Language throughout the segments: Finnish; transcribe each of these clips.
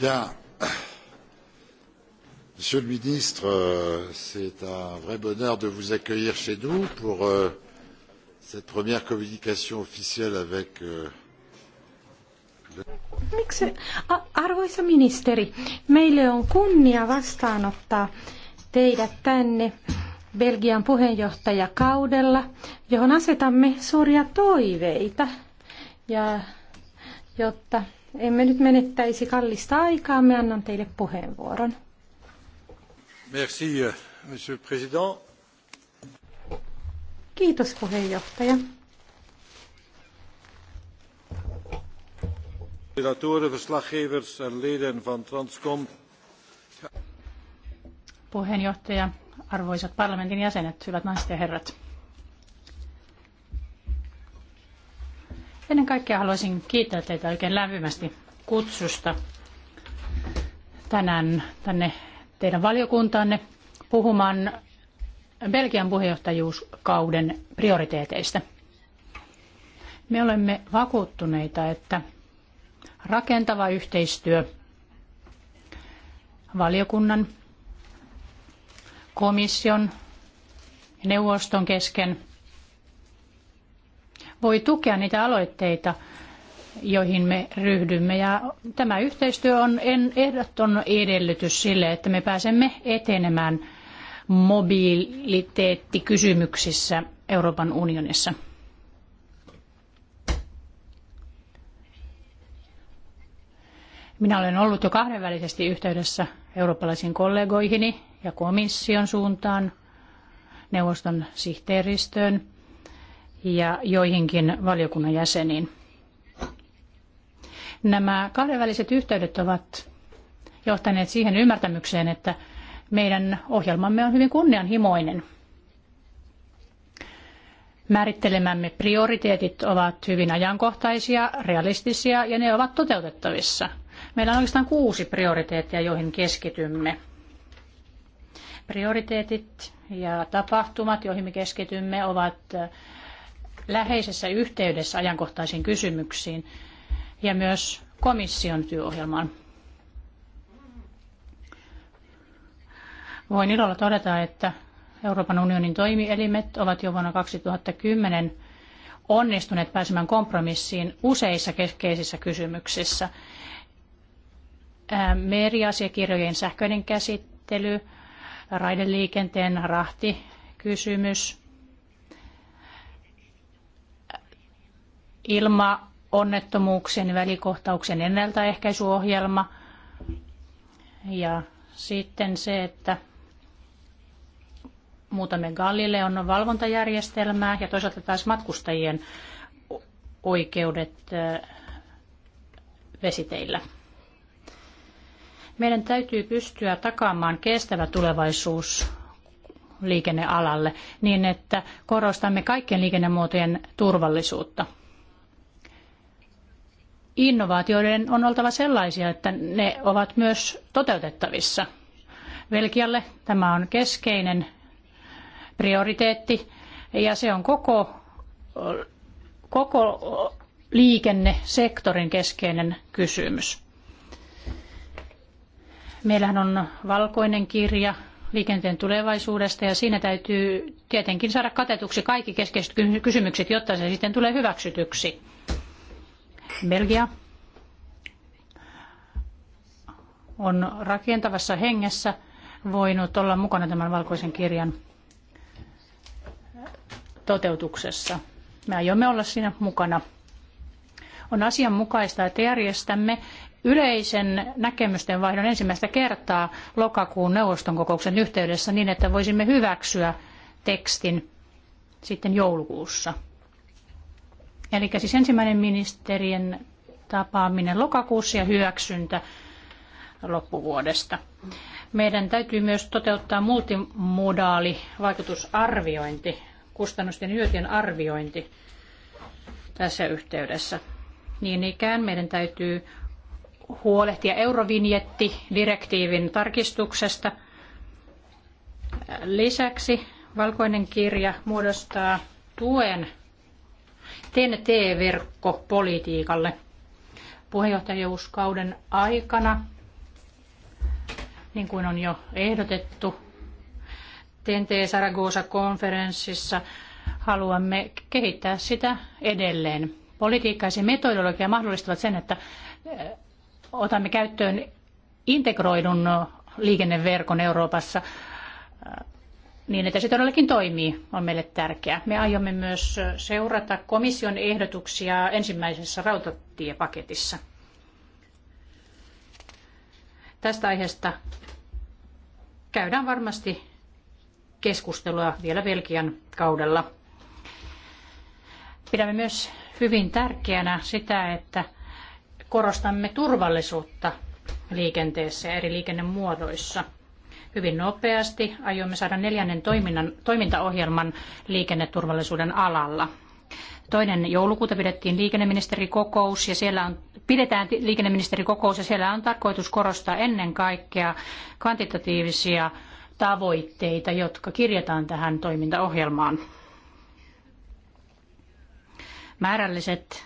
Monsieur le ministre, euh, c'est un vrai bonheur de vous accueillir chez nous pour euh, cette première communication officielle avec euh, Miksi, arvoisa ministeri, meille on kunnia vastaanottaa teidät tänne Belgian puheenjohtajakaudella, johon asetamme suuria toiveita, ja, jotta emme nyt menettäisi kallista aikaa, me annan teille puheenvuoron. Merci, euh, monsieur le président. Kiitos puheenjohtaja. Redactoren, verslaggevers en leden van Transcom. Puheenjohtaja, arvoisat parlamentin jäsenet, hyvät naiset ja herrat. Ennen kaikkea haluaisin kiittää teitä oikein lämpimästi kutsusta tänään tänne teidän valiokuntaanne puhumaan Belgian puheenjohtajuuskauden prioriteeteista. Me olemme vakuuttuneita, että rakentava yhteistyö valiokunnan, komission ja neuvoston kesken – voi tukea niitä aloitteita, joihin me ryhdymme. Ja tämä yhteistyö on ehdoton edellytys sille, että me pääsemme etenemään mobiliteettikysymyksissä Euroopan unionissa. Minä olen ollut jo kahdenvälisesti yhteydessä eurooppalaisiin kollegoihini ja komission suuntaan, neuvoston sihteeristöön ja joihinkin valiokunnan jäseniin. Nämä kahdenväliset yhteydet ovat johtaneet siihen ymmärtämykseen, että meidän ohjelmamme on hyvin kunnianhimoinen. Määrittelemämme prioriteetit ovat hyvin ajankohtaisia, realistisia ja ne ovat toteutettavissa. Meillä on oikeastaan kuusi prioriteettia, joihin keskitymme. Prioriteetit ja tapahtumat, joihin me keskitymme, ovat läheisessä yhteydessä ajankohtaisiin kysymyksiin ja myös komission työohjelmaan. Voin ilolla todeta, että Euroopan unionin toimielimet ovat jo vuonna 2010 onnistuneet pääsemään kompromissiin useissa keskeisissä kysymyksissä. Meriasiakirjojen sähköinen käsittely, raideliikenteen rahti, kysymys, ilma onnettomuuksien välikohtauksen ennaltaehkäisyohjelma ja sitten se, että muutamme Galileon valvontajärjestelmää ja toisaalta taas matkustajien oikeudet vesiteillä. Meidän täytyy pystyä takaamaan kestävä tulevaisuus liikennealalle niin, että korostamme kaikkien liikennemuotojen turvallisuutta – innovaatioiden on oltava sellaisia, että ne ovat myös toteutettavissa. Belgialle tämä on keskeinen prioriteetti ja se on koko, koko liikennesektorin keskeinen kysymys. Meillähän on valkoinen kirja liikenteen tulevaisuudesta ja siinä täytyy tietenkin saada katetuksi kaikki keskeiset kysymykset, jotta se sitten tulee hyväksytyksi. Belgia on rakentavassa hengessä voinut olla mukana tämän valkoisen kirjan toteutuksessa. Me aiomme olla siinä mukana. On asianmukaista, että järjestämme yleisen näkemysten vaihdon ensimmäistä kertaa lokakuun neuvoston kokouksen yhteydessä niin, että voisimme hyväksyä tekstin sitten joulukuussa. Eli siis ensimmäinen ministerien tapaaminen lokakuussa ja hyväksyntä loppuvuodesta. Meidän täytyy myös toteuttaa multimodaali vaikutusarviointi, kustannusten hyötyjen arviointi tässä yhteydessä. Niin ikään meidän täytyy huolehtia Eurovinjetti-direktiivin tarkistuksesta. Lisäksi valkoinen kirja muodostaa tuen TNT-verkkopolitiikalle. Puheenjohtajuuskauden aikana, niin kuin on jo ehdotettu, TNT Saragossa-konferenssissa haluamme kehittää sitä edelleen. Politiikka ja metodologia mahdollistavat sen, että eh, otamme käyttöön integroidun liikenneverkon Euroopassa eh, niin että se todellakin toimii, on meille tärkeää. Me aiomme myös seurata komission ehdotuksia ensimmäisessä rautatiepaketissa. Tästä aiheesta käydään varmasti keskustelua vielä Belgian kaudella. Pidämme myös hyvin tärkeänä sitä, että korostamme turvallisuutta liikenteessä ja eri liikennemuodoissa – hyvin nopeasti. Aiomme saada neljännen toiminnan, toimintaohjelman liikenneturvallisuuden alalla. Toinen joulukuuta pidettiin liikenneministerikokous ja siellä on, pidetään liikenneministerikokous ja siellä on tarkoitus korostaa ennen kaikkea kvantitatiivisia tavoitteita, jotka kirjataan tähän toimintaohjelmaan. Määrälliset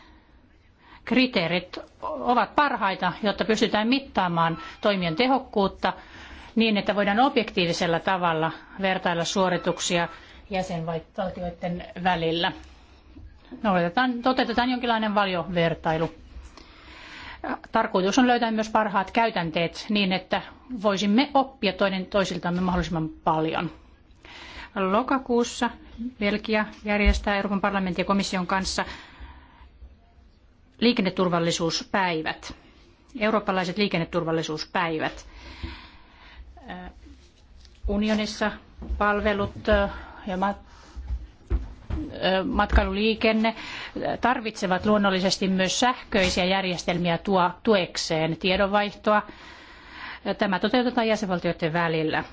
kriteerit ovat parhaita, jotta pystytään mittaamaan toimien tehokkuutta niin, että voidaan objektiivisella tavalla vertailla suorituksia jäsenvaltioiden välillä. Noudatetaan, toteutetaan jonkinlainen valiovertailu. Tarkoitus on löytää myös parhaat käytänteet niin, että voisimme oppia toinen toisiltamme mahdollisimman paljon. Lokakuussa Belgia järjestää Euroopan parlamentin ja komission kanssa liikenneturvallisuuspäivät, eurooppalaiset liikenneturvallisuuspäivät unionissa palvelut ja matkailuliikenne tarvitsevat luonnollisesti myös sähköisiä järjestelmiä tuekseen tiedonvaihtoa. Tämä toteutetaan jäsenvaltioiden välillä.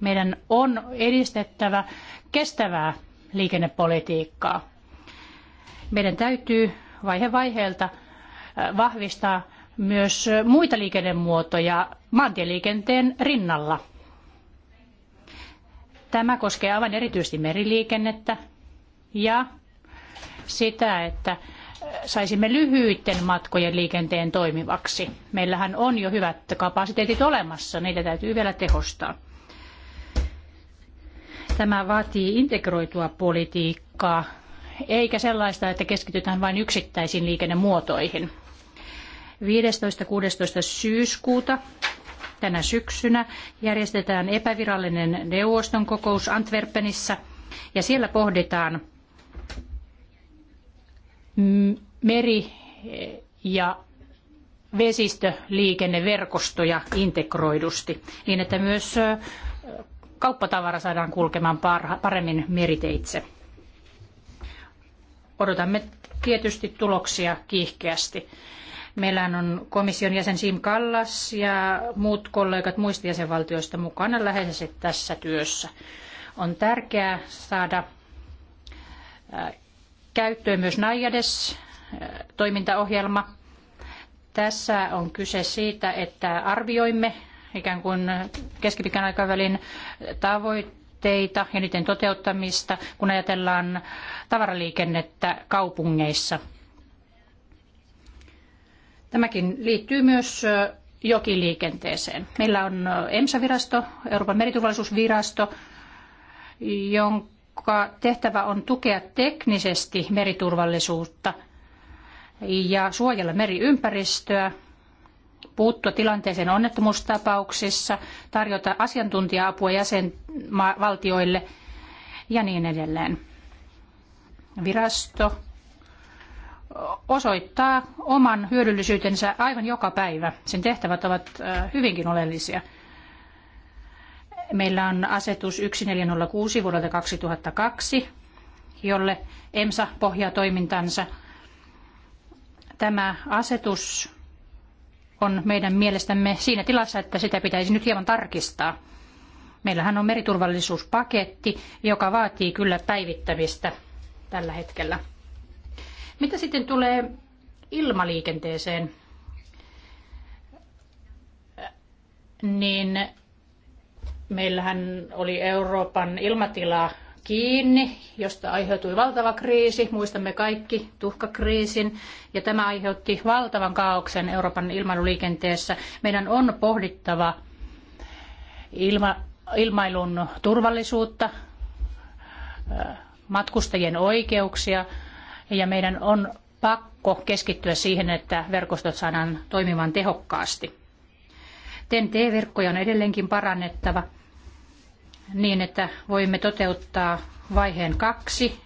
Meidän on edistettävä kestävää liikennepolitiikkaa. Meidän täytyy vaihe vaiheelta vahvistaa myös muita liikennemuotoja maantieliikenteen rinnalla. Tämä koskee aivan erityisesti meriliikennettä ja sitä, että saisimme lyhyiden matkojen liikenteen toimivaksi. Meillähän on jo hyvät kapasiteetit olemassa, niitä täytyy vielä tehostaa. Tämä vaatii integroitua politiikkaa, eikä sellaista, että keskitytään vain yksittäisiin liikennemuotoihin. 15.–16. syyskuuta tänä syksynä järjestetään epävirallinen neuvoston kokous Antwerpenissä ja siellä pohditaan meri- ja vesistöliikenneverkostoja integroidusti, niin että myös kauppatavara saadaan kulkemaan paremmin meriteitse. Odotamme tietysti tuloksia kiihkeästi. Meillä on komission jäsen Sim Kallas ja muut kollegat muista jäsenvaltioista mukana läheisesti tässä työssä. On tärkeää saada käyttöön myös naiades toimintaohjelma. Tässä on kyse siitä, että arvioimme ikään kuin keskipitkän aikavälin tavoitteita ja niiden toteuttamista, kun ajatellaan tavaraliikennettä kaupungeissa – Tämäkin liittyy myös jokiliikenteeseen. Meillä on EMSA-virasto, Euroopan meriturvallisuusvirasto, jonka tehtävä on tukea teknisesti meriturvallisuutta ja suojella meriympäristöä, puuttua tilanteeseen onnettomuustapauksissa, tarjota asiantuntija-apua jäsenvaltioille ja niin edelleen. Virasto osoittaa oman hyödyllisyytensä aivan joka päivä. Sen tehtävät ovat hyvinkin oleellisia. Meillä on asetus 1406 vuodelta 2002, jolle EMSA pohjaa toimintansa. Tämä asetus on meidän mielestämme siinä tilassa, että sitä pitäisi nyt hieman tarkistaa. Meillähän on meriturvallisuuspaketti, joka vaatii kyllä päivittämistä tällä hetkellä. Mitä sitten tulee ilmaliikenteeseen, niin meillähän oli Euroopan ilmatila kiinni, josta aiheutui valtava kriisi. Muistamme kaikki tuhkakriisin ja tämä aiheutti valtavan kaauksen Euroopan ilmailuliikenteessä. Meidän on pohdittava ilma, ilmailun turvallisuutta, matkustajien oikeuksia – ja meidän on pakko keskittyä siihen, että verkostot saadaan toimimaan tehokkaasti. TEN-T-verkkoja on edelleenkin parannettava niin, että voimme toteuttaa vaiheen kaksi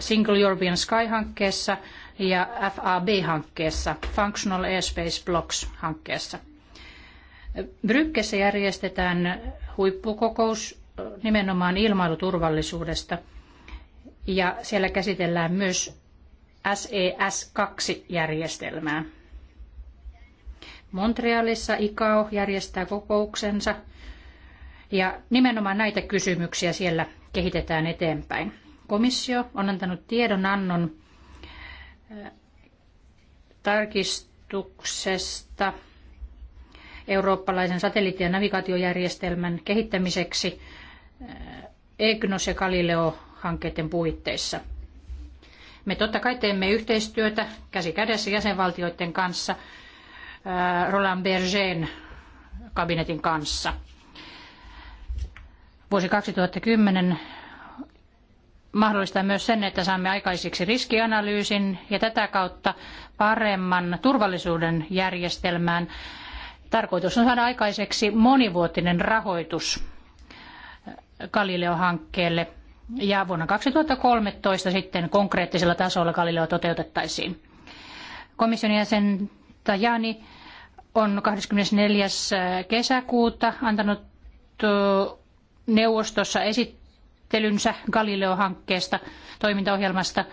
Single European Sky-hankkeessa ja FAB-hankkeessa, Functional Airspace Blocks-hankkeessa. Brykkessä järjestetään huippukokous nimenomaan ilmailuturvallisuudesta – ja siellä käsitellään myös SES2-järjestelmää. Montrealissa ICAO järjestää kokouksensa ja nimenomaan näitä kysymyksiä siellä kehitetään eteenpäin. Komissio on antanut tiedonannon eh, tarkistuksesta eurooppalaisen satelliitti- ja navigaatiojärjestelmän kehittämiseksi. Eh, EGNOS ja Galileo hankkeiden puitteissa. Me totta kai teemme yhteistyötä käsi kädessä jäsenvaltioiden kanssa äh, Roland Bergen kabinetin kanssa. Vuosi 2010 mahdollistaa myös sen, että saamme aikaisiksi riskianalyysin ja tätä kautta paremman turvallisuuden järjestelmään. Tarkoitus on saada aikaiseksi monivuotinen rahoitus Galileo-hankkeelle ja vuonna 2013 sitten konkreettisella tasolla Galileo toteutettaisiin. Komission jäsen Tajani on 24. kesäkuuta antanut neuvostossa esittelynsä Galileo-hankkeesta, toimintaohjelmasta.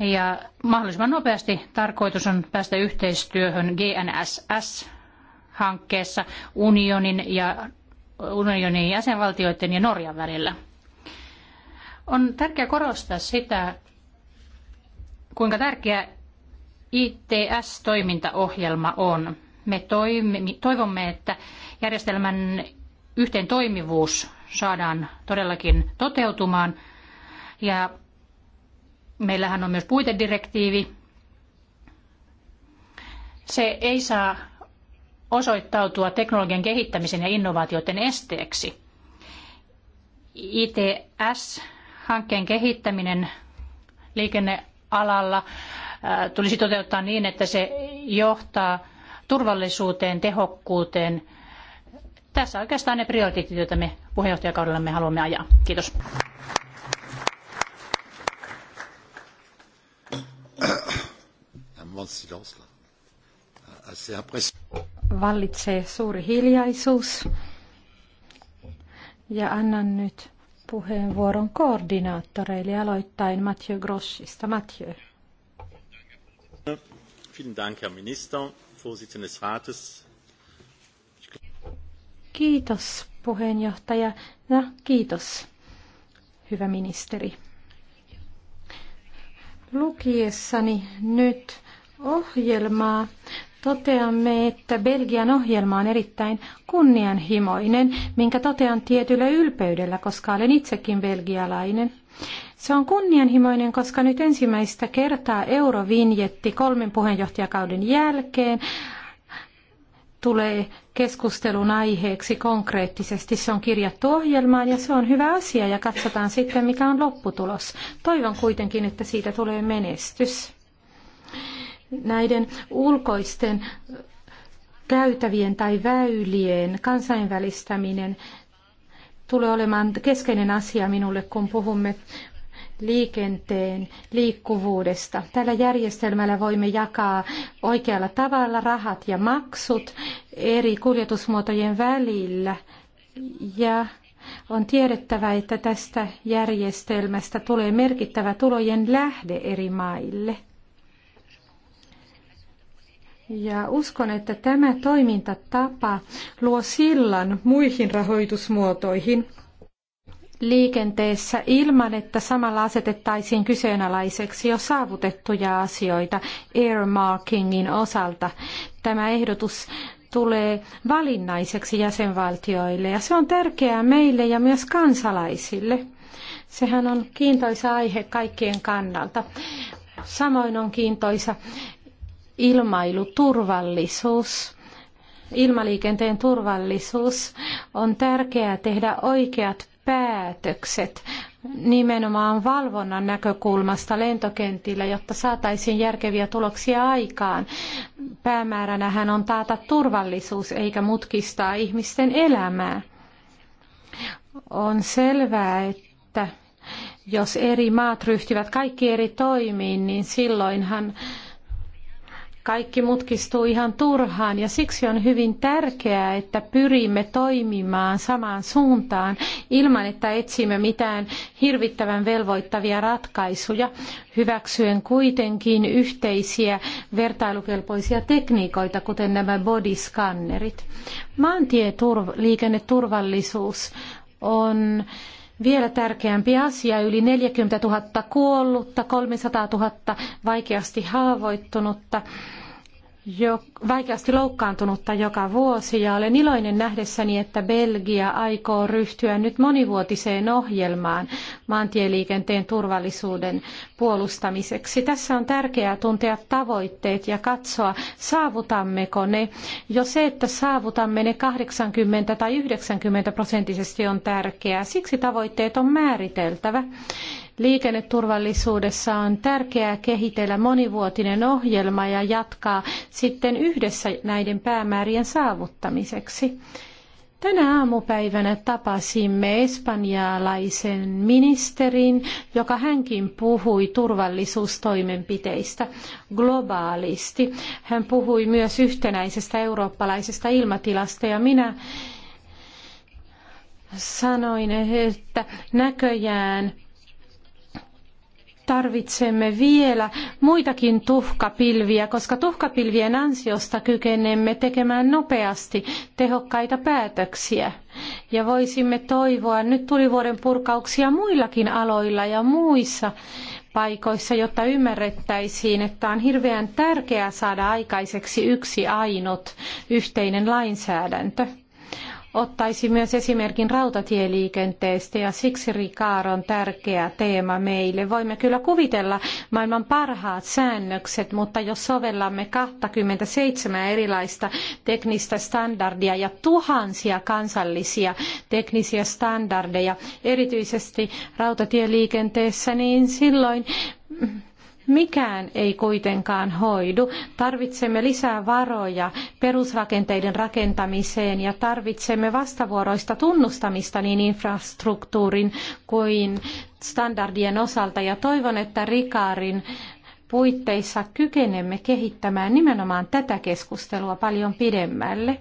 Ja mahdollisimman nopeasti tarkoitus on päästä yhteistyöhön GNSS-hankkeessa unionin ja unionin jäsenvaltioiden ja Norjan välillä. On tärkeää korostaa sitä, kuinka tärkeä ITS-toimintaohjelma on. Me toivomme, että järjestelmän yhteen toimivuus saadaan todellakin toteutumaan. Ja meillähän on myös puitedirektiivi. Se ei saa osoittautua teknologian kehittämisen ja innovaatioiden esteeksi. ITS hankkeen kehittäminen liikennealalla äh, tulisi toteuttaa niin, että se johtaa turvallisuuteen, tehokkuuteen. Tässä oikeastaan ne prioriteetit, joita me puheenjohtajakaudellamme haluamme ajaa. Kiitos. Vallitsee suuri hiljaisuus. Ja annan nyt puheenvuoron koordinaattoreille aloittain Mathieu Groschista. Mathieu. Kiitos, puheenjohtaja. Ja no, kiitos, hyvä ministeri. Lukiessani nyt ohjelmaa Toteamme, että Belgian ohjelma on erittäin kunnianhimoinen, minkä totean tietyllä ylpeydellä, koska olen itsekin belgialainen. Se on kunnianhimoinen, koska nyt ensimmäistä kertaa eurovinjetti kolmen puheenjohtajakauden jälkeen tulee keskustelun aiheeksi konkreettisesti. Se on kirjattu ohjelmaan ja se on hyvä asia ja katsotaan sitten, mikä on lopputulos. Toivon kuitenkin, että siitä tulee menestys näiden ulkoisten käytävien tai väylien kansainvälistäminen tulee olemaan keskeinen asia minulle, kun puhumme liikenteen liikkuvuudesta. Tällä järjestelmällä voimme jakaa oikealla tavalla rahat ja maksut eri kuljetusmuotojen välillä. Ja on tiedettävä, että tästä järjestelmästä tulee merkittävä tulojen lähde eri maille. Ja uskon, että tämä toimintatapa luo sillan muihin rahoitusmuotoihin liikenteessä ilman, että samalla asetettaisiin kyseenalaiseksi jo saavutettuja asioita earmarkingin osalta. Tämä ehdotus tulee valinnaiseksi jäsenvaltioille ja se on tärkeää meille ja myös kansalaisille. Sehän on kiintoisa aihe kaikkien kannalta. Samoin on kiintoisa ilmailuturvallisuus, ilmaliikenteen turvallisuus on tärkeää tehdä oikeat päätökset nimenomaan valvonnan näkökulmasta lentokentillä, jotta saataisiin järkeviä tuloksia aikaan. Päämääränähän on taata turvallisuus eikä mutkistaa ihmisten elämää. On selvää, että jos eri maat ryhtyvät kaikki eri toimiin, niin silloinhan kaikki mutkistuu ihan turhaan ja siksi on hyvin tärkeää, että pyrimme toimimaan samaan suuntaan ilman, että etsimme mitään hirvittävän velvoittavia ratkaisuja, hyväksyen kuitenkin yhteisiä vertailukelpoisia tekniikoita, kuten nämä bodyskannerit. Maantieliikenneturvallisuus on vielä tärkeämpi asia, yli 40 000 kuollutta, 300 000 vaikeasti haavoittunutta jo vaikeasti loukkaantunutta joka vuosi ja olen iloinen nähdessäni, että Belgia aikoo ryhtyä nyt monivuotiseen ohjelmaan maantieliikenteen turvallisuuden puolustamiseksi. Tässä on tärkeää tuntea tavoitteet ja katsoa, saavutammeko ne. Jo se, että saavutamme ne 80 tai 90 prosenttisesti on tärkeää. Siksi tavoitteet on määriteltävä Liikenneturvallisuudessa on tärkeää kehitellä monivuotinen ohjelma ja jatkaa sitten yhdessä näiden päämäärien saavuttamiseksi. Tänä aamupäivänä tapasimme espanjalaisen ministerin, joka hänkin puhui turvallisuustoimenpiteistä globaalisti. Hän puhui myös yhtenäisestä eurooppalaisesta ilmatilasta ja minä sanoin, että näköjään tarvitsemme vielä muitakin tuhkapilviä, koska tuhkapilvien ansiosta kykenemme tekemään nopeasti tehokkaita päätöksiä. Ja voisimme toivoa nyt tulivuoden purkauksia muillakin aloilla ja muissa paikoissa, jotta ymmärrettäisiin, että on hirveän tärkeää saada aikaiseksi yksi ainut yhteinen lainsäädäntö ottaisi myös esimerkin rautatieliikenteestä ja siksi Rikaar on tärkeä teema meille. Voimme kyllä kuvitella maailman parhaat säännökset, mutta jos sovellamme 27 erilaista teknistä standardia ja tuhansia kansallisia teknisiä standardeja, erityisesti rautatieliikenteessä, niin silloin Mikään ei kuitenkaan hoidu. Tarvitsemme lisää varoja perusrakenteiden rakentamiseen ja tarvitsemme vastavuoroista tunnustamista niin infrastruktuurin kuin standardien osalta. Ja toivon, että Rikarin puitteissa kykenemme kehittämään nimenomaan tätä keskustelua paljon pidemmälle.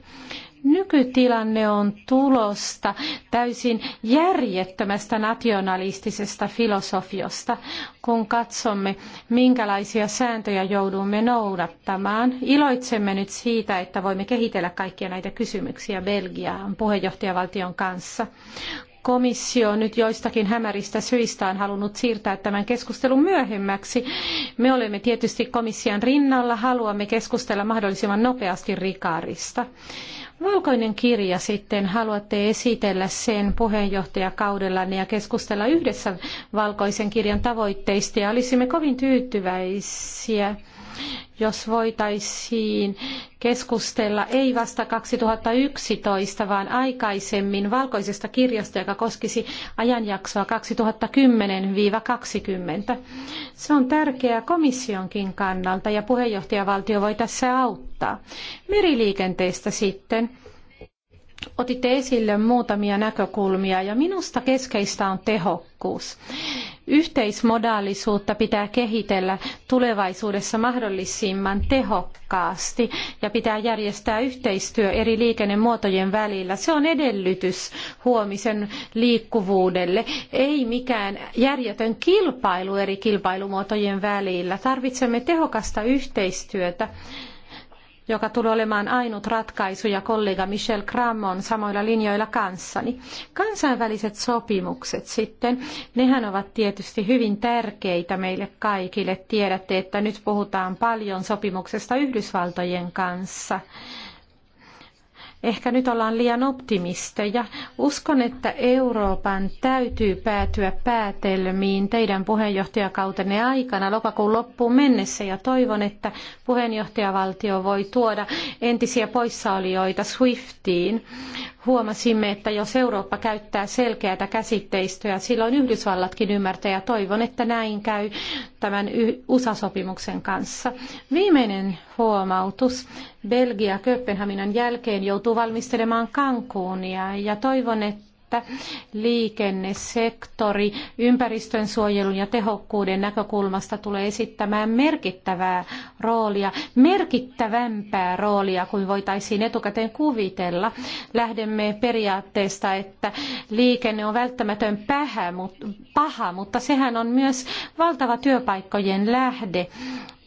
Nykytilanne on tulosta täysin järjettömästä nationalistisesta filosofiosta, kun katsomme, minkälaisia sääntöjä joudumme noudattamaan. Iloitsemme nyt siitä, että voimme kehitellä kaikkia näitä kysymyksiä Belgiaan puheenjohtajavaltion kanssa komissio nyt joistakin hämäristä syistä on halunnut siirtää tämän keskustelun myöhemmäksi. Me olemme tietysti komission rinnalla, haluamme keskustella mahdollisimman nopeasti rikarista valkoinen kirja sitten, haluatte esitellä sen puheenjohtajakaudellanne ja keskustella yhdessä valkoisen kirjan tavoitteista ja olisimme kovin tyytyväisiä, jos voitaisiin keskustella ei vasta 2011, vaan aikaisemmin valkoisesta kirjasta, joka koskisi ajanjaksoa 2010-2020. Se on tärkeää komissionkin kannalta ja puheenjohtajavaltio voi tässä auttaa. Meriliikenteestä sitten otitte esille muutamia näkökulmia ja minusta keskeistä on tehokkuus. Yhteismodaalisuutta pitää kehitellä tulevaisuudessa mahdollisimman tehokkaasti ja pitää järjestää yhteistyö eri liikennemuotojen välillä. Se on edellytys huomisen liikkuvuudelle, ei mikään järjetön kilpailu eri kilpailumuotojen välillä. Tarvitsemme tehokasta yhteistyötä joka tulee olemaan ainut ratkaisu, ja kollega Michel Cram on samoilla linjoilla kanssani. Kansainväliset sopimukset sitten, nehän ovat tietysti hyvin tärkeitä meille kaikille. Tiedätte, että nyt puhutaan paljon sopimuksesta Yhdysvaltojen kanssa. Ehkä nyt ollaan liian optimisteja. Uskon, että Euroopan täytyy päätyä päätelmiin teidän puheenjohtajakautenne aikana lokakuun loppuun mennessä ja toivon, että puheenjohtajavaltio voi tuoda entisiä poissaolijoita Swiftiin huomasimme, että jos Eurooppa käyttää selkeätä käsitteistöä, silloin Yhdysvallatkin ymmärtää ja toivon, että näin käy tämän USA-sopimuksen kanssa. Viimeinen huomautus. Belgia Kööpenhaminan jälkeen joutuu valmistelemaan Cancunia ja toivon, että että liikennesektori ympäristön suojelun ja tehokkuuden näkökulmasta tulee esittämään merkittävää roolia, merkittävämpää roolia kuin voitaisiin etukäteen kuvitella. Lähdemme periaatteesta, että liikenne on välttämätön paha, mutta sehän on myös valtava työpaikkojen lähde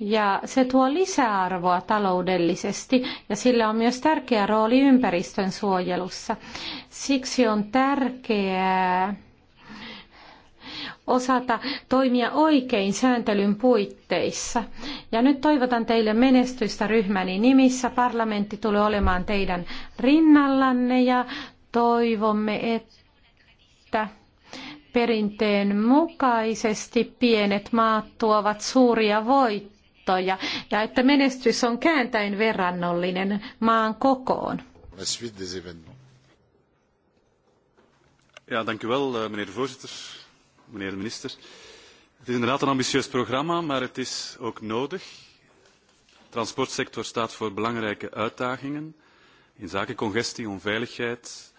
ja se tuo lisäarvoa taloudellisesti ja sillä on myös tärkeä rooli ympäristön suojelussa. Siksi on tärkeää osata toimia oikein sääntelyn puitteissa. Ja nyt toivotan teille menestystä ryhmäni nimissä. Parlamentti tulee olemaan teidän rinnallanne ja toivomme, että perinteen mukaisesti pienet maat tuovat suuria voittoja ja että menestys on kääntäen verrannollinen maan kokoon. Ja, eh, de voorzitter, mijnheer de minister. Het is inderdaad een ambitieus programma, maar het is ook nodig. De transportsector staat voor belangrijke uitdagingen inzake congestie, onveiligheid,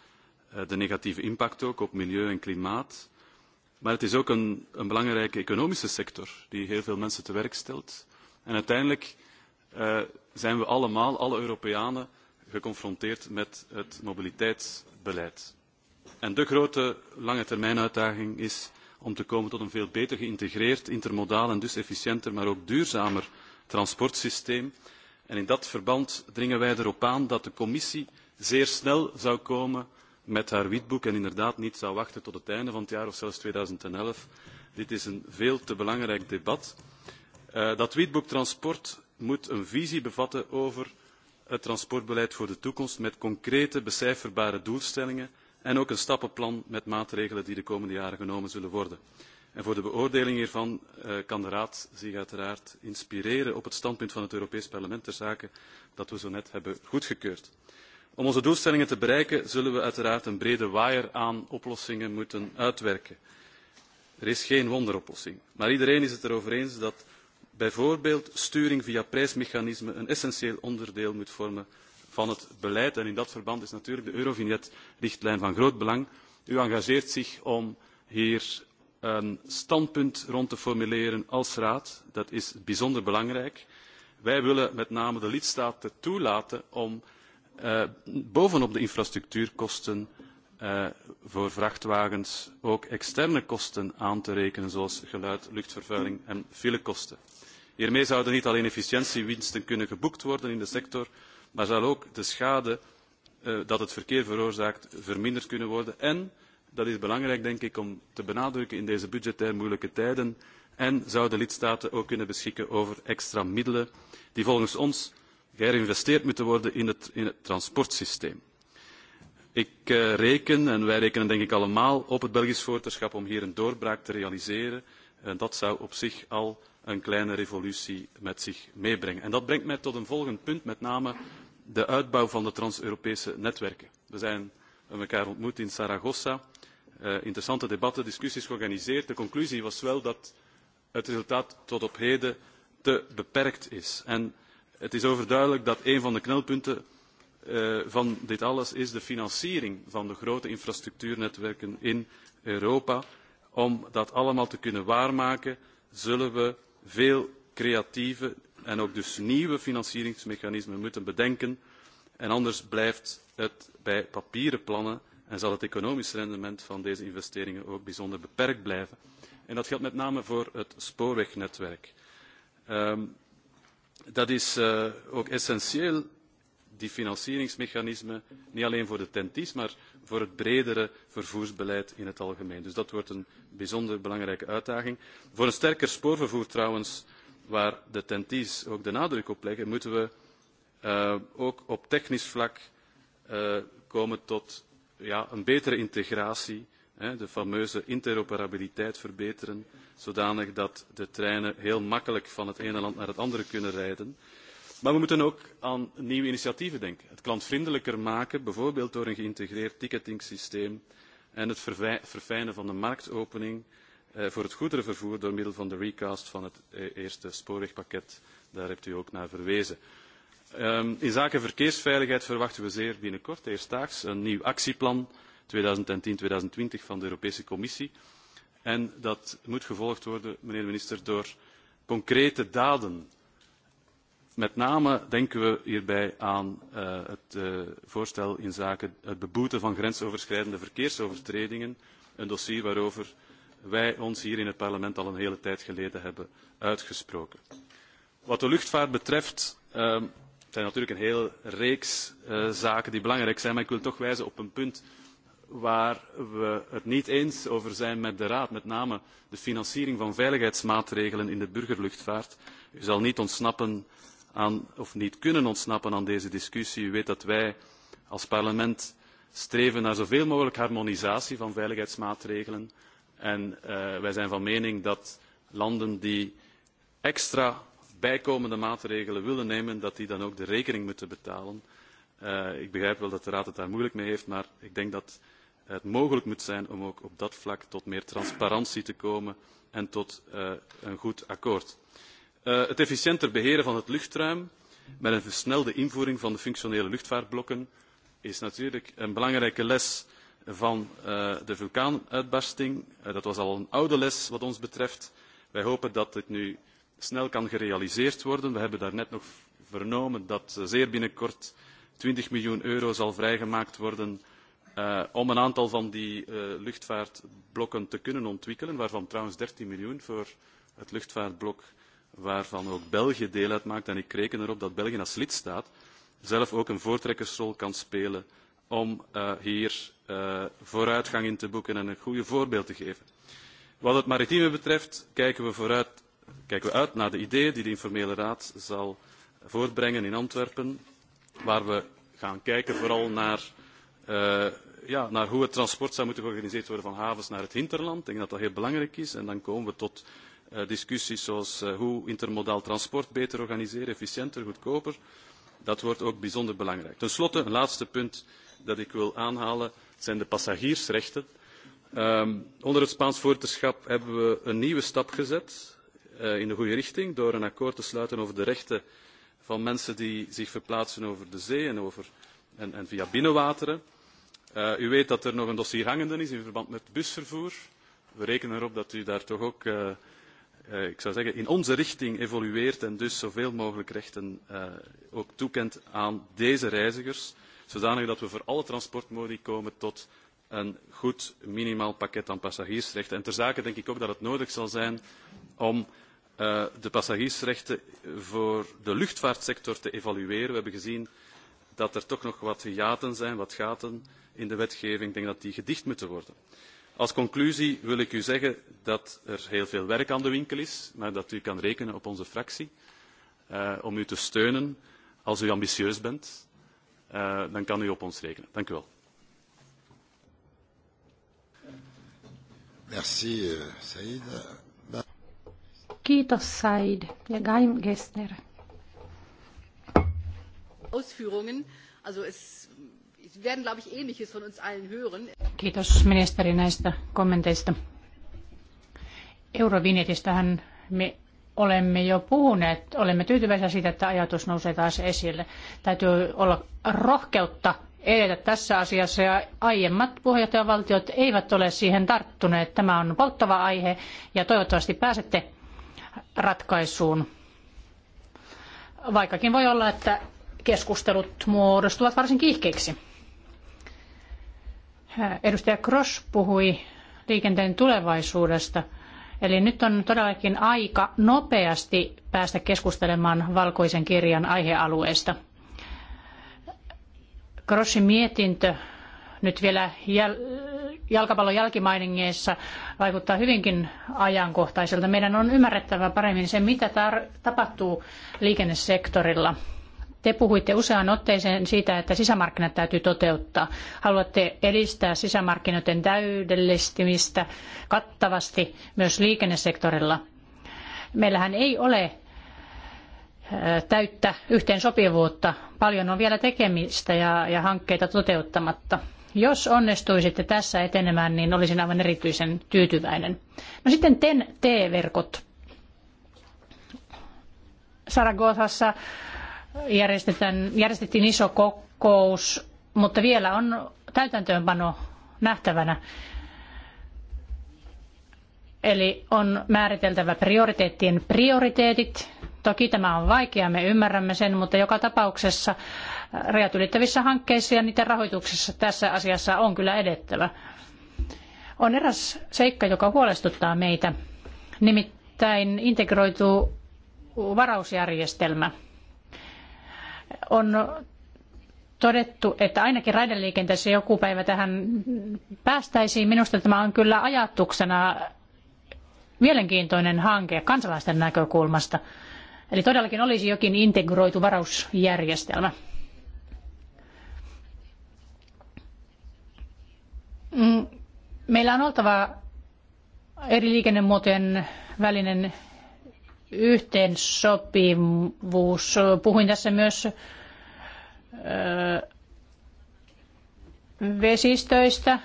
eh, de negatieve impact ook op milieu en klimaat. Maar het is ook een, een belangrijke economische sector die heel veel mensen te werk stelt. En uiteindelijk uh, zijn we allemaal, alle Europeanen, geconfronteerd met het mobiliteitsbeleid. En de grote lange termijn uitdaging is om te komen tot een veel beter geïntegreerd, intermodaal en dus efficiënter, maar ook duurzamer transportsysteem. En in dat verband dringen wij erop aan dat de commissie zeer snel zou komen met haar witboek en inderdaad niet zou wachten tot het einde van het jaar of zelfs 2011. Dit is een veel te belangrijk debat. Uh, dat witboek transport moet een visie bevatten over het transportbeleid voor de toekomst met concrete becijferbare doelstellingen en ook een stappenplan met maatregelen die de komende jaren genomen zullen worden. En voor de beoordeling hiervan eh, kan de Raad zich uiteraard inspireren op het standpunt van het Europees Parlement ter zake dat we zo net hebben goedgekeurd. Om onze doelstellingen te bereiken zullen we uiteraard een brede waaier aan oplossingen moeten uitwerken. Er is geen wonderoplossing, maar iedereen is het erover eens dat bijvoorbeeld sturing via prijsmechanismen een essentieel onderdeel moet vormen van het beleid. En in dat verband is natuurlijk de Eurovignet-richtlijn van groot belang. U engageert zich om hier een standpunt rond te formuleren als Raad. Dat is bijzonder belangrijk. Wij willen met name de lidstaten toelaten om eh, bovenop de infrastructuurkosten eh, voor vrachtwagens ook externe kosten aan te rekenen, zoals geluid, luchtvervuiling en filekosten. Hiermee zouden niet alleen efficiëntiewinsten kunnen geboekt worden in de sector, maar zal ook de schade uh, dat het verkeer veroorzaakt verminderd kunnen worden. En, dat is belangrijk denk ik om te benadrukken in deze budgettair moeilijke tijden, en zouden lidstaten ook kunnen beschikken over extra middelen die volgens ons geïnvesteerd moeten worden in het, in het transportsysteem. Ik uh, reken, en wij rekenen denk ik allemaal, op het Belgisch voorzitterschap om hier een doorbraak te realiseren. En dat zou op zich al een kleine revolutie met zich meebrengen. En dat brengt mij tot een volgend punt, met name de uitbouw van de trans-Europese netwerken. We zijn elkaar ontmoet in Saragossa, uh, interessante debatten, discussies georganiseerd. De conclusie was wel dat het resultaat tot op heden te beperkt is. En het is overduidelijk dat een van de knelpunten uh, van dit alles is de financiering van de grote infrastructuurnetwerken in Europa. Om dat allemaal te kunnen waarmaken zullen we veel creatieve en ook dus nieuwe financieringsmechanismen moeten bedenken en anders blijft het bij papieren plannen en zal het economisch rendement van deze investeringen ook bijzonder beperkt blijven. En dat geldt met name voor het spoorwegnetwerk. Um, dat is uh, ook essentieel, die financieringsmechanismen, niet alleen voor de TEN-T's, maar voor het bredere vervoersbeleid in het algemeen. Dus dat wordt een bijzonder belangrijke uitdaging. Voor een sterker spoorvervoer trouwens waar de TEN-T's ook de nadruk op leggen, moeten we uh, ook op technisch vlak uh, komen tot ja, een betere integratie, hè, de fameuze interoperabiliteit verbeteren, zodanig dat de treinen heel makkelijk van het ene land naar het andere kunnen rijden. Maar we moeten ook aan nieuwe initiatieven denken. Het klantvriendelijker maken, bijvoorbeeld door een geïntegreerd ticketingsysteem en het verfijnen van de marktopening, Eh, voor het goederenvervoer door middel van de recast van het eh, eerste spoorwegpakket. Daar hebt u ook naar verwezen. Um, in zaken verkeersveiligheid verwachten we zeer binnenkort, eerstdaags, een nieuw actieplan 2010-2020 van de Europese Commissie. En dat moet gevolgd worden, meneer de minister, door concrete daden. Met name denken we hierbij aan uh, het uh, voorstel in zaken het beboeten van grensoverschrijdende verkeersovertredingen. Een dossier waarover wij ons hier in het parlement al een hele tijd geleden hebben uitgesproken. Wat de luchtvaart betreft uh, zijn natuurlijk een hele reeks uh, zaken die belangrijk zijn, maar ik wil toch wijzen op een punt waar we het niet eens over zijn met de Raad, met name de financiering van veiligheidsmaatregelen in de burgerluchtvaart. U zal niet ontsnappen aan, of niet kunnen ontsnappen aan deze discussie. U weet dat wij als parlement streven naar zoveel mogelijk harmonisatie van veiligheidsmaatregelen, en uh, wij zijn van mening dat landen die extra bijkomende maatregelen willen nemen, dat die dan ook de rekening moeten betalen. Uh, ik begrijp wel dat de Raad het daar moeilijk mee heeft, maar ik denk dat het mogelijk moet zijn om ook op dat vlak tot meer transparantie te komen en tot uh, een goed akkoord. Uh, het efficiënter beheren van het luchtruim met een versnelde invoering van de functionele luchtvaartblokken is natuurlijk een belangrijke les van uh, de vulkaanuitbarsting. Uh, dat was al een oude les wat ons betreft. Wij hopen dat dit nu snel kan gerealiseerd worden. We hebben daarnet nog vernomen dat uh, zeer binnenkort 20 miljoen euro zal vrijgemaakt worden uh, om een aantal van die uh, luchtvaartblokken te kunnen ontwikkelen, waarvan trouwens 13 miljoen voor het luchtvaartblok waarvan ook België deel uitmaakt. En ik reken erop dat België als lidstaat zelf ook een voortrekkersrol kan spelen om uh, hier Eh, vooruitgang in te boeken en een goede voorbeeld te geven. Wat het maritieme betreft kijken we, vooruit, kijken we uit naar de ideeën die de informele raad zal voortbrengen in Antwerpen, waar we gaan kijken vooral naar, uh, ja, naar hoe het transport zou moeten georganiseerd worden van havens naar het hinterland. Ik denk dat dat heel belangrijk is. En dan komen we tot uh, discussies zoals uh, hoe intermodaal transport beter organiseren, efficiënter, goedkoper. Dat wordt ook bijzonder belangrijk. Ten slotte, een laatste punt dat ik wil aanhalen zijn de passagiersrechten. Um, onder het Spaans voorzitterschap hebben we een nieuwe stap gezet uh, in de goede richting door een akkoord te sluiten over de rechten van mensen die zich verplaatsen over de zee en, over, en, en via binnenwateren. Uh, u weet dat er nog een dossier hangende is in verband met busvervoer. We rekenen erop dat u daar toch ook, uh, uh, ik zou zeggen, in onze richting evolueert en dus zoveel mogelijk rechten uh, ook toekent aan deze reizigers zodanig dat we voor alle transportmodi komen tot een goed minimaal pakket aan passagiersrechten. En ter zake denk ik ook dat het nodig zal zijn om uh, de passagiersrechten voor de luchtvaartsector te evalueren. We hebben gezien dat er toch nog wat gaten zijn, wat gaten in de wetgeving. Ik denk dat die gedicht moeten worden. Als conclusie wil ik u zeggen dat er heel veel werk aan de winkel is, maar dat u kan rekenen op onze fractie uh, om u te steunen als u ambitieus bent uh, dan kan u op ons rekenen. Dank u wel. Merci, eh, Said. Kiitos, Said ja Gaim Gessner. Ausführungen. Also es werden, glaube ich, Ähnliches von uns allen hören. Kiitos ministeri näistä kommenteista. Eurovinjetistähän me olemme jo puhuneet, olemme tyytyväisiä siitä, että ajatus nousee taas esille. Täytyy olla rohkeutta edetä tässä asiassa ja aiemmat puheenjohtajavaltiot eivät ole siihen tarttuneet. Tämä on polttava aihe ja toivottavasti pääsette ratkaisuun. Vaikkakin voi olla, että keskustelut muodostuvat varsin kiihkeiksi. Edustaja Gross puhui liikenteen tulevaisuudesta – Eli nyt on todellakin aika nopeasti päästä keskustelemaan valkoisen kirjan aihealueesta. Grossin mietintö nyt vielä jalkapallon jälkimainingeissa vaikuttaa hyvinkin ajankohtaiselta. Meidän on ymmärrettävä paremmin se, mitä tapahtuu liikennesektorilla. Te puhuitte useaan otteeseen siitä, että sisämarkkinat täytyy toteuttaa. Haluatte edistää sisämarkkinoiden täydellistymistä kattavasti myös liikennesektorilla. Meillähän ei ole täyttä yhteensopivuutta. Paljon on vielä tekemistä ja, ja hankkeita toteuttamatta. Jos onnistuisitte tässä etenemään, niin olisin aivan erityisen tyytyväinen. No sitten TEN-T-verkot. Saragossassa järjestetään, järjestettiin iso kokous, mutta vielä on täytäntöönpano nähtävänä. Eli on määriteltävä prioriteettien prioriteetit. Toki tämä on vaikeaa, me ymmärrämme sen, mutta joka tapauksessa rajat ylittävissä hankkeissa ja niiden rahoituksessa tässä asiassa on kyllä edettävä. On eräs seikka, joka huolestuttaa meitä, nimittäin integroitu varausjärjestelmä – on todettu, että ainakin raideliikenteessä joku päivä tähän päästäisiin. Minusta tämä on kyllä ajatuksena mielenkiintoinen hanke kansalaisten näkökulmasta. Eli todellakin olisi jokin integroitu varausjärjestelmä. Mm, meillä on oltava eri liikennemuotojen välinen yhteensopivuus. Puhuin tässä myös vesistöistä,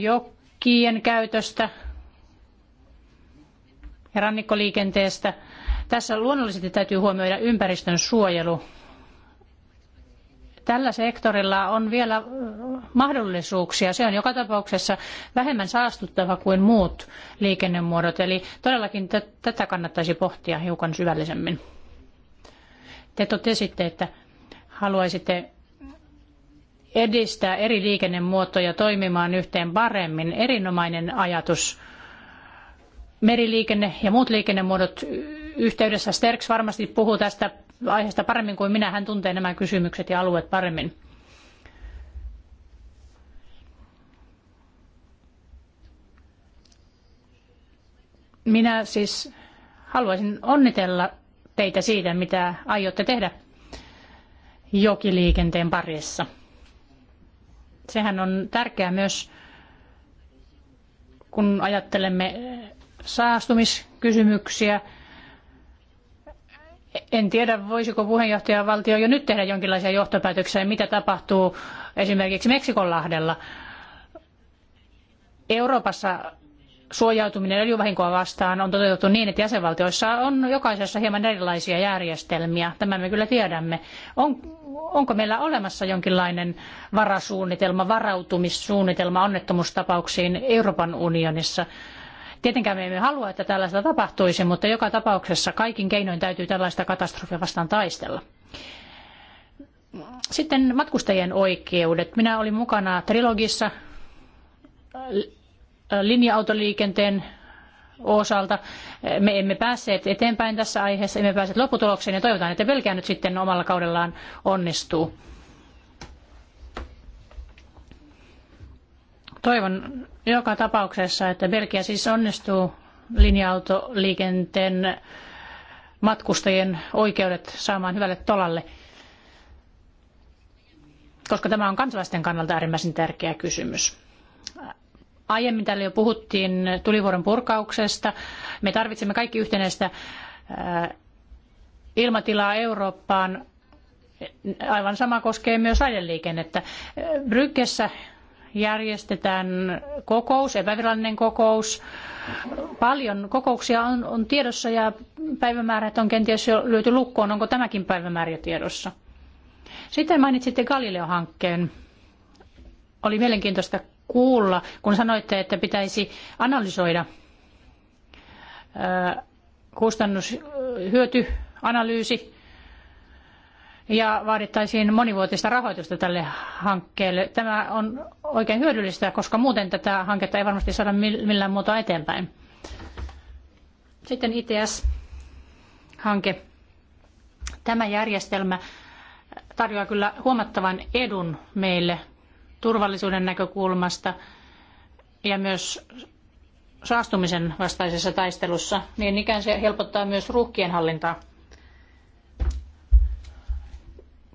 jokkien käytöstä ja rannikkoliikenteestä. Tässä luonnollisesti täytyy huomioida ympäristön suojelu tällä sektorilla on vielä mahdollisuuksia. Se on joka tapauksessa vähemmän saastuttava kuin muut liikennemuodot. Eli todellakin tätä kannattaisi pohtia hiukan syvällisemmin. Te totesitte, että haluaisitte edistää eri liikennemuotoja toimimaan yhteen paremmin. Erinomainen ajatus. Meriliikenne ja muut liikennemuodot yhteydessä. Sterks varmasti puhuu tästä aiheesta paremmin kuin minä. Hän tuntee nämä kysymykset ja alueet paremmin. Minä siis haluaisin onnitella teitä siitä, mitä aiotte tehdä jokiliikenteen parissa. Sehän on tärkeää myös, kun ajattelemme saastumiskysymyksiä – en tiedä, voisiko puheenjohtajavaltio jo nyt tehdä jonkinlaisia johtopäätöksiä, mitä tapahtuu esimerkiksi Meksikonlahdella. Euroopassa suojautuminen öljyvahinkoa vastaan on toteutettu niin, että jäsenvaltioissa on jokaisessa hieman erilaisia järjestelmiä. Tämän me kyllä tiedämme. On, onko meillä olemassa jonkinlainen varasuunnitelma, varautumissuunnitelma onnettomuustapauksiin Euroopan unionissa? Tietenkään me emme halua, että tällaista tapahtuisi, mutta joka tapauksessa kaikin keinoin täytyy tällaista katastrofia vastaan taistella. Sitten matkustajien oikeudet. Minä olin mukana trilogissa äh, linja-autoliikenteen osalta. Me emme päässeet eteenpäin tässä aiheessa, emme päässeet lopputulokseen ja toivotaan, että Belgia nyt sitten omalla kaudellaan onnistuu. Toivon joka tapauksessa, että Belgia siis onnistuu linja-autoliikenteen matkustajien oikeudet saamaan hyvälle tolalle, koska tämä on kansalaisten kannalta äärimmäisen tärkeä kysymys. Aiemmin täällä jo puhuttiin tulivuoren purkauksesta. Me tarvitsemme kaikki yhtenäistä ilmatilaa Eurooppaan. Aivan sama koskee myös raideliikennettä. Bryggessä järjestetään kokous, epävirallinen kokous. Paljon kokouksia on, on tiedossa ja päivämäärät on kenties jo lyöty lukkoon. Onko tämäkin päivämäärä jo tiedossa? Sitten mainitsitte Galileo-hankkeen. Oli mielenkiintoista kuulla, kun sanoitte, että pitäisi analysoida kustannus analyysi ja vaadittaisiin monivuotista rahoitusta tälle hankkeelle. Tämä on oikein hyödyllistä, koska muuten tätä hanketta ei varmasti saada millään muuta eteenpäin. Sitten ITS-hanke. Tämä järjestelmä tarjoaa kyllä huomattavan edun meille turvallisuuden näkökulmasta ja myös saastumisen vastaisessa taistelussa. Niin ikään se helpottaa myös ruuhkien hallintaa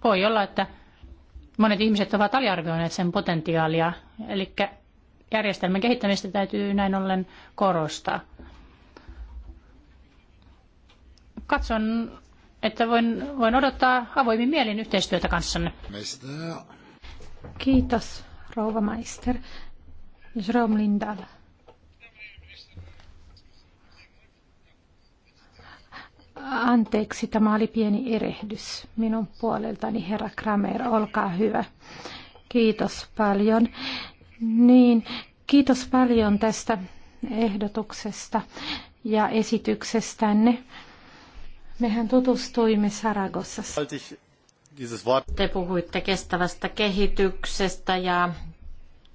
voi olla, että monet ihmiset ovat aliarvioineet sen potentiaalia. Eli järjestelmän kehittämistä täytyy näin ollen korostaa. Katson, että voin, voin odottaa avoimin mielin yhteistyötä kanssanne. Kiitos, rouva maister. Rom Lindala. Anteeksi, tämä oli pieni erehdys minun puoleltani, herra Kramer, olkaa hyvä. Kiitos paljon. Niin, kiitos paljon tästä ehdotuksesta ja esityksestänne. Mehän tutustuimme Saragossassa. Te puhuitte kestävästä kehityksestä ja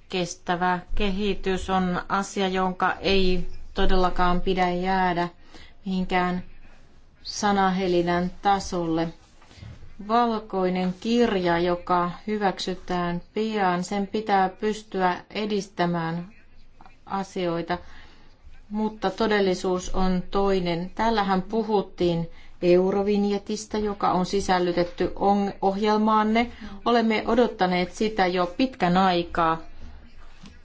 kestävä kehitys on asia, jonka ei todellakaan pidä jäädä mihinkään sanahelinän tasolle. Valkoinen kirja, joka hyväksytään pian, sen pitää pystyä edistämään asioita, mutta todellisuus on toinen. Tällähän puhuttiin Eurovinjetistä, joka on sisällytetty ohjelmaanne. Olemme odottaneet sitä jo pitkän aikaa.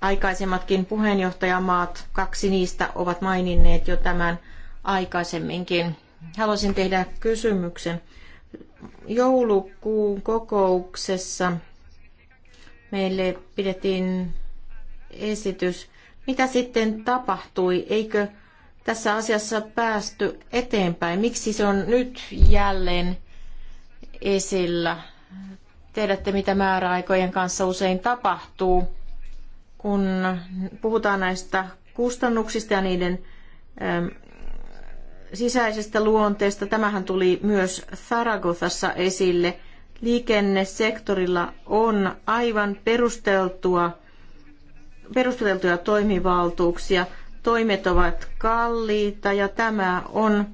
Aikaisemmatkin puheenjohtajamaat, kaksi niistä, ovat maininneet jo tämän aikaisemminkin haluaisin tehdä kysymyksen. Joulukuun kokouksessa meille pidettiin esitys. Mitä sitten tapahtui? Eikö tässä asiassa päästy eteenpäin? Miksi se on nyt jälleen esillä? Tiedätte, mitä määräaikojen kanssa usein tapahtuu, kun puhutaan näistä kustannuksista ja niiden sisäisestä luonteesta. Tämähän tuli myös Zaragozassa esille. Liikennesektorilla on aivan perusteltua, perusteltuja toimivaltuuksia. Toimet ovat kalliita ja tämä on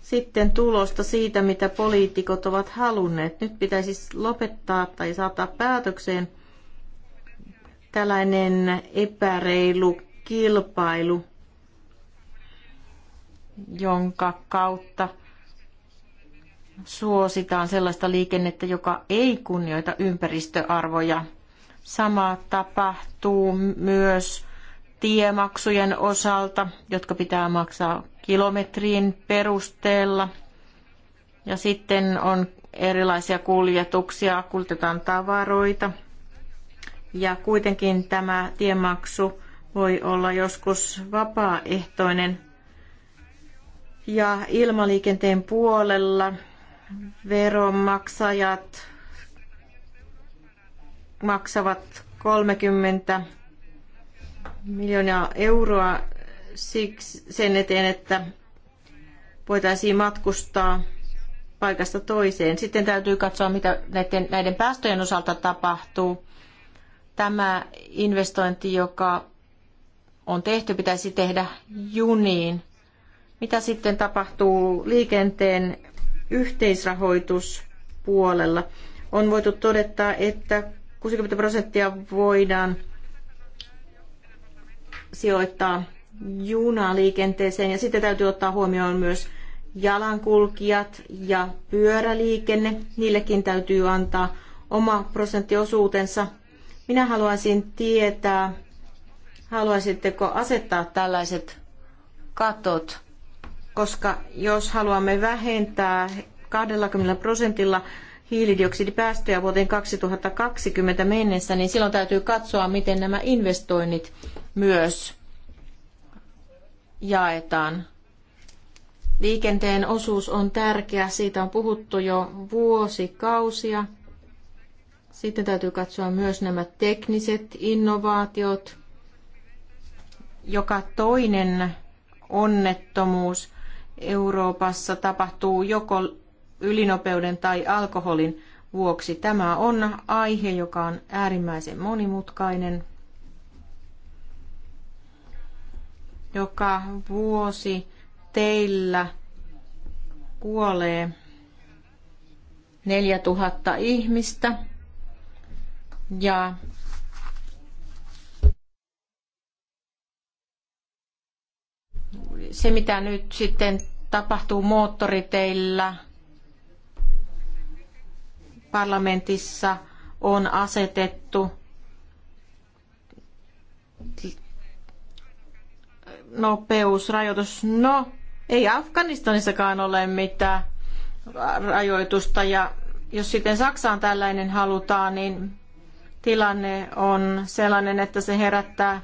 sitten tulosta siitä, mitä poliitikot ovat halunneet. Nyt pitäisi lopettaa tai saattaa päätökseen tällainen epäreilu kilpailu jonka kautta suositaan sellaista liikennettä, joka ei kunnioita ympäristöarvoja. Sama tapahtuu myös tiemaksujen osalta, jotka pitää maksaa kilometriin perusteella. Ja sitten on erilaisia kuljetuksia, kuljetetaan tavaroita. Ja kuitenkin tämä tiemaksu voi olla joskus vapaaehtoinen ja ilmaliikenteen puolella veronmaksajat maksavat 30 miljoonaa euroa siksi sen eteen, että voitaisiin matkustaa paikasta toiseen. Sitten täytyy katsoa, mitä näiden, näiden päästöjen osalta tapahtuu. Tämä investointi, joka on tehty, pitäisi tehdä juniin. Mitä sitten tapahtuu liikenteen yhteisrahoituspuolella? On voitu todeta, että 60 prosenttia voidaan sijoittaa junaliikenteeseen ja sitten täytyy ottaa huomioon myös jalankulkijat ja pyöräliikenne. Niillekin täytyy antaa oma prosenttiosuutensa. Minä haluaisin tietää, haluaisitteko asettaa tällaiset katot koska jos haluamme vähentää 20 prosentilla hiilidioksidipäästöjä vuoteen 2020 mennessä, niin silloin täytyy katsoa, miten nämä investoinnit myös jaetaan. Liikenteen osuus on tärkeä, siitä on puhuttu jo vuosikausia. Sitten täytyy katsoa myös nämä tekniset innovaatiot. Joka toinen onnettomuus Euroopassa tapahtuu joko ylinopeuden tai alkoholin vuoksi. Tämä on aihe, joka on äärimmäisen monimutkainen. Joka vuosi teillä kuolee 4000 ihmistä ja se, mitä nyt sitten tapahtuu moottoriteillä. Parlamentissa on asetettu nopeusrajoitus. No, ei Afganistanissakaan ole mitään rajoitusta ja jos sitten Saksaan tällainen halutaan, niin tilanne on sellainen, että se herättää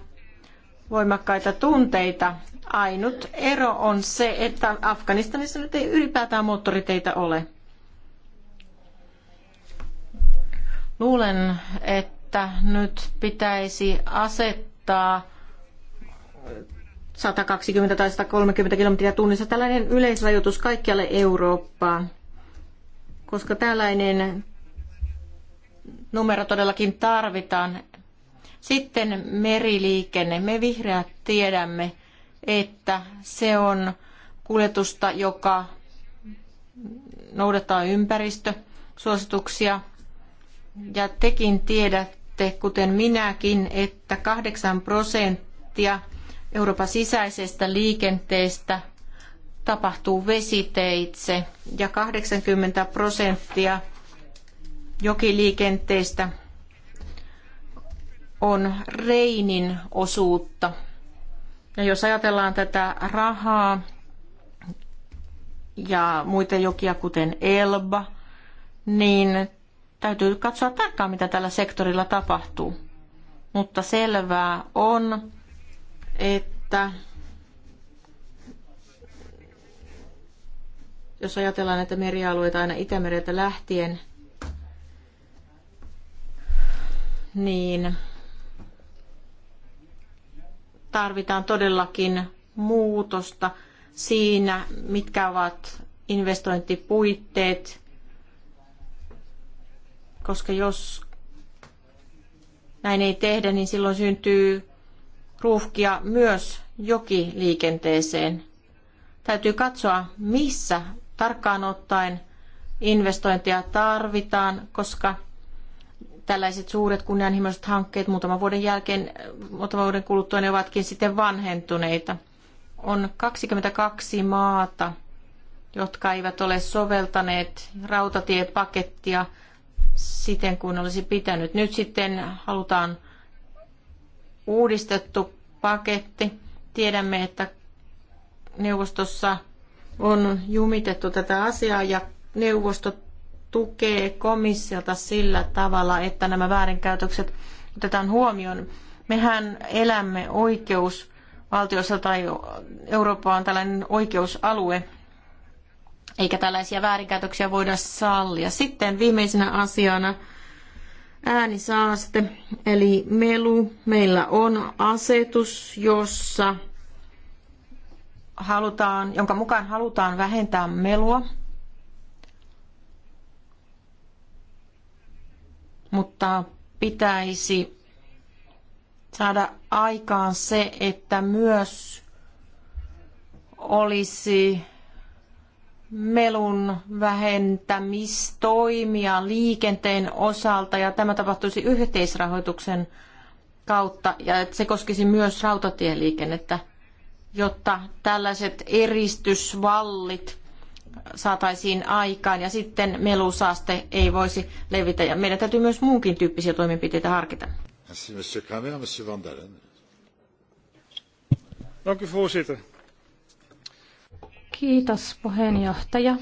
voimakkaita tunteita Ainut ero on se, että Afganistanissa nyt ei ylipäätään moottoriteitä ole. Luulen, että nyt pitäisi asettaa 120 tai 130 kilometriä tunnissa tällainen yleisrajoitus kaikkialle Eurooppaan, koska tällainen numero todellakin tarvitaan. Sitten meriliikenne. Me vihreät tiedämme, että se on kuljetusta, joka noudattaa ympäristösuosituksia. Ja tekin tiedätte, kuten minäkin, että 8 prosenttia Euroopan sisäisestä liikenteestä tapahtuu vesiteitse ja 80 prosenttia jokiliikenteestä on Reinin osuutta – ja jos ajatellaan tätä rahaa ja muita jokia, kuten Elba, niin täytyy katsoa tarkkaan, mitä tällä sektorilla tapahtuu. Mutta selvää on, että jos ajatellaan näitä merialueita aina Itämereltä lähtien, niin tarvitaan todellakin muutosta siinä, mitkä ovat investointipuitteet, koska jos näin ei tehdä, niin silloin syntyy ruuhkia myös jokiliikenteeseen. Täytyy katsoa, missä tarkkaan ottaen investointeja tarvitaan, koska – tällaiset suuret kunnianhimoiset hankkeet muutaman vuoden jälkeen, muutaman vuoden kuluttua ne ovatkin sitten vanhentuneita. On 22 maata, jotka eivät ole soveltaneet rautatiepakettia siten kuin olisi pitänyt. Nyt sitten halutaan uudistettu paketti. Tiedämme, että neuvostossa on jumitettu tätä asiaa ja neuvostot tukee komissiota sillä tavalla, että nämä väärinkäytökset otetaan huomioon. Mehän elämme oikeusvaltiossa tai Eurooppa on tällainen oikeusalue, eikä tällaisia väärinkäytöksiä voida sallia. Sitten viimeisenä asiana äänisaaste, eli melu. Meillä on asetus, jossa halutaan, jonka mukaan halutaan vähentää melua mutta pitäisi saada aikaan se, että myös olisi melun vähentämistoimia liikenteen osalta ja tämä tapahtuisi yhteisrahoituksen kautta ja että se koskisi myös rautatieliikennettä, jotta tällaiset eristysvallit saataisiin aikaan ja sitten melusaaste ei voisi levitä. Ja meidän täytyy myös muunkin tyyppisiä toimenpiteitä harkita. Merci, monsieur Kamea, monsieur Van Dalen. Dank u, voorzitter. Kiitos, puheenjohtaja.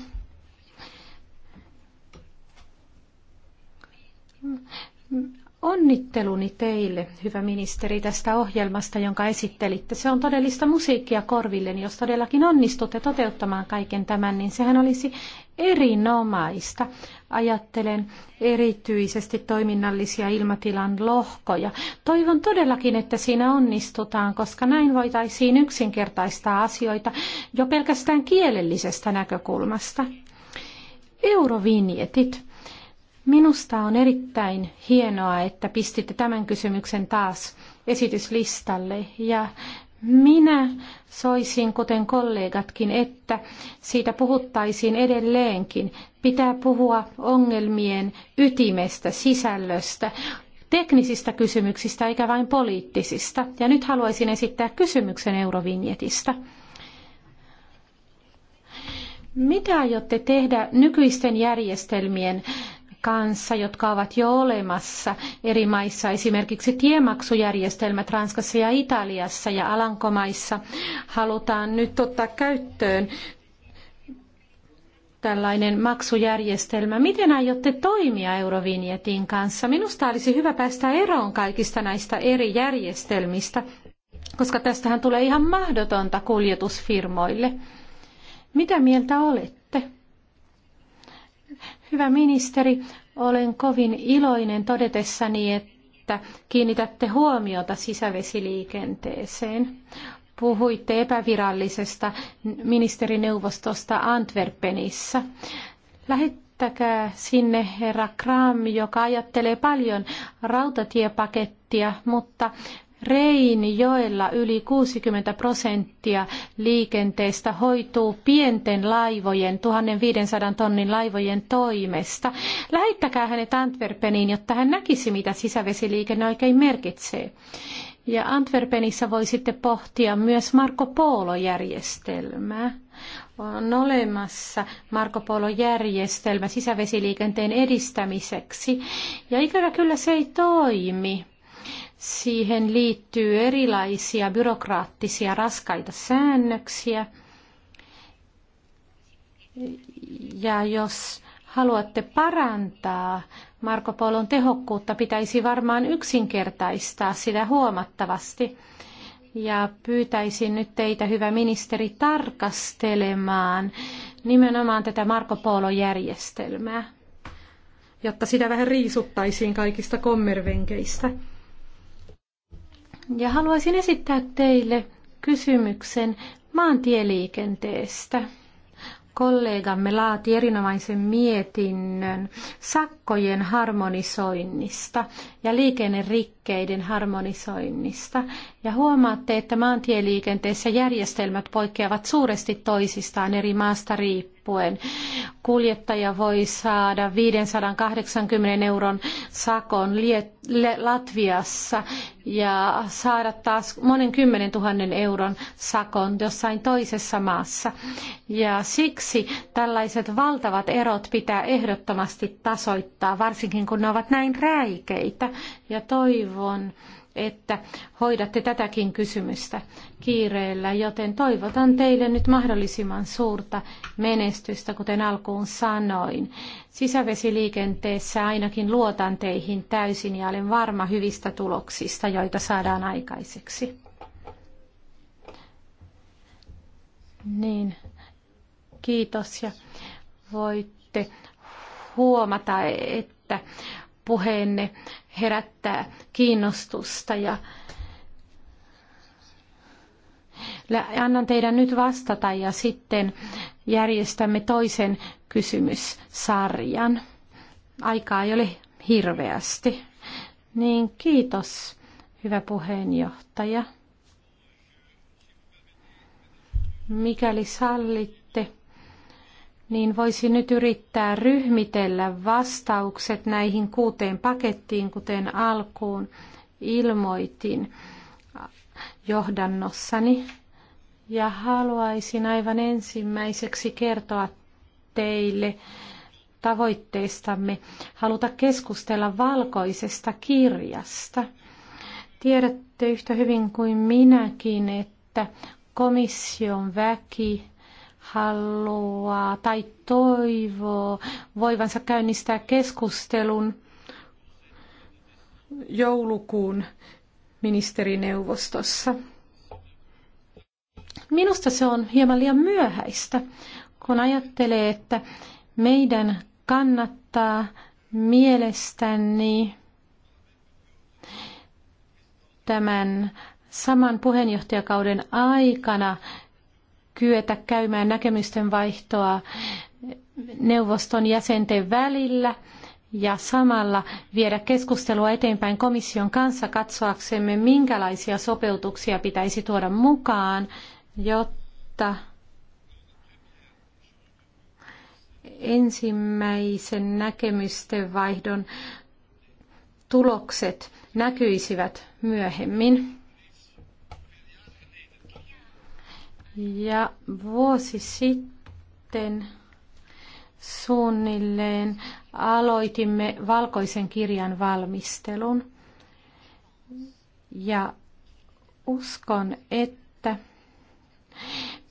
Onnitteluni teille, hyvä ministeri, tästä ohjelmasta, jonka esittelitte. Se on todellista musiikkia korvilleni. Niin jos todellakin onnistutte toteuttamaan kaiken tämän, niin sehän olisi erinomaista. Ajattelen erityisesti toiminnallisia ilmatilan lohkoja. Toivon todellakin, että siinä onnistutaan, koska näin voitaisiin yksinkertaistaa asioita jo pelkästään kielellisestä näkökulmasta. Eurovinjetit Minusta on erittäin hienoa, että pistitte tämän kysymyksen taas esityslistalle ja minä soisin, kuten kollegatkin, että siitä puhuttaisiin edelleenkin. Pitää puhua ongelmien ytimestä, sisällöstä, teknisistä kysymyksistä eikä vain poliittisista. Ja nyt haluaisin esittää kysymyksen Eurovinjetistä. Mitä aiotte tehdä nykyisten järjestelmien kanssa, jotka ovat jo olemassa eri maissa, esimerkiksi tiemaksujärjestelmät Ranskassa ja Italiassa ja Alankomaissa halutaan nyt ottaa käyttöön tällainen maksujärjestelmä. Miten aiotte toimia Eurovinjetin kanssa? Minusta olisi hyvä päästä eroon kaikista näistä eri järjestelmistä, koska tästähän tulee ihan mahdotonta kuljetusfirmoille. Mitä mieltä olette? Hyvä ministeri, olen kovin iloinen todetessani, että kiinnitätte huomiota sisävesiliikenteeseen. Puhuitte epävirallisesta ministerineuvostosta Antwerpenissä. Lähettäkää sinne herra Kram, joka ajattelee paljon rautatiepakettia, mutta Reinijoella yli 60 prosenttia liikenteestä hoituu pienten laivojen, 1500 tonnin laivojen toimesta. Lähettäkää hänet Antwerpeniin, jotta hän näkisi, mitä sisävesiliikenne oikein merkitsee. Ja Antwerpenissa voi sitten pohtia myös Marco Polo-järjestelmää. On olemassa Marco Polo-järjestelmä sisävesiliikenteen edistämiseksi, ja ikävä kyllä se ei toimi Siihen liittyy erilaisia byrokraattisia raskaita säännöksiä. Ja jos haluatte parantaa Marko Polon tehokkuutta, pitäisi varmaan yksinkertaistaa sitä huomattavasti. Ja pyytäisin nyt teitä, hyvä ministeri, tarkastelemaan nimenomaan tätä Marko Polon järjestelmää jotta sitä vähän riisuttaisiin kaikista kommervenkeistä ja haluaisin esittää teille kysymyksen maantieliikenteestä. Kollegamme laati erinomaisen mietinnön sakkojen harmonisoinnista ja liikennerikkeiden harmonisoinnista. Ja huomaatte, että maantieliikenteessä järjestelmät poikkeavat suuresti toisistaan eri maasta riippuen riippuen. Kuljettaja voi saada 580 euron sakon Latviassa ja saada taas monen kymmenen tuhannen euron sakon jossain toisessa maassa. Ja siksi tällaiset valtavat erot pitää ehdottomasti tasoittaa, varsinkin kun ne ovat näin räikeitä. Ja toivon, että hoidatte tätäkin kysymystä kiireellä, joten toivotan teille nyt mahdollisimman suurta menestystä, kuten alkuun sanoin. Sisävesiliikenteessä ainakin luotan teihin täysin ja olen varma hyvistä tuloksista, joita saadaan aikaiseksi. Niin, kiitos ja voitte huomata, että puheenne herättää kiinnostusta ja Annan teidän nyt vastata ja sitten järjestämme toisen kysymyssarjan. Aikaa ei ole hirveästi. Niin kiitos, hyvä puheenjohtaja. Mikäli sallit, niin voisi nyt yrittää ryhmitellä vastaukset näihin kuuteen pakettiin, kuten alkuun ilmoitin johdannossani. Ja haluaisin aivan ensimmäiseksi kertoa teille tavoitteestamme haluta keskustella valkoisesta kirjasta. Tiedätte yhtä hyvin kuin minäkin, että komission väki haluaa tai toivoo voivansa käynnistää keskustelun joulukuun ministerineuvostossa. Minusta se on hieman liian myöhäistä, kun ajattelee, että meidän kannattaa mielestäni tämän saman puheenjohtajakauden aikana kyetä käymään näkemysten vaihtoa neuvoston jäsenten välillä ja samalla viedä keskustelua eteenpäin komission kanssa katsoaksemme, minkälaisia sopeutuksia pitäisi tuoda mukaan, jotta ensimmäisen näkemysten vaihdon tulokset näkyisivät myöhemmin. Ja vuosi sitten suunnilleen aloitimme valkoisen kirjan valmistelun. Ja uskon, että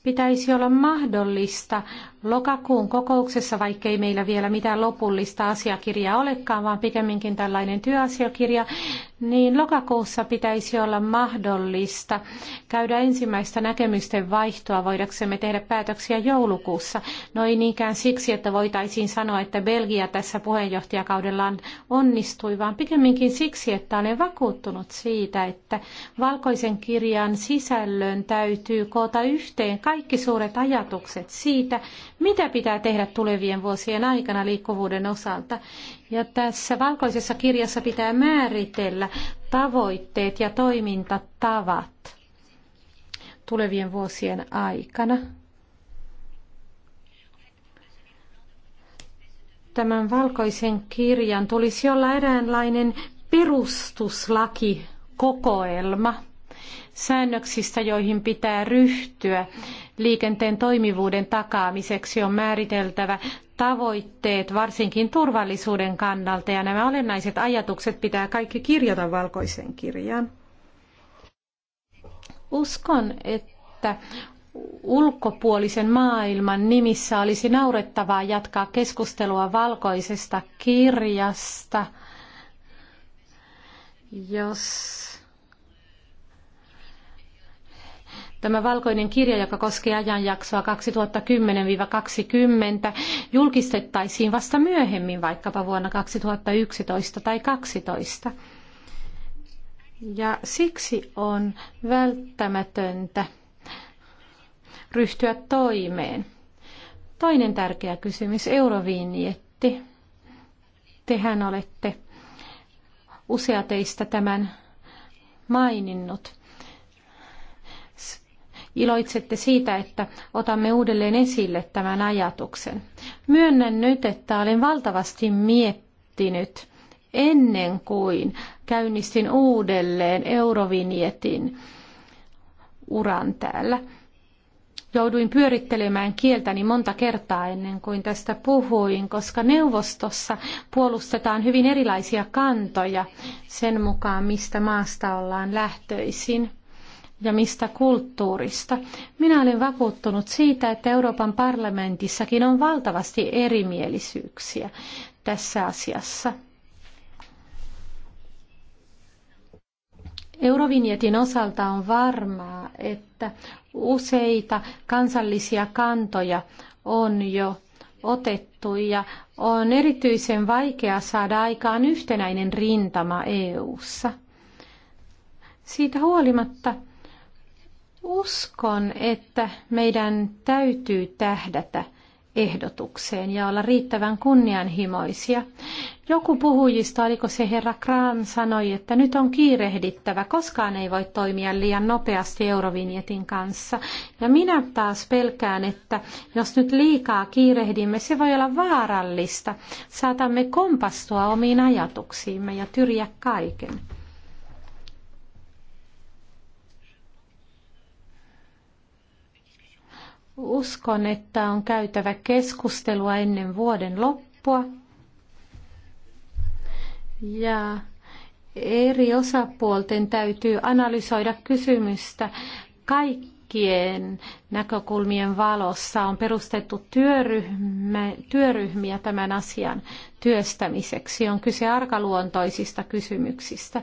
pitäisi olla mahdollista lokakuun kokouksessa, vaikkei meillä vielä mitään lopullista asiakirjaa olekaan, vaan pikemminkin tällainen työasiakirja, niin lokakuussa pitäisi olla mahdollista käydä ensimmäistä näkemysten vaihtoa, voidaksemme tehdä päätöksiä joulukuussa. Noin niinkään siksi, että voitaisiin sanoa, että Belgia tässä puheenjohtajakaudellaan onnistui, vaan pikemminkin siksi, että olen vakuuttunut siitä, että valkoisen kirjan sisällön täytyy koota yhteen kaikki suuret ajatukset siitä, mitä pitää tehdä tulevien vuosien aikana liikkuvuuden osalta. Ja tässä valkoisessa kirjassa pitää määritellä tavoitteet ja toimintatavat tulevien vuosien aikana. Tämän valkoisen kirjan tulisi olla eräänlainen perustuslaki kokoelma säännöksistä, joihin pitää ryhtyä liikenteen toimivuuden takaamiseksi, on määriteltävä tavoitteet, varsinkin turvallisuuden kannalta, ja nämä olennaiset ajatukset pitää kaikki kirjata valkoiseen kirjaan. Uskon, että ulkopuolisen maailman nimissä olisi naurettavaa jatkaa keskustelua valkoisesta kirjasta, jos Tämä valkoinen kirja, joka koskee ajanjaksoa 2010-2020, julkistettaisiin vasta myöhemmin, vaikkapa vuonna 2011 tai 2012. Ja siksi on välttämätöntä ryhtyä toimeen. Toinen tärkeä kysymys, eurovinjetti. Tehän olette usea teistä tämän maininnut iloitsette siitä, että otamme uudelleen esille tämän ajatuksen. Myönnän nyt, että olen valtavasti miettinyt ennen kuin käynnistin uudelleen Eurovinjetin uran täällä. Jouduin pyörittelemään kieltäni monta kertaa ennen kuin tästä puhuin, koska neuvostossa puolustetaan hyvin erilaisia kantoja sen mukaan, mistä maasta ollaan lähtöisin ja mistä kulttuurista. Minä olen vakuuttunut siitä, että Euroopan parlamentissakin on valtavasti erimielisyyksiä tässä asiassa. Eurovinjetin osalta on varmaa, että useita kansallisia kantoja on jo otettu ja on erityisen vaikea saada aikaan yhtenäinen rintama EU:ssa. Siitä huolimatta Uskon, että meidän täytyy tähdätä ehdotukseen ja olla riittävän kunnianhimoisia. Joku puhujista, oliko se herra Kran, sanoi, että nyt on kiirehdittävä, koskaan ei voi toimia liian nopeasti Eurovinjetin kanssa. Ja minä taas pelkään, että jos nyt liikaa kiirehdimme, se voi olla vaarallista. Saatamme kompastua omiin ajatuksiimme ja tyriä kaiken. Uskon, että on käytävä keskustelua ennen vuoden loppua. Ja eri osapuolten täytyy analysoida kysymystä kaikkien näkökulmien valossa. On perustettu työryhmä, työryhmiä tämän asian työstämiseksi. On kyse arkaluontoisista kysymyksistä.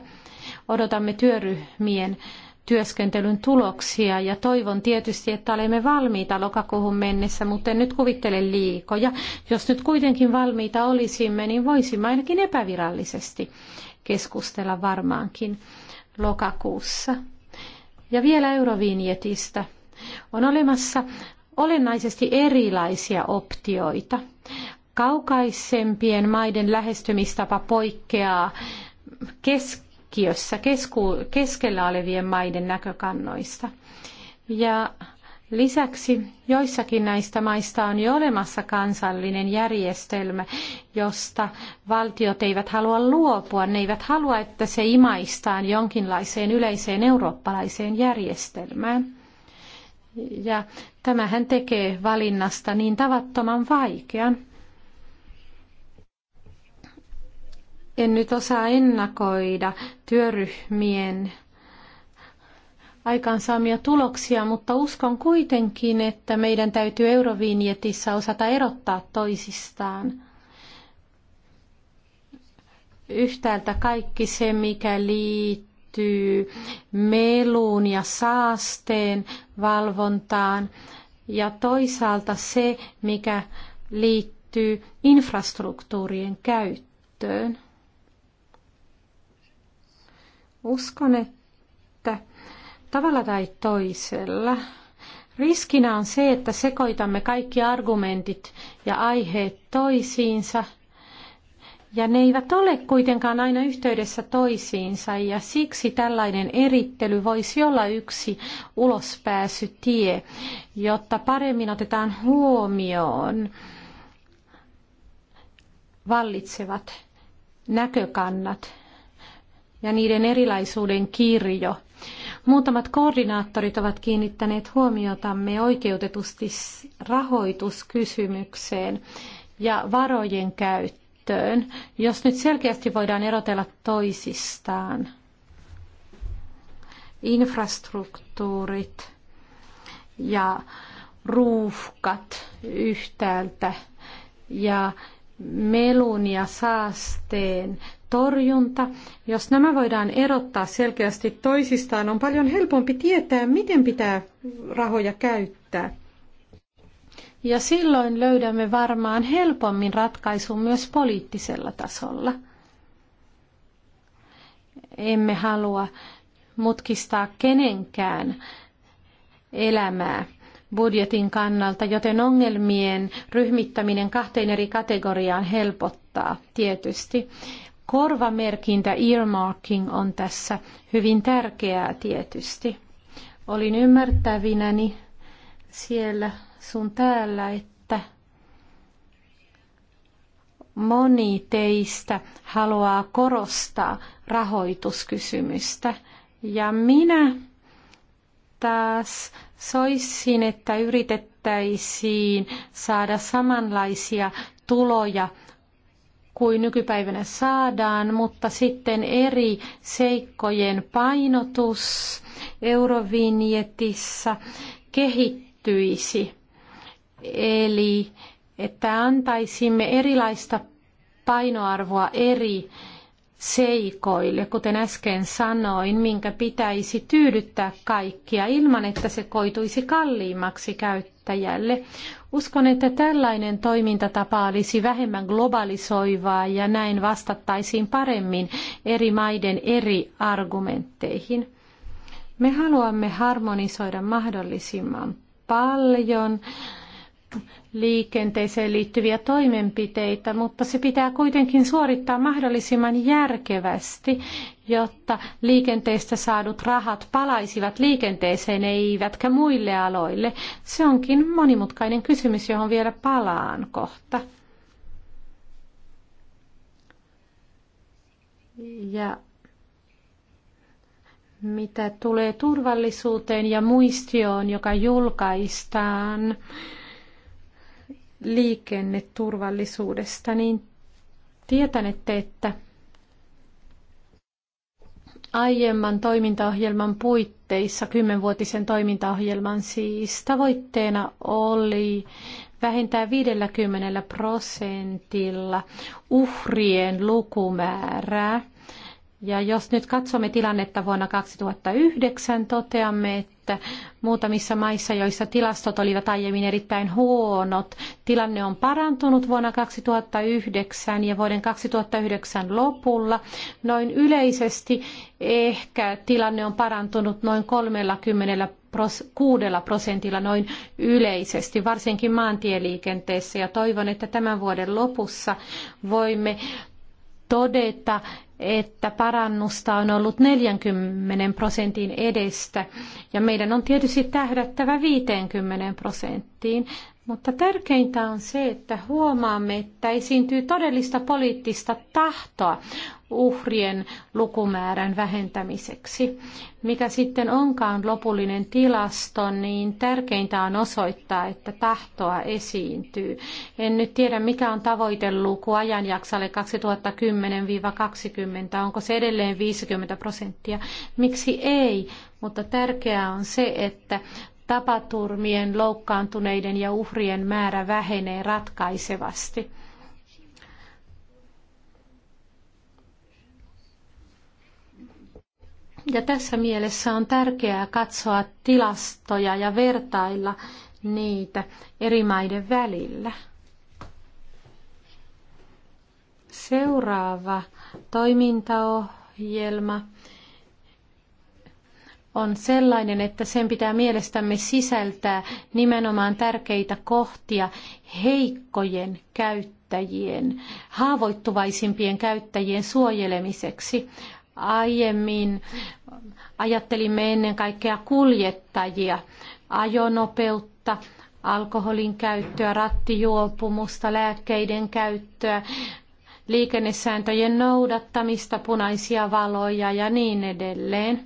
Odotamme työryhmien työskentelyn tuloksia ja toivon tietysti, että olemme valmiita lokakuuhun mennessä, mutta en nyt kuvittele liikoja. Jos nyt kuitenkin valmiita olisimme, niin voisimme ainakin epävirallisesti keskustella varmaankin lokakuussa. Ja vielä Eurovinjetistä. On olemassa olennaisesti erilaisia optioita. Kaukaisempien maiden lähestymistapa poikkeaa kes- keskiössä kesku, keskellä olevien maiden näkökannoista. Ja lisäksi joissakin näistä maista on jo olemassa kansallinen järjestelmä, josta valtiot eivät halua luopua. Ne eivät halua, että se imaistaan jonkinlaiseen yleiseen eurooppalaiseen järjestelmään. Ja tämähän tekee valinnasta niin tavattoman vaikean. En nyt osaa ennakoida työryhmien aikaansaamia tuloksia, mutta uskon kuitenkin, että meidän täytyy Eurovinjetissä osata erottaa toisistaan. Yhtäältä kaikki se, mikä liittyy meluun ja saasteen valvontaan, ja toisaalta se, mikä liittyy infrastruktuurien käyttöön. Uskon, että tavalla tai toisella riskinä on se, että sekoitamme kaikki argumentit ja aiheet toisiinsa ja ne eivät ole kuitenkaan aina yhteydessä toisiinsa ja siksi tällainen erittely voisi olla yksi ulospääsytie, jotta paremmin otetaan huomioon vallitsevat näkökannat ja niiden erilaisuuden kirjo. Muutamat koordinaattorit ovat kiinnittäneet huomiotamme oikeutetusti rahoituskysymykseen ja varojen käyttöön, jos nyt selkeästi voidaan erotella toisistaan infrastruktuurit ja ruuhkat yhtäältä ja melun ja saasteen torjunta. Jos nämä voidaan erottaa selkeästi toisistaan, on paljon helpompi tietää, miten pitää rahoja käyttää. Ja silloin löydämme varmaan helpommin ratkaisun myös poliittisella tasolla. Emme halua mutkistaa kenenkään elämää budjetin kannalta, joten ongelmien ryhmittäminen kahteen eri kategoriaan helpottaa tietysti. Korvamerkintä earmarking on tässä hyvin tärkeää tietysti. Olin ymmärtävinäni siellä sun täällä, että moni teistä haluaa korostaa rahoituskysymystä. Ja minä taas soisin, että yritettäisiin saada samanlaisia tuloja kuin nykypäivänä saadaan, mutta sitten eri seikkojen painotus eurovinjetissä kehittyisi. Eli että antaisimme erilaista painoarvoa eri seikoille, kuten äsken sanoin, minkä pitäisi tyydyttää kaikkia ilman, että se koituisi kalliimmaksi käyttäjälle. Uskon, että tällainen toimintatapa olisi vähemmän globalisoivaa ja näin vastattaisiin paremmin eri maiden eri argumentteihin. Me haluamme harmonisoida mahdollisimman paljon liikenteeseen liittyviä toimenpiteitä, mutta se pitää kuitenkin suorittaa mahdollisimman järkevästi, jotta liikenteestä saadut rahat palaisivat liikenteeseen eivätkä muille aloille. Se onkin monimutkainen kysymys, johon vielä palaan kohta. Ja mitä tulee turvallisuuteen ja muistioon, joka julkaistaan, liikenneturvallisuudesta, niin tietänette, että aiemman toimintaohjelman puitteissa, kymmenvuotisen toimintaohjelman siis, tavoitteena oli vähintään 50 prosentilla uhrien lukumäärää ja jos nyt katsomme tilannetta vuonna 2009, toteamme, että muutamissa maissa, joissa tilastot olivat aiemmin erittäin huonot, tilanne on parantunut vuonna 2009 ja vuoden 2009 lopulla. Noin yleisesti ehkä tilanne on parantunut noin 30 kuudella prosentilla noin yleisesti, varsinkin maantieliikenteessä. Ja toivon, että tämän vuoden lopussa voimme todeta, että parannusta on ollut 40 prosentin edestä ja meidän on tietysti tähdättävä 50 prosenttiin, mutta tärkeintä on se, että huomaamme, että esiintyy todellista poliittista tahtoa uhrien lukumäärän vähentämiseksi. Mikä sitten onkaan lopullinen tilasto, niin tärkeintä on osoittaa, että tahtoa esiintyy. En nyt tiedä, mikä on tavoiteluku ajanjaksalle 2010-2020. Onko se edelleen 50 prosenttia? Miksi ei? Mutta tärkeää on se, että tapaturmien, loukkaantuneiden ja uhrien määrä vähenee ratkaisevasti. Ja tässä mielessä on tärkeää katsoa tilastoja ja vertailla niitä eri maiden välillä. Seuraava toimintaohjelma on sellainen, että sen pitää mielestämme sisältää nimenomaan tärkeitä kohtia heikkojen käyttäjien, haavoittuvaisimpien käyttäjien suojelemiseksi. Aiemmin ajattelimme ennen kaikkea kuljettajia, ajonopeutta, alkoholin käyttöä, rattijuopumusta, lääkkeiden käyttöä, liikennesääntöjen noudattamista, punaisia valoja ja niin edelleen.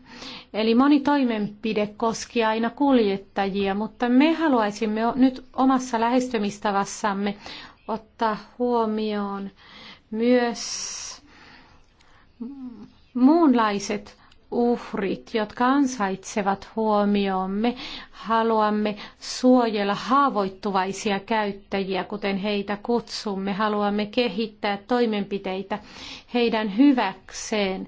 Eli moni toimenpide koski aina kuljettajia, mutta me haluaisimme nyt omassa lähestymistavassamme ottaa huomioon myös muunlaiset uhrit, jotka ansaitsevat huomiomme. Haluamme suojella haavoittuvaisia käyttäjiä, kuten heitä kutsumme. Haluamme kehittää toimenpiteitä heidän hyväkseen.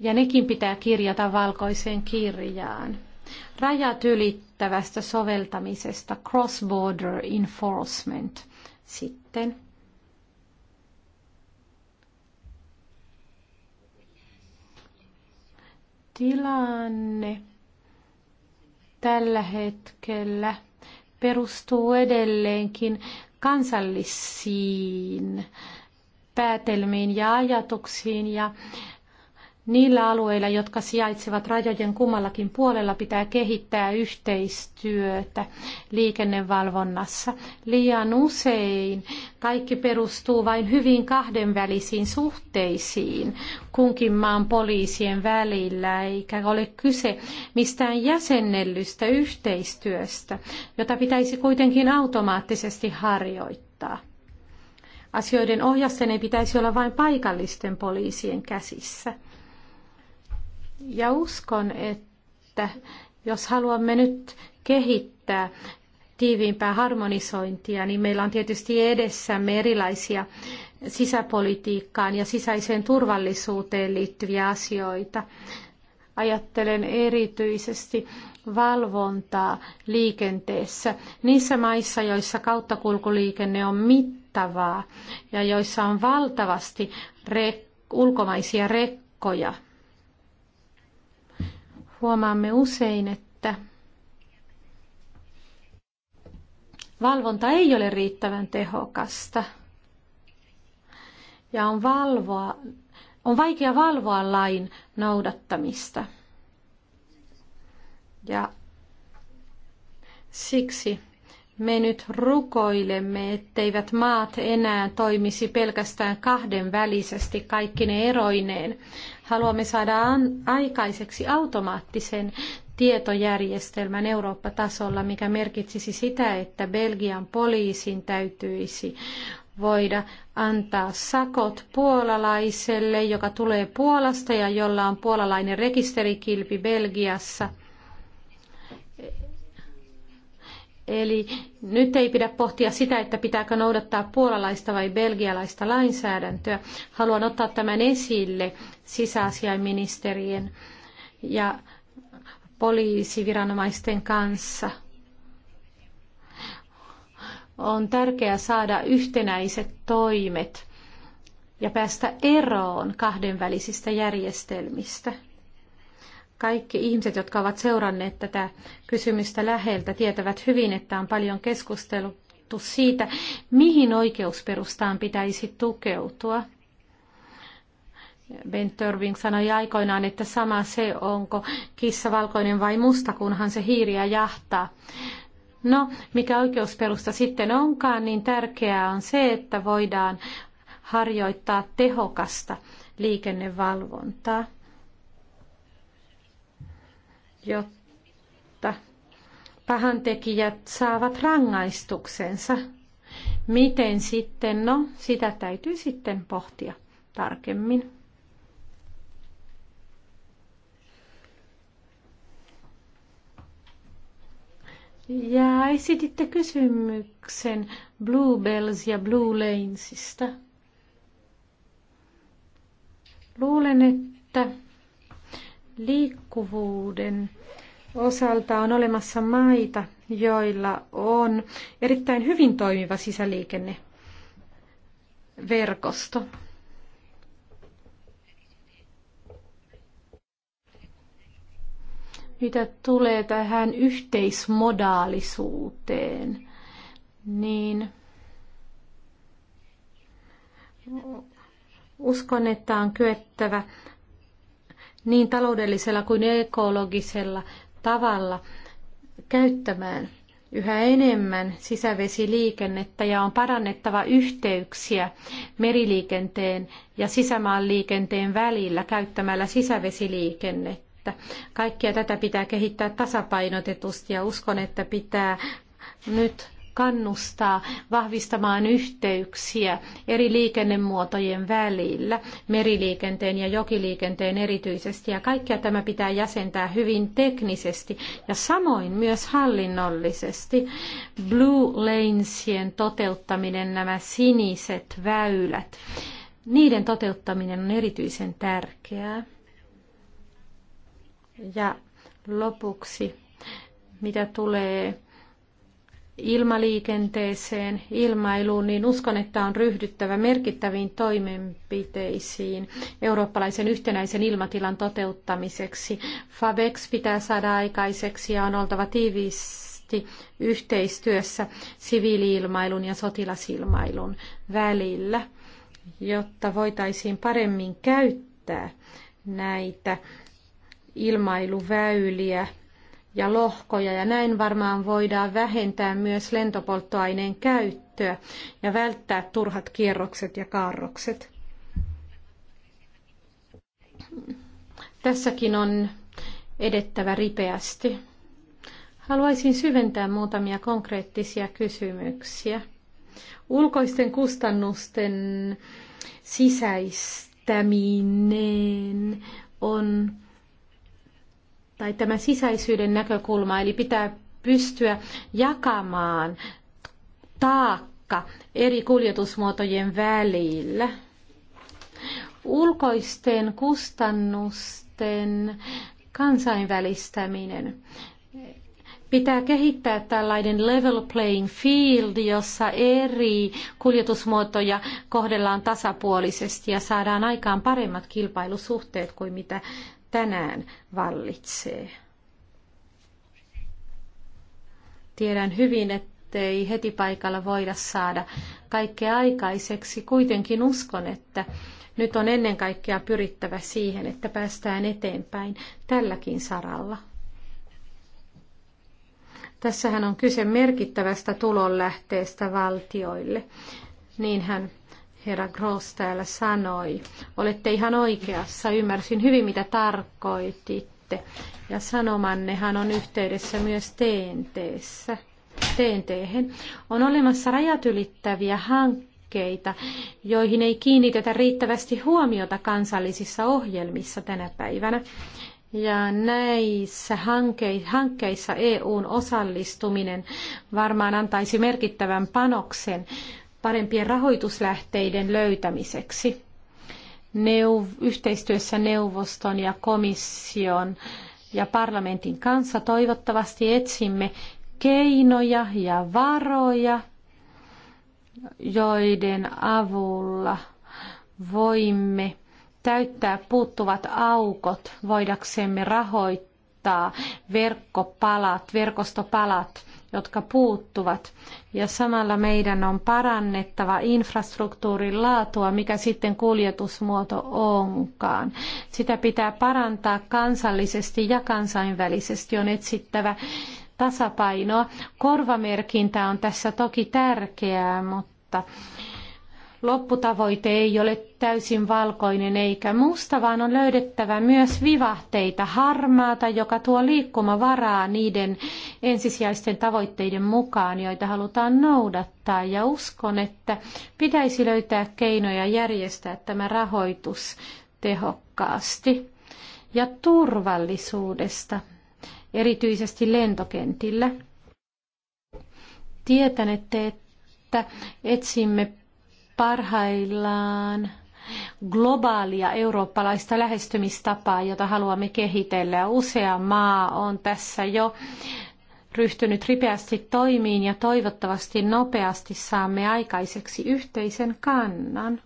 Ja nekin pitää kirjata valkoiseen kirjaan. Rajat ylittävästä soveltamisesta, cross-border enforcement. Sitten tilanne tällä hetkellä perustuu edelleenkin kansallisiin päätelmiin ja ajatuksiin ja Niillä alueilla, jotka sijaitsevat rajojen kummallakin puolella, pitää kehittää yhteistyötä liikennevalvonnassa. Liian usein kaikki perustuu vain hyvin kahdenvälisiin suhteisiin kunkin maan poliisien välillä, eikä ole kyse mistään jäsennellystä yhteistyöstä, jota pitäisi kuitenkin automaattisesti harjoittaa. Asioiden ohjasten ei pitäisi olla vain paikallisten poliisien käsissä. Ja uskon, että jos haluamme nyt kehittää tiiviimpää harmonisointia, niin meillä on tietysti edessämme erilaisia sisäpolitiikkaan ja sisäiseen turvallisuuteen liittyviä asioita. Ajattelen erityisesti valvontaa liikenteessä niissä maissa, joissa kauttakulkuliikenne on mittavaa ja joissa on valtavasti rek- ulkomaisia rekkoja – huomaamme usein, että valvonta ei ole riittävän tehokasta ja on, valvoa, on vaikea valvoa lain noudattamista. Ja siksi me nyt rukoilemme, etteivät maat enää toimisi pelkästään kahden välisesti kaikki ne eroineen, Haluamme saada aikaiseksi automaattisen tietojärjestelmän Eurooppa-tasolla, mikä merkitsisi sitä, että Belgian poliisin täytyisi voida antaa sakot puolalaiselle, joka tulee Puolasta ja jolla on puolalainen rekisterikilpi Belgiassa. Eli nyt ei pidä pohtia sitä, että pitääkö noudattaa puolalaista vai belgialaista lainsäädäntöä. Haluan ottaa tämän esille sisäasiainministerien ja poliisiviranomaisten kanssa. On tärkeää saada yhtenäiset toimet ja päästä eroon kahdenvälisistä järjestelmistä. Kaikki ihmiset, jotka ovat seuranneet tätä kysymystä läheltä, tietävät hyvin, että on paljon keskusteltu siitä, mihin oikeusperustaan pitäisi tukeutua. Ben Törving sanoi aikoinaan, että sama se, onko kissa valkoinen vai musta, kunhan se hiiriä jahtaa. No, mikä oikeusperusta sitten onkaan, niin tärkeää on se, että voidaan harjoittaa tehokasta liikennevalvontaa jotta pahantekijät saavat rangaistuksensa. Miten sitten? No, sitä täytyy sitten pohtia tarkemmin. Ja esititte kysymyksen Bluebells ja Blue Lanesista. Luulen, että liikkuvuuden osalta on olemassa maita, joilla on erittäin hyvin toimiva sisäliikenneverkosto. Mitä tulee tähän yhteismodaalisuuteen, niin uskon, että on kyettävä niin taloudellisella kuin ekologisella tavalla käyttämään yhä enemmän sisävesiliikennettä ja on parannettava yhteyksiä meriliikenteen ja sisämaan liikenteen välillä käyttämällä sisävesiliikennettä. Kaikkea tätä pitää kehittää tasapainotetusti ja uskon, että pitää nyt kannustaa vahvistamaan yhteyksiä eri liikennemuotojen välillä, meriliikenteen ja jokiliikenteen erityisesti. Ja kaikkea tämä pitää jäsentää hyvin teknisesti ja samoin myös hallinnollisesti. Blue Lanesien toteuttaminen, nämä siniset väylät, niiden toteuttaminen on erityisen tärkeää. Ja lopuksi, mitä tulee ilmaliikenteeseen, ilmailuun, niin uskon, että on ryhdyttävä merkittäviin toimenpiteisiin eurooppalaisen yhtenäisen ilmatilan toteuttamiseksi. FABEX pitää saada aikaiseksi ja on oltava tiiviisti yhteistyössä siviiliilmailun ja sotilasilmailun välillä, jotta voitaisiin paremmin käyttää näitä ilmailuväyliä ja lohkoja ja näin varmaan voidaan vähentää myös lentopolttoaineen käyttöä ja välttää turhat kierrokset ja kaarrokset. Tässäkin on edettävä ripeästi. Haluaisin syventää muutamia konkreettisia kysymyksiä. Ulkoisten kustannusten sisäistäminen on tai tämä sisäisyyden näkökulma, eli pitää pystyä jakamaan taakka eri kuljetusmuotojen välillä. Ulkoisten kustannusten kansainvälistäminen. Pitää kehittää tällainen level playing field, jossa eri kuljetusmuotoja kohdellaan tasapuolisesti ja saadaan aikaan paremmat kilpailusuhteet kuin mitä tänään vallitsee. Tiedän hyvin, ettei heti paikalla voida saada kaikkea aikaiseksi. Kuitenkin uskon, että nyt on ennen kaikkea pyrittävä siihen, että päästään eteenpäin tälläkin saralla. Tässähän on kyse merkittävästä tulonlähteestä valtioille. Niinhän herra Gross täällä sanoi. Olette ihan oikeassa, ymmärsin hyvin mitä tarkoititte. Ja sanomannehan on yhteydessä myös teenteessä. Teenteehen on olemassa rajat ylittäviä hankkeita, joihin ei kiinnitetä riittävästi huomiota kansallisissa ohjelmissa tänä päivänä. Ja näissä hankkeissa EUn osallistuminen varmaan antaisi merkittävän panoksen parempien rahoituslähteiden löytämiseksi neuv- yhteistyössä neuvoston ja komission ja parlamentin kanssa. Toivottavasti etsimme keinoja ja varoja, joiden avulla voimme täyttää puuttuvat aukot voidaksemme rahoittaa verkkopalat, verkostopalat jotka puuttuvat. Ja samalla meidän on parannettava infrastruktuurin laatua, mikä sitten kuljetusmuoto onkaan. Sitä pitää parantaa kansallisesti ja kansainvälisesti. On etsittävä tasapainoa. Korvamerkintä on tässä toki tärkeää, mutta mutta lopputavoite ei ole täysin valkoinen eikä musta, vaan on löydettävä myös vivahteita harmaata, joka tuo liikkumavaraa niiden ensisijaisten tavoitteiden mukaan, joita halutaan noudattaa. Ja uskon, että pitäisi löytää keinoja järjestää tämä rahoitus tehokkaasti ja turvallisuudesta, erityisesti lentokentillä. Tietänette, että etsimme parhaillaan globaalia eurooppalaista lähestymistapaa, jota haluamme kehitellä. Usea maa on tässä jo ryhtynyt ripeästi toimiin ja toivottavasti nopeasti saamme aikaiseksi yhteisen kannan.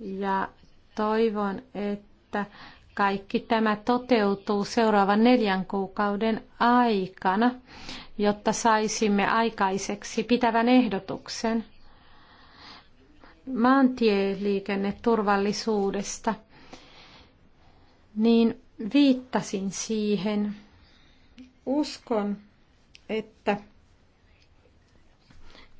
Ja toivon, että kaikki tämä toteutuu seuraavan neljän kuukauden aikana, jotta saisimme aikaiseksi pitävän ehdotuksen maantieliikenneturvallisuudesta, niin viittasin siihen. Uskon, että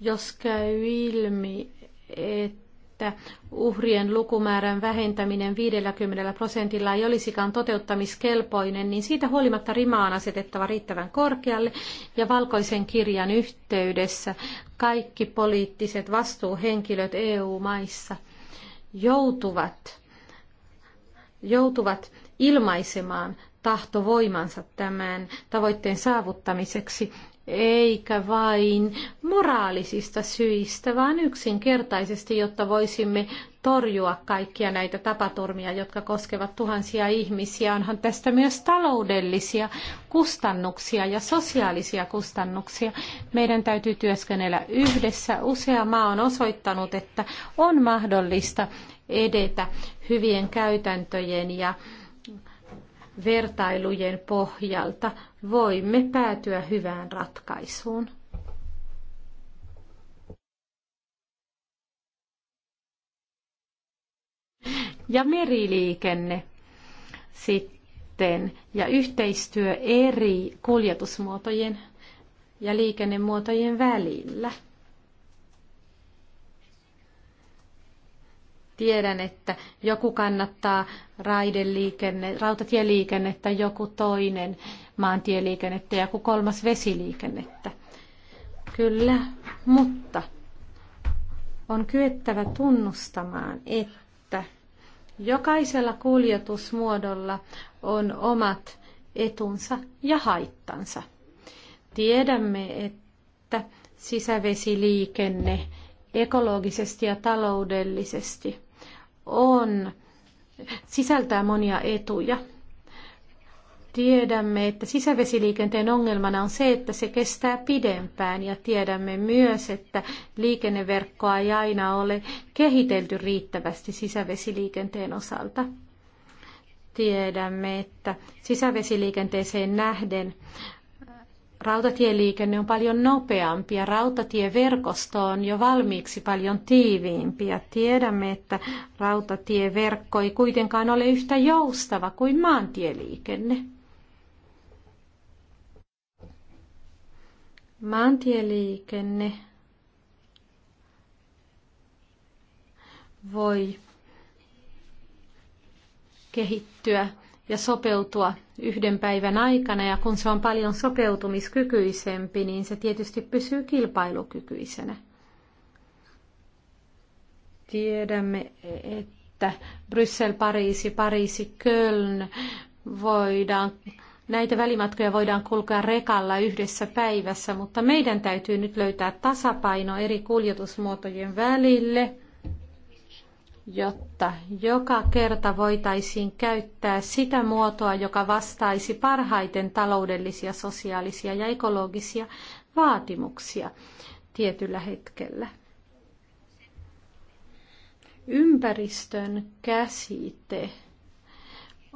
jos käy ilmi, että että uhrien lukumäärän vähentäminen 50 prosentilla ei olisikaan toteuttamiskelpoinen, niin siitä huolimatta rima on asetettava riittävän korkealle ja valkoisen kirjan yhteydessä kaikki poliittiset vastuuhenkilöt EU-maissa joutuvat, joutuvat ilmaisemaan tahtovoimansa tämän tavoitteen saavuttamiseksi eikä vain moraalisista syistä, vaan yksinkertaisesti, jotta voisimme torjua kaikkia näitä tapaturmia, jotka koskevat tuhansia ihmisiä. Onhan tästä myös taloudellisia kustannuksia ja sosiaalisia kustannuksia. Meidän täytyy työskennellä yhdessä. Usea maa on osoittanut, että on mahdollista edetä hyvien käytäntöjen ja vertailujen pohjalta voimme päätyä hyvään ratkaisuun. Ja meriliikenne sitten ja yhteistyö eri kuljetusmuotojen ja liikennemuotojen välillä – Tiedän, että joku kannattaa raideliikenne, rautatieliikennettä, joku toinen maantieliikennettä ja joku kolmas vesiliikennettä. Kyllä, mutta on kyettävä tunnustamaan, että jokaisella kuljetusmuodolla on omat etunsa ja haittansa. Tiedämme, että sisävesiliikenne ekologisesti ja taloudellisesti on, sisältää monia etuja. Tiedämme, että sisävesiliikenteen ongelmana on se, että se kestää pidempään ja tiedämme myös, että liikenneverkkoa ei aina ole kehitelty riittävästi sisävesiliikenteen osalta. Tiedämme, että sisävesiliikenteeseen nähden rautatieliikenne on paljon nopeampi ja rautatieverkosto on jo valmiiksi paljon tiiviimpi. Ja tiedämme, että rautatieverkko ei kuitenkaan ole yhtä joustava kuin maantieliikenne. Maantieliikenne voi kehittyä ja sopeutua yhden päivän aikana. Ja kun se on paljon sopeutumiskykyisempi, niin se tietysti pysyy kilpailukykyisenä. Tiedämme, että Bryssel, Pariisi, Pariisi, Köln voidaan Näitä välimatkoja voidaan kulkea rekalla yhdessä päivässä, mutta meidän täytyy nyt löytää tasapaino eri kuljetusmuotojen välille – jotta joka kerta voitaisiin käyttää sitä muotoa, joka vastaisi parhaiten taloudellisia, sosiaalisia ja ekologisia vaatimuksia tietyllä hetkellä. Ympäristön käsite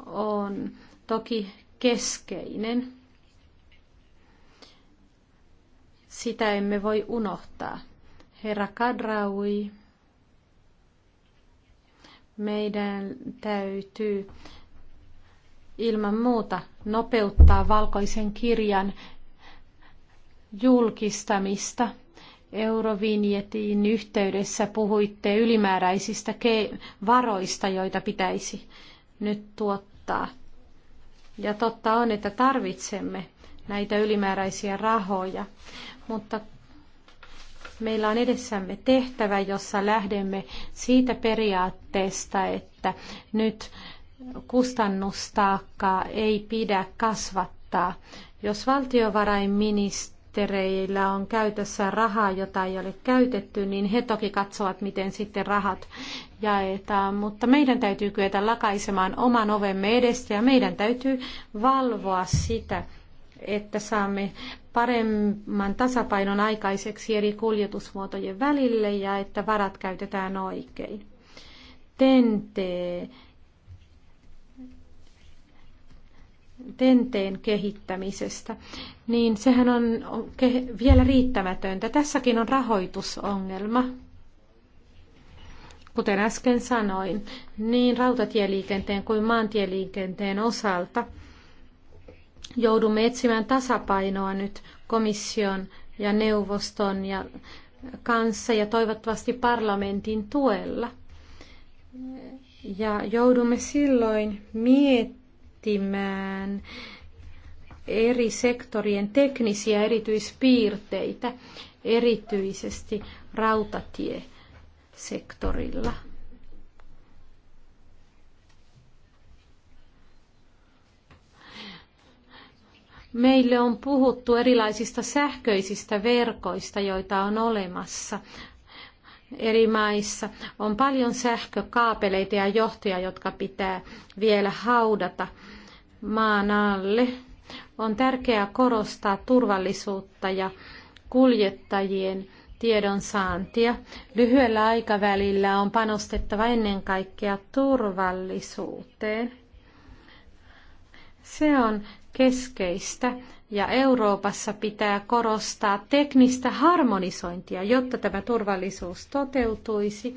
on toki keskeinen. Sitä emme voi unohtaa. Herra Kadraui meidän täytyy ilman muuta nopeuttaa valkoisen kirjan julkistamista. Eurovinjetin yhteydessä puhuitte ylimääräisistä varoista, joita pitäisi nyt tuottaa. Ja totta on, että tarvitsemme näitä ylimääräisiä rahoja, mutta meillä on edessämme tehtävä, jossa lähdemme siitä periaatteesta, että nyt kustannustaakkaa ei pidä kasvattaa. Jos valtiovarainministereillä on käytössä rahaa, jota ei ole käytetty, niin he toki katsovat, miten sitten rahat jaetaan. Mutta meidän täytyy kyetä lakaisemaan oman ovemme edestä ja meidän täytyy valvoa sitä, että saamme paremman tasapainon aikaiseksi eri kuljetusmuotojen välille ja että varat käytetään oikein. Tente. tenteen kehittämisestä, niin sehän on vielä riittämätöntä. Tässäkin on rahoitusongelma. Kuten äsken sanoin, niin rautatieliikenteen kuin maantieliikenteen osalta – joudumme etsimään tasapainoa nyt komission ja neuvoston ja kanssa ja toivottavasti parlamentin tuella. Ja joudumme silloin miettimään eri sektorien teknisiä erityispiirteitä, erityisesti rautatiesektorilla. Meille on puhuttu erilaisista sähköisistä verkoista, joita on olemassa eri maissa. On paljon sähkökaapeleita ja johtoja, jotka pitää vielä haudata maan alle. On tärkeää korostaa turvallisuutta ja kuljettajien tiedonsaantia. Lyhyellä aikavälillä on panostettava ennen kaikkea turvallisuuteen. Se on keskeistä ja Euroopassa pitää korostaa teknistä harmonisointia, jotta tämä turvallisuus toteutuisi.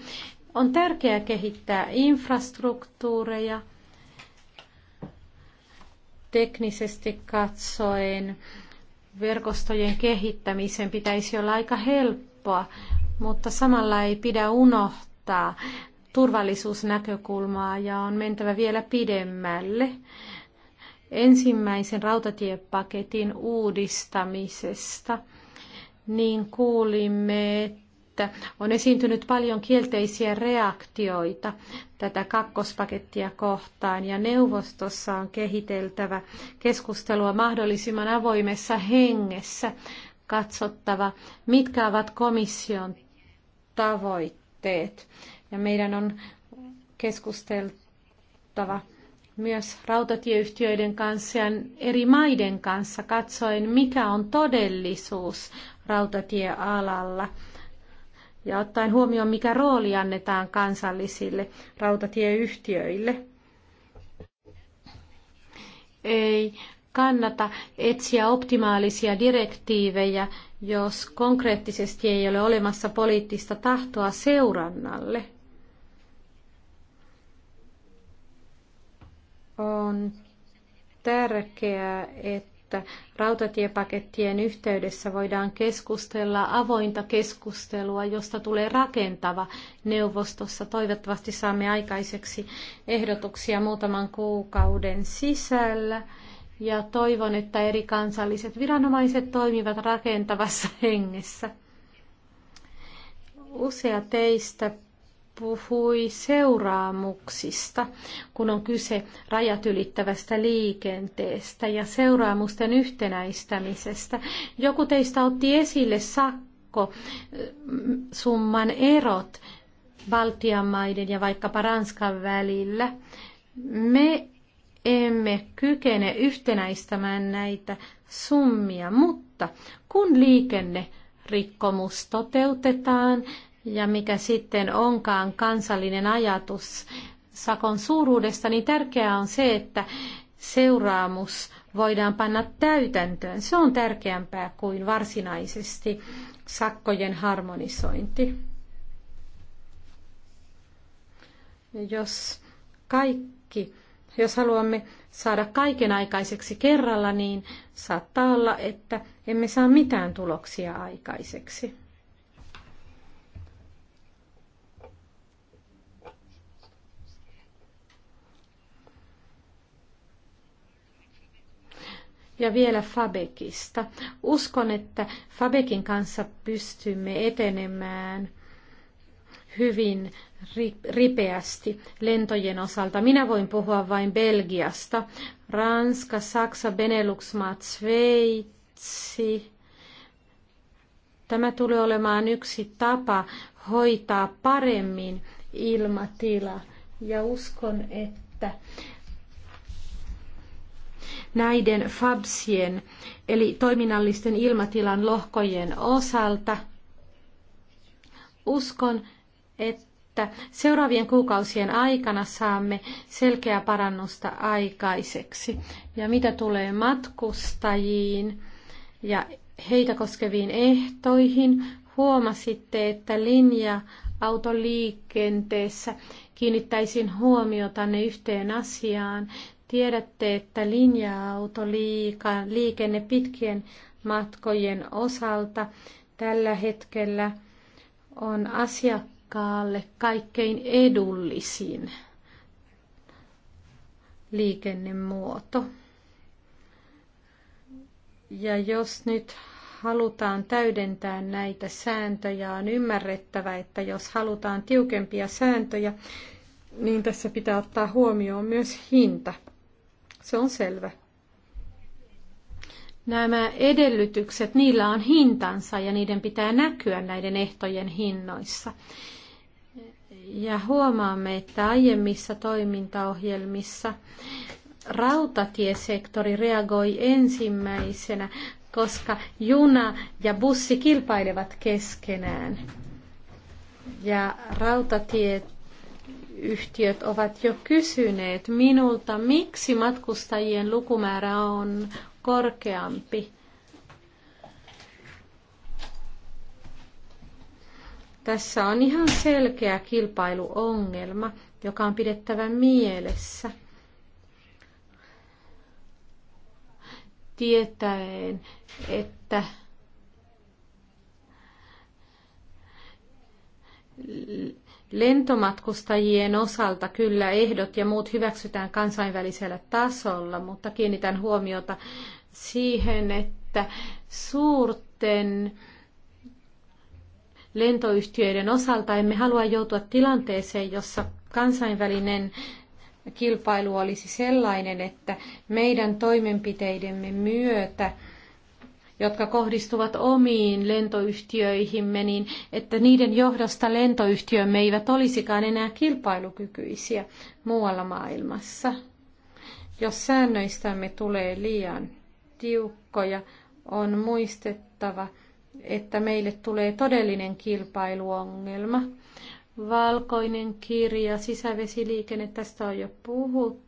On tärkeää kehittää infrastruktuureja teknisesti katsoen. Verkostojen kehittämisen pitäisi olla aika helppoa, mutta samalla ei pidä unohtaa turvallisuusnäkökulmaa ja on mentävä vielä pidemmälle ensimmäisen rautatiepaketin uudistamisesta, niin kuulimme, että on esiintynyt paljon kielteisiä reaktioita tätä kakkospakettia kohtaan ja neuvostossa on kehiteltävä keskustelua mahdollisimman avoimessa hengessä katsottava, mitkä ovat komission tavoitteet ja meidän on keskusteltava myös rautatieyhtiöiden kanssa ja eri maiden kanssa katsoen, mikä on todellisuus rautatiealalla ja ottaen huomioon, mikä rooli annetaan kansallisille rautatieyhtiöille. Ei kannata etsiä optimaalisia direktiivejä, jos konkreettisesti ei ole olemassa poliittista tahtoa seurannalle. On tärkeää, että rautatiepakettien yhteydessä voidaan keskustella avointa keskustelua, josta tulee rakentava neuvostossa. Toivottavasti saamme aikaiseksi ehdotuksia muutaman kuukauden sisällä ja toivon, että eri kansalliset viranomaiset toimivat rakentavassa hengessä. Usea teistä puhui seuraamuksista, kun on kyse rajat ylittävästä liikenteestä ja seuraamusten yhtenäistämisestä. Joku teistä otti esille mm, summan erot Baltian maiden ja vaikkapa Ranskan välillä. Me emme kykene yhtenäistämään näitä summia, mutta kun liikenne rikkomus toteutetaan, ja mikä sitten onkaan kansallinen ajatus sakon suuruudesta, niin tärkeää on se, että seuraamus voidaan panna täytäntöön. Se on tärkeämpää kuin varsinaisesti sakkojen harmonisointi. Jos kaikki, jos haluamme saada kaiken aikaiseksi kerralla, niin saattaa olla, että emme saa mitään tuloksia aikaiseksi. Ja vielä Fabekista. Uskon, että Fabekin kanssa pystymme etenemään hyvin ripeästi lentojen osalta. Minä voin puhua vain Belgiasta. Ranska, Saksa, benelux Sveitsi. Tämä tulee olemaan yksi tapa hoitaa paremmin ilmatila. Ja uskon, että näiden FABSien eli toiminnallisten ilmatilan lohkojen osalta. Uskon, että seuraavien kuukausien aikana saamme selkeää parannusta aikaiseksi. Ja mitä tulee matkustajiin ja heitä koskeviin ehtoihin, huomasitte, että linja autoliikenteessä kiinnittäisin huomiota ne yhteen asiaan. Tiedätte, että linja auto liikenne pitkien matkojen osalta tällä hetkellä on asiakkaalle kaikkein edullisin liikennemuoto. Ja jos nyt halutaan täydentää näitä sääntöjä, on ymmärrettävä, että jos halutaan tiukempia sääntöjä, niin tässä pitää ottaa huomioon myös hinta. Se on selvä. Nämä edellytykset, niillä on hintansa ja niiden pitää näkyä näiden ehtojen hinnoissa. Ja huomaamme, että aiemmissa toimintaohjelmissa rautatiesektori reagoi ensimmäisenä, koska juna ja bussi kilpailevat keskenään. Ja rautatiet yhtiöt ovat jo kysyneet minulta, miksi matkustajien lukumäärä on korkeampi. Tässä on ihan selkeä kilpailuongelma, joka on pidettävä mielessä. Tietäen, että Lentomatkustajien osalta kyllä ehdot ja muut hyväksytään kansainvälisellä tasolla, mutta kiinnitän huomiota siihen, että suurten lentoyhtiöiden osalta emme halua joutua tilanteeseen, jossa kansainvälinen kilpailu olisi sellainen, että meidän toimenpiteidemme myötä – jotka kohdistuvat omiin lentoyhtiöihimme, niin että niiden johdosta lentoyhtiömme eivät olisikaan enää kilpailukykyisiä muualla maailmassa. Jos säännöistämme tulee liian tiukkoja, on muistettava, että meille tulee todellinen kilpailuongelma. Valkoinen kirja, sisävesiliikenne, tästä on jo puhuttu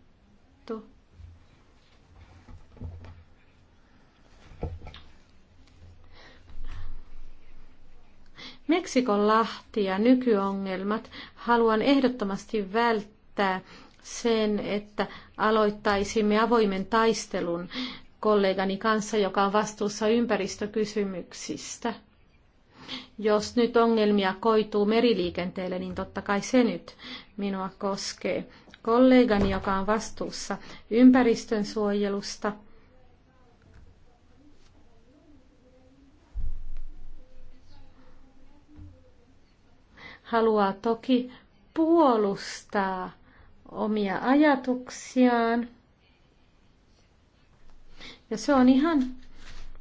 Meksikon lahti ja nykyongelmat haluan ehdottomasti välttää sen, että aloittaisimme avoimen taistelun kollegani kanssa, joka on vastuussa ympäristökysymyksistä. Jos nyt ongelmia koituu meriliikenteelle, niin totta kai se nyt minua koskee. Kollegani, joka on vastuussa ympäristön suojelusta, haluaa toki puolustaa omia ajatuksiaan. Ja se on ihan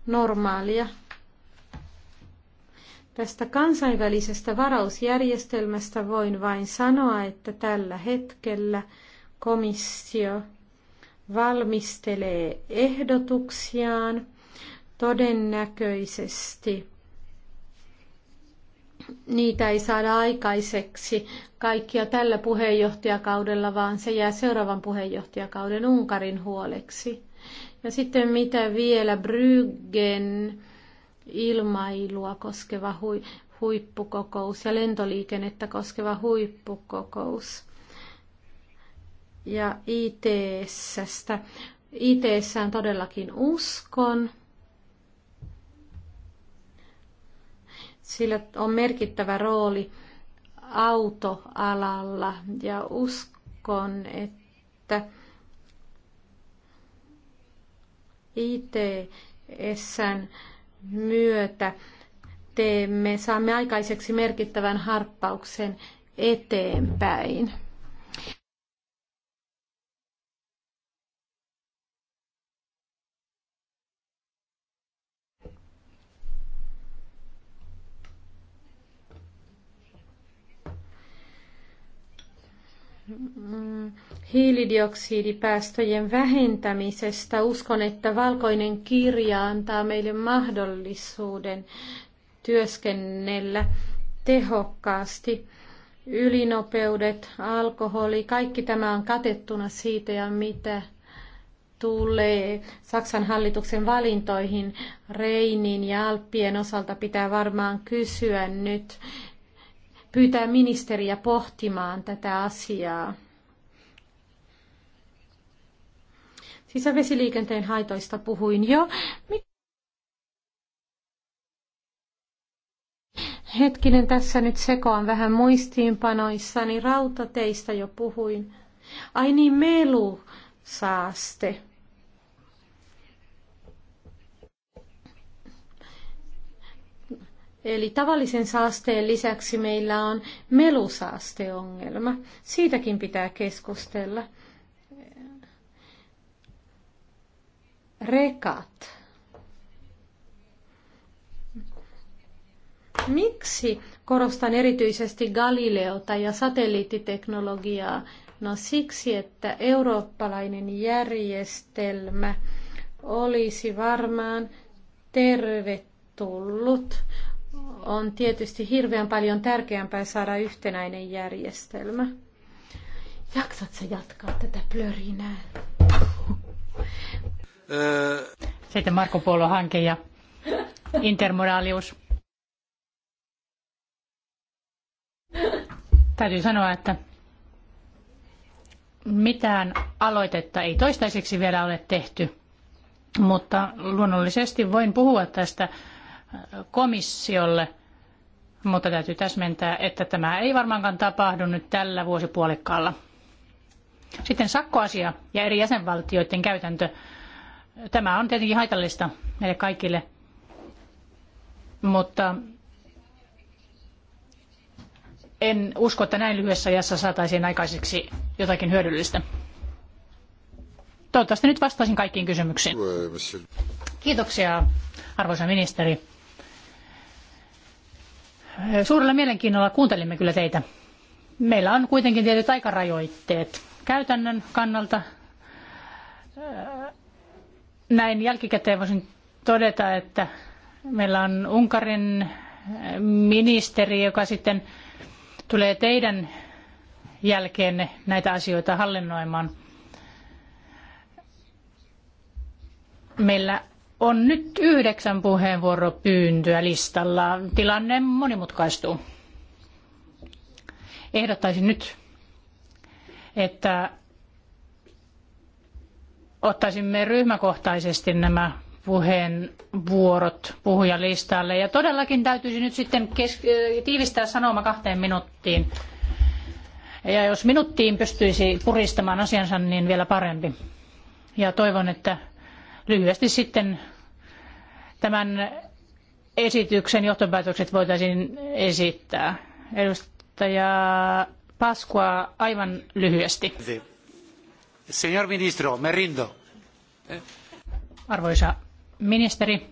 normaalia. Tästä kansainvälisestä varausjärjestelmästä voin vain sanoa, että tällä hetkellä komissio valmistelee ehdotuksiaan todennäköisesti niitä ei saada aikaiseksi kaikkia tällä puheenjohtajakaudella, vaan se jää seuraavan puheenjohtajakauden Unkarin huoleksi. Ja sitten mitä vielä Bryggen ilmailua koskeva hui, huippukokous ja lentoliikennettä koskeva huippukokous ja ITS-stä. its on todellakin uskon. Sillä on merkittävä rooli autoalalla ja uskon, että ITSn myötä teemme, saamme aikaiseksi merkittävän harppauksen eteenpäin. Mm, hiilidioksidipäästöjen vähentämisestä. Uskon, että valkoinen kirja antaa meille mahdollisuuden työskennellä tehokkaasti. Ylinopeudet, alkoholi, kaikki tämä on katettuna siitä ja mitä tulee Saksan hallituksen valintoihin Reinin ja Alppien osalta pitää varmaan kysyä nyt, pyytää ministeriä pohtimaan tätä asiaa. Sisävesiliikenteen haitoista puhuin jo. Hetkinen, tässä nyt sekoan vähän muistiinpanoissani. Rautateistä jo puhuin. Ai niin, saaste. Eli tavallisen saasteen lisäksi meillä on melusaasteongelma. Siitäkin pitää keskustella. Rekat. Miksi korostan erityisesti Galileota ja satelliittiteknologiaa? No siksi, että eurooppalainen järjestelmä olisi varmaan tervetullut on tietysti hirveän paljon tärkeämpää saada yhtenäinen järjestelmä. Jaksat sä jatkaa tätä plörinää? Sitten Marko Polo-hanke ja intermodaalius. Täytyy sanoa, että mitään aloitetta ei toistaiseksi vielä ole tehty, mutta luonnollisesti voin puhua tästä komissiolle, mutta täytyy täsmentää, että tämä ei varmaankaan tapahdu nyt tällä vuosipuolikkaalla. Sitten sakkoasia ja eri jäsenvaltioiden käytäntö. Tämä on tietenkin haitallista meille kaikille, mutta en usko, että näin lyhyessä ajassa saataisiin aikaiseksi jotakin hyödyllistä. Toivottavasti nyt vastasin kaikkiin kysymyksiin. Kiitoksia, arvoisa ministeri. Äh, suurella mielenkiinnolla kuuntelimme kyllä teitä. Meillä on kuitenkin tietyt aikarajoitteet käytännön kannalta. Äh, näin jälkikäteen voisin todeta, että meillä on Unkarin äh, ministeri, joka sitten tulee teidän jälkeenne näitä asioita hallinnoimaan. Meillä on nyt yhdeksän puheenvuoropyyntöä listalla. Tilanne monimutkaistuu. Ehdottaisin nyt, että ottaisimme ryhmäkohtaisesti nämä puheenvuorot puhujalistalle. Ja todellakin täytyisi nyt sitten tiivistää sanoma kahteen minuuttiin. Ja jos minuuttiin pystyisi puristamaan asiansa, niin vielä parempi. Ja toivon, että lyhyesti sitten tämän esityksen johtopäätökset voitaisiin esittää. Edustaja Paskua aivan lyhyesti. Señor ministro, me rindo. Arvoisa ministeri,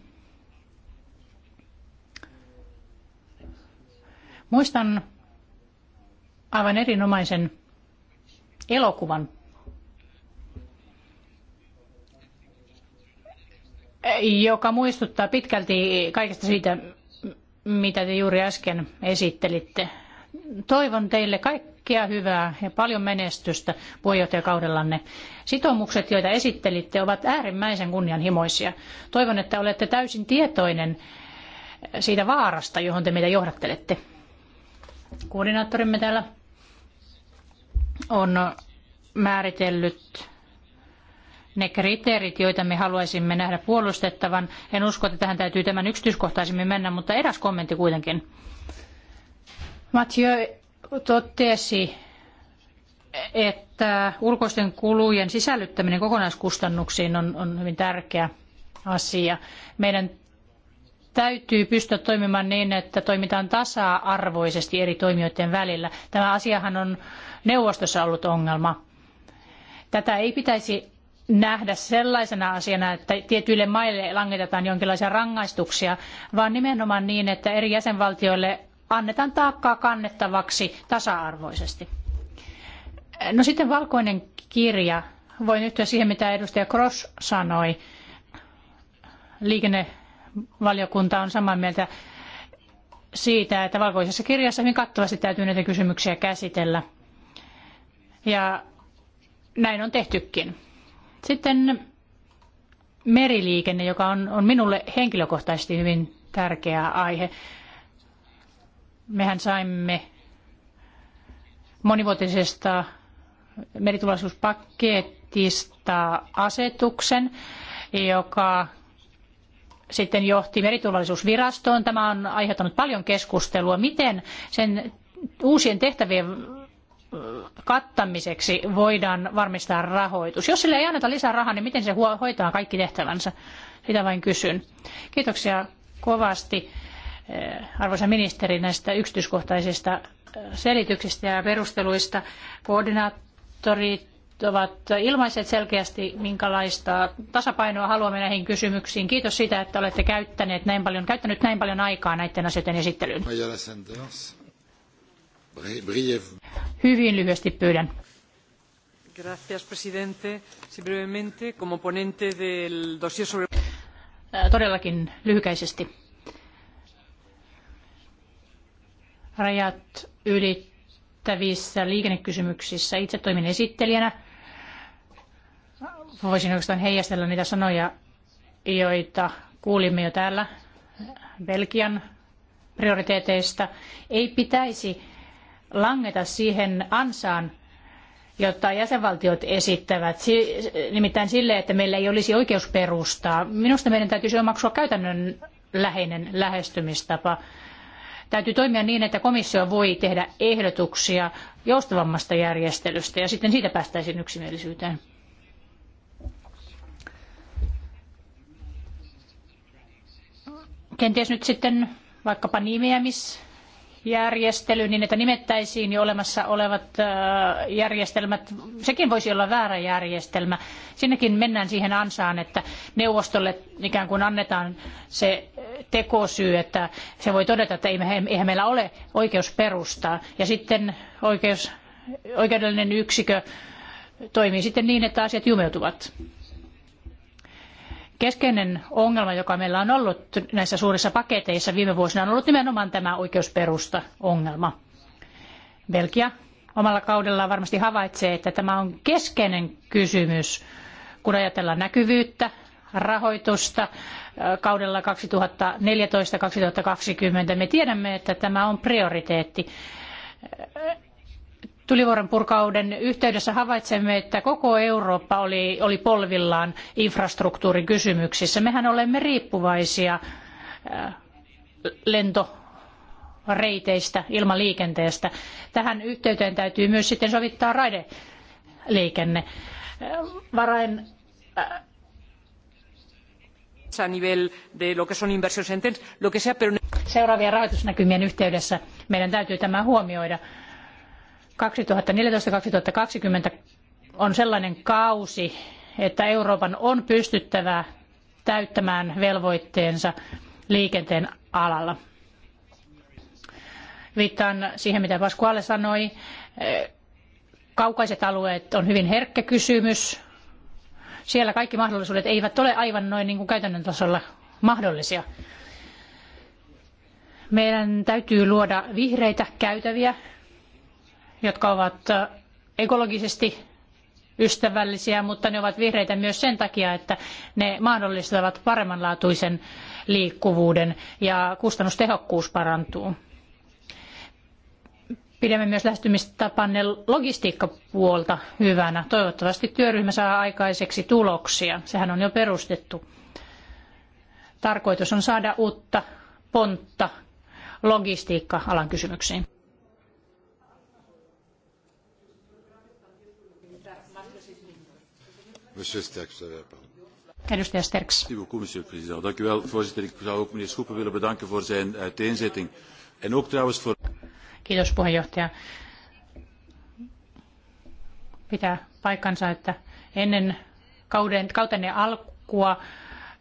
muistan aivan erinomaisen elokuvan joka muistuttaa pitkälti kaikesta siitä, mitä te juuri äsken esittelitte. Toivon teille kaikkea hyvää ja paljon menestystä puheenjohtajakaudellanne. Sitoumukset, joita esittelitte, ovat äärimmäisen kunnianhimoisia. Toivon, että olette täysin tietoinen siitä vaarasta, johon te meitä johdattelette. Koordinaattorimme täällä on määritellyt ne kriteerit, joita me haluaisimme nähdä puolustettavan. En usko, että tähän täytyy tämän yksityiskohtaisemmin mennä, mutta eräs kommentti kuitenkin. Mathieu totesi, että ulkoisten kulujen sisällyttäminen kokonaiskustannuksiin on, on hyvin tärkeä asia. Meidän täytyy pystyä toimimaan niin, että toimitaan tasa-arvoisesti eri toimijoiden välillä. Tämä asiahan on neuvostossa ollut ongelma. Tätä ei pitäisi nähdä sellaisena asiana, että tietyille maille langetetaan jonkinlaisia rangaistuksia, vaan nimenomaan niin, että eri jäsenvaltioille annetaan taakkaa kannettavaksi tasa-arvoisesti. No sitten valkoinen kirja. Voin yhtyä siihen, mitä edustaja Cross sanoi. Liikennevaliokunta on samaa mieltä siitä, että valkoisessa kirjassa hyvin kattavasti täytyy näitä kysymyksiä käsitellä. Ja näin on tehtykin. Sitten meriliikenne, joka on, on minulle henkilökohtaisesti hyvin tärkeä aihe. Mehän saimme monivuotisesta meriturvallisuuspakettista asetuksen, joka sitten johti meriturvallisuusvirastoon. Tämä on aiheuttanut paljon keskustelua, miten sen uusien tehtävien kattamiseksi voidaan varmistaa rahoitus. Jos sille ei anneta lisää rahaa, niin miten se hoitaa kaikki tehtävänsä? Sitä vain kysyn. Kiitoksia kovasti eh, arvoisa ministeri näistä yksityiskohtaisista eh, selityksistä ja perusteluista. Koordinaattorit ovat ilmaiset selkeästi, minkälaista tasapainoa haluamme näihin kysymyksiin. Kiitos siitä, että olette käyttäneet näin paljon, käyttänyt näin paljon aikaa näiden asioiden esittelyyn. Hyvin lyhyesti pyydän. Todellakin lyhykäisesti. Rajat ylittävissä liikennekysymyksissä itse toimin esittelijänä. Voisin oikeastaan heijastella niitä sanoja, joita kuulimme jo täällä Belgian prioriteeteista. Ei pitäisi langeta siihen ansaan, jota jäsenvaltiot esittävät, nimittäin sille, että meillä ei olisi oikeusperustaa. Minusta meidän täytyisi omaksua käytännön läheinen lähestymistapa. Täytyy toimia niin, että komissio voi tehdä ehdotuksia joustavammasta järjestelystä ja sitten siitä päästäisiin yksimielisyyteen. Kenties nyt sitten vaikkapa nimeämis järjestely niin, että nimettäisiin jo olemassa olevat järjestelmät, sekin voisi olla väärä järjestelmä. Sinnekin mennään siihen ansaan, että neuvostolle ikään kuin annetaan se tekosyy, että se voi todeta, että eihän meillä ole oikeus perustaa. Ja sitten oikeus, oikeudellinen yksikö toimii sitten niin, että asiat jumeutuvat. Keskeinen ongelma, joka meillä on ollut näissä suurissa paketeissa viime vuosina, on ollut nimenomaan tämä oikeusperusta ongelma. Belgia omalla kaudellaan varmasti havaitsee, että tämä on keskeinen kysymys, kun ajatellaan näkyvyyttä, rahoitusta kaudella 2014-2020. Me tiedämme, että tämä on prioriteetti tulivuoren purkauden yhteydessä havaitsemme, että koko Eurooppa oli, oli polvillaan infrastruktuurikysymyksissä. Mehän olemme riippuvaisia äh, lentoreiteistä, ilmaliikenteestä. Tähän yhteyteen täytyy myös sitten sovittaa raideliikenne. Äh, varain äh, a nivel de lo que son inversiones lo que sea, pero... Seuraavien rahoitusnäkymien yhteydessä meidän täytyy tämä huomioida 2014-2020 on sellainen kausi, että Euroopan on pystyttävä täyttämään velvoitteensa liikenteen alalla. Viittaan siihen, mitä Pasquale sanoi. Kaukaiset alueet on hyvin herkkä kysymys. Siellä kaikki mahdollisuudet eivät ole aivan noin niin kuin käytännön tasolla mahdollisia. Meidän täytyy luoda vihreitä käytäviä jotka ovat äh, ekologisesti ystävällisiä, mutta ne ovat vihreitä myös sen takia, että ne mahdollistavat paremmanlaatuisen liikkuvuuden ja kustannustehokkuus parantuu. Pidämme myös lähestymistapanne logistiikkapuolta hyvänä. Toivottavasti työryhmä saa aikaiseksi tuloksia. Sehän on jo perustettu. Tarkoitus on saada uutta pontta logistiikka-alan kysymyksiin. voorzitter. Ik zou ook meneer Schoepen willen bedanken voor zijn uiteenzetting. Eh, en ook trouwens voor... Kiitos puheenjohtaja. Pitää paikkansa, että ennen kauden, kautenne alkua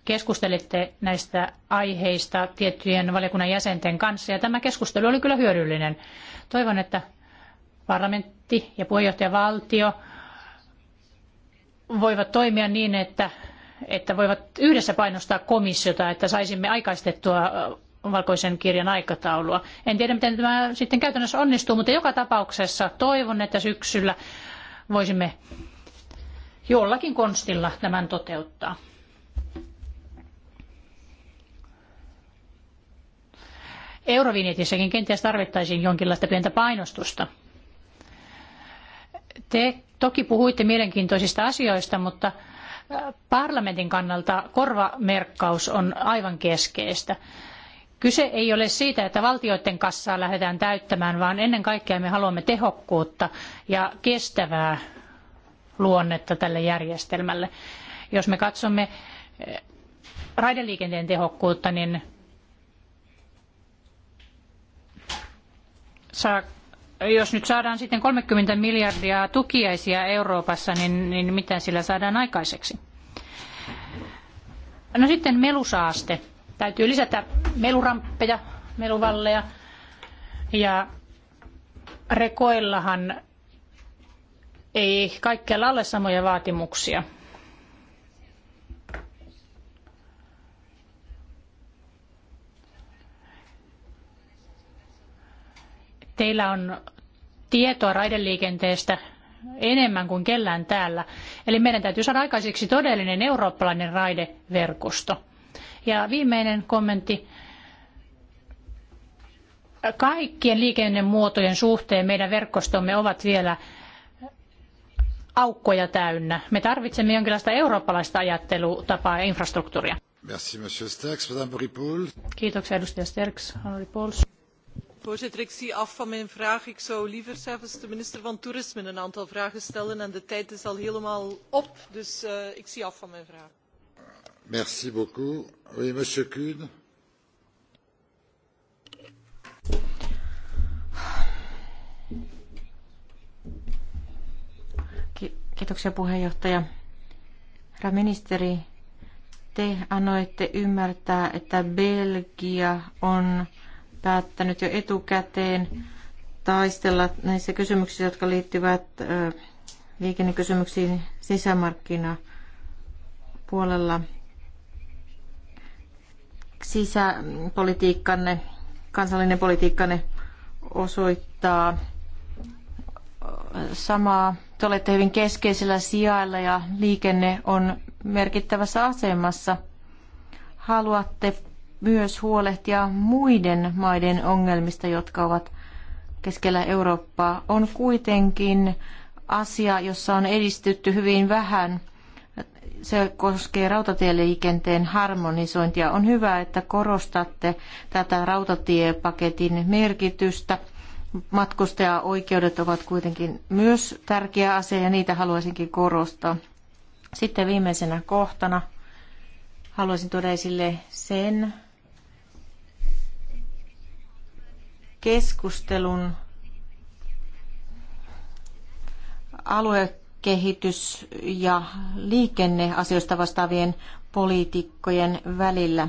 keskustelitte näistä aiheista tiettyjen valiokunnan jäsenten kanssa ja tämä keskustelu oli kyllä hyödyllinen. Toivon, että parlamentti ja puheenjohtajavaltio voivat toimia niin, että, että voivat yhdessä painostaa komissiota, että saisimme aikaistettua valkoisen kirjan aikataulua. En tiedä, miten tämä sitten käytännössä onnistuu, mutta joka tapauksessa toivon, että syksyllä voisimme jollakin konstilla tämän toteuttaa. Eurovinjetissäkin kenties tarvittaisiin jonkinlaista pientä painostusta. Te Toki puhuitte mielenkiintoisista asioista, mutta äh, parlamentin kannalta korvamerkkaus on aivan keskeistä. Kyse ei ole siitä, että valtioiden kassaa lähdetään täyttämään, vaan ennen kaikkea me haluamme tehokkuutta ja kestävää luonnetta tälle järjestelmälle. Jos me katsomme äh, raideliikenteen tehokkuutta, niin saa jos nyt saadaan sitten 30 miljardia tukiaisia Euroopassa, niin, niin mitä sillä saadaan aikaiseksi? No sitten melusaaste. Täytyy lisätä meluramppeja, meluvalleja. Ja rekoillahan ei kaikkialla ole samoja vaatimuksia. Teillä on tietoa raideliikenteestä enemmän kuin kellään täällä. Eli meidän täytyy saada aikaiseksi todellinen eurooppalainen raideverkosto. Ja viimeinen kommentti. Kaikkien liikennemuotojen suhteen meidän verkostomme ovat vielä aukkoja täynnä. Me tarvitsemme jonkinlaista eurooppalaista ajattelutapaa ja infrastruktuuria. Merci, monsieur Sterks. Madame Kiitoksia, edustaja Sterks voorzitter ik zie af van mijn vraag. ik zou liever zelfs de minister van toerisme een aantal vragen stellen en de tijd is al helemaal op dus eh, ik zie af van mijn vraag. Kiitoksia puheenjohtaja. Herra ministeri, te annoitte ymmärtää, että Belgia on päättänyt jo etukäteen taistella näissä kysymyksissä, jotka liittyvät liikennekysymyksiin puolella Sisäpolitiikkanne, kansallinen politiikkanne osoittaa samaa. Te olette hyvin keskeisellä sijailla ja liikenne on merkittävässä asemassa. Haluatte myös huolehtia muiden maiden ongelmista, jotka ovat keskellä Eurooppaa, on kuitenkin asia, jossa on edistytty hyvin vähän. Se koskee rautatieliikenteen harmonisointia. On hyvä, että korostatte tätä rautatiepaketin merkitystä. Matkustajaoikeudet ovat kuitenkin myös tärkeä asia ja niitä haluaisinkin korostaa. Sitten viimeisenä kohtana haluaisin tuoda esille sen, keskustelun aluekehitys- ja liikenneasioista vastaavien poliitikkojen välillä.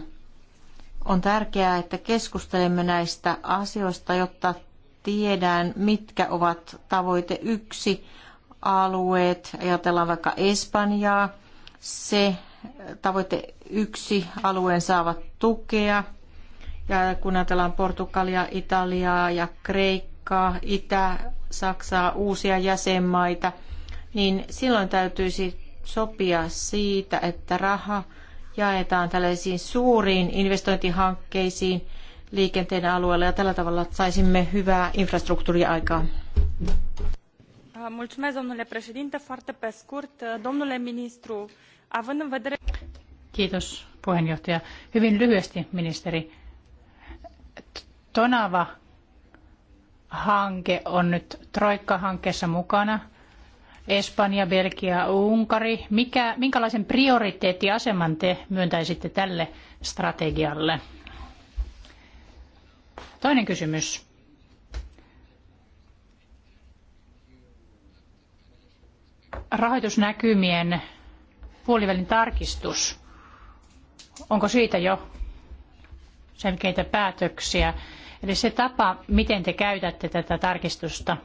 On tärkeää, että keskustelemme näistä asioista, jotta tiedään, mitkä ovat tavoite yksi alueet. Ajatellaan vaikka Espanjaa. Se tavoite yksi alueen saavat tukea ja kun ajatellaan Portugalia, Italiaa ja Kreikkaa, Itä-Saksaa, uusia jäsenmaita, niin silloin täytyisi sopia siitä, että raha jaetaan tällaisiin suuriin investointihankkeisiin liikenteen alueella ja tällä tavalla saisimme hyvää infrastruktuuria aikaan. Ah, domnule ministru, Kiitos, puheenjohtaja. Hyvin lyhyesti, ministeri. Tonava-hanke on nyt Troikka-hankkeessa mukana. Espanja, Belgia, Unkari. Mikä, minkälaisen prioriteettiaseman te myöntäisitte tälle strategialle? Toinen kysymys. Rahoitusnäkymien puolivälin tarkistus. Onko siitä jo selkeitä päätöksiä. Eli se tapa, miten te käytätte tätä tarkistusta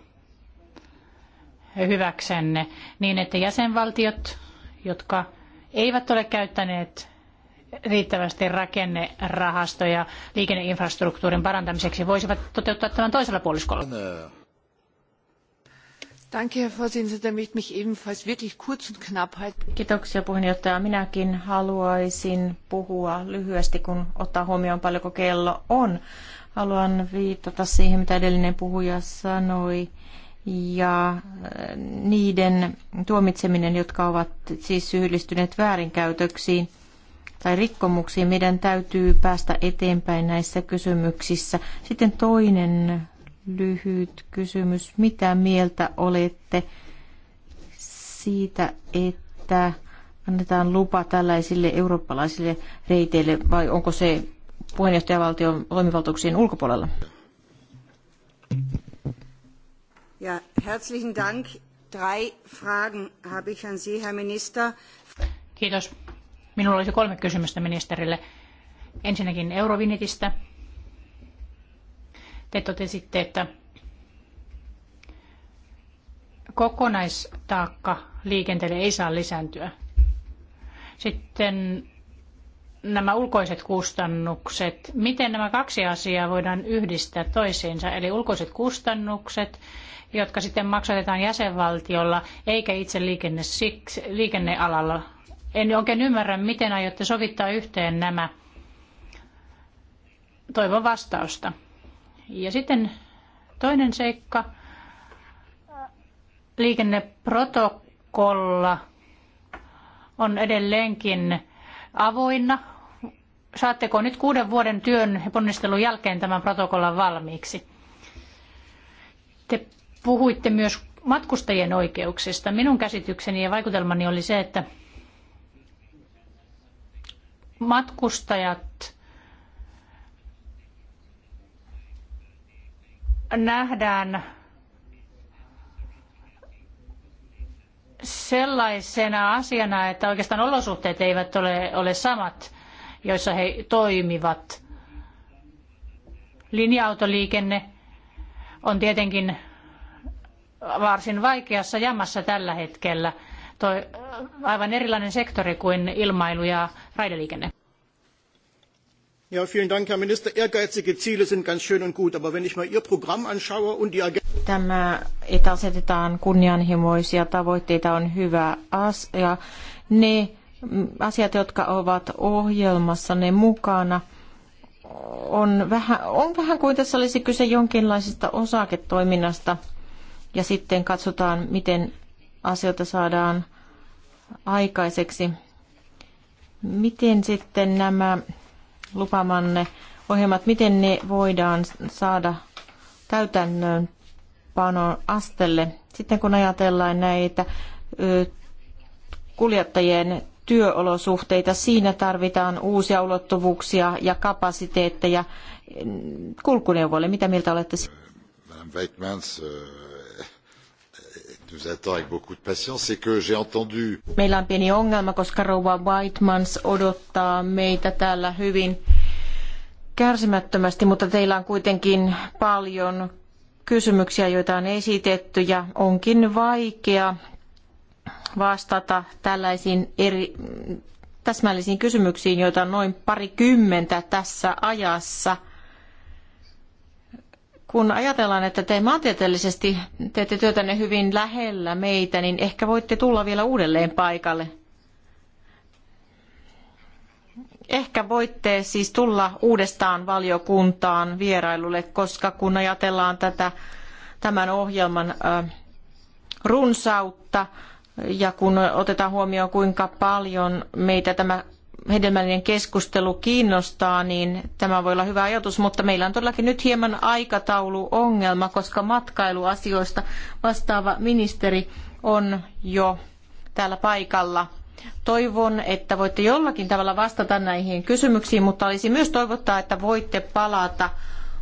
hyväksenne, niin että jäsenvaltiot, jotka eivät ole käyttäneet riittävästi rakennerahastoja liikenneinfrastruktuurin parantamiseksi voisivat toteuttaa tämän toisella puoliskolla. Äh arvoisa puhemies Minäkin haluaisin puhua lyhyesti, kun ottaa huomioon paljonko kello on. Haluan viitata siihen, mitä edellinen puhuja sanoi, ja eh, niiden tuomitseminen, jotka ovat siis syyllistyneet väärinkäytöksiin tai rikkomuksiin. Meidän täytyy päästä eteenpäin näissä kysymyksissä. Sitten toinen lyhyt kysymys. Mitä mieltä olette siitä, että annetaan lupa tällaisille eurooppalaisille reiteille vai onko se puheenjohtajavaltion toimivaltuuksien ulkopuolella? Ja, herzlichen Dank. Drei Fragen habe ich an Sie, Herr Minister. Kiitos. Minulla olisi kolme kysymystä ministerille. Ensinnäkin Eurovinitistä. Te totesitte, että kokonaistaakka liikenteelle ei saa lisääntyä. Sitten nämä ulkoiset kustannukset, miten nämä kaksi asiaa voidaan yhdistää toisiinsa, eli ulkoiset kustannukset, jotka sitten maksatetaan jäsenvaltiolla, eikä itse liikenne siksi, liikennealalla. En oikein ymmärrä, miten aiotte sovittaa yhteen nämä. Toivon vastausta. Ja sitten toinen seikka, liikenneprotokolla on edelleenkin avoinna. Saatteko nyt kuuden vuoden työn ja ponnistelun jälkeen tämän protokollan valmiiksi? Te puhuitte myös matkustajien oikeuksista. Minun käsitykseni ja vaikutelmani oli se, että matkustajat nähdään sellaisena asiana, että oikeastaan olosuhteet eivät ole, ole samat, joissa he toimivat. Linja-autoliikenne on tietenkin varsin vaikeassa jamassa tällä hetkellä. Toi, aivan erilainen sektori kuin ilmailu ja raideliikenne. Ja, vielen Dank, Herr Minister. Ehrgeizige Ziele sind ganz schön und gut, aber wenn ich mal Ihr Programm anschaue und die Agenda... Tämä, että asetetaan kunnianhimoisia tavoitteita, on hyvä asia. Ne asiat, jotka ovat ohjelmassa ne mukana, on vähän, on vähän kuin tässä olisi kyse jonkinlaisesta osaketoiminnasta. Ja sitten katsotaan, miten asioita saadaan aikaiseksi. Miten sitten nämä lupamanne ohjelmat, miten ne voidaan saada täytännön panon astelle. Sitten kun ajatellaan näitä kuljettajien työolosuhteita, siinä tarvitaan uusia ulottuvuuksia ja kapasiteetteja kulkuneuvoille. Mitä mieltä olette? Madame Weitmans, Meillä on pieni ongelma, koska rouva Whitemans odottaa meitä täällä hyvin kärsimättömästi, mutta teillä on kuitenkin paljon kysymyksiä, joita on esitetty ja onkin vaikea vastata tällaisiin eri, täsmällisiin kysymyksiin, joita on noin parikymmentä tässä ajassa kun ajatellaan, että te maantieteellisesti teette työtänne hyvin lähellä meitä, niin ehkä voitte tulla vielä uudelleen paikalle. Ehkä voitte siis tulla uudestaan valiokuntaan vierailulle, koska kun ajatellaan tätä, tämän ohjelman runsautta ja kun otetaan huomioon, kuinka paljon meitä tämä hedelmällinen keskustelu kiinnostaa, niin tämä voi olla hyvä ajatus, mutta meillä on todellakin nyt hieman aikatauluongelma, koska matkailuasioista vastaava ministeri on jo täällä paikalla. Toivon, että voitte jollakin tavalla vastata näihin kysymyksiin, mutta olisi myös toivottaa, että voitte palata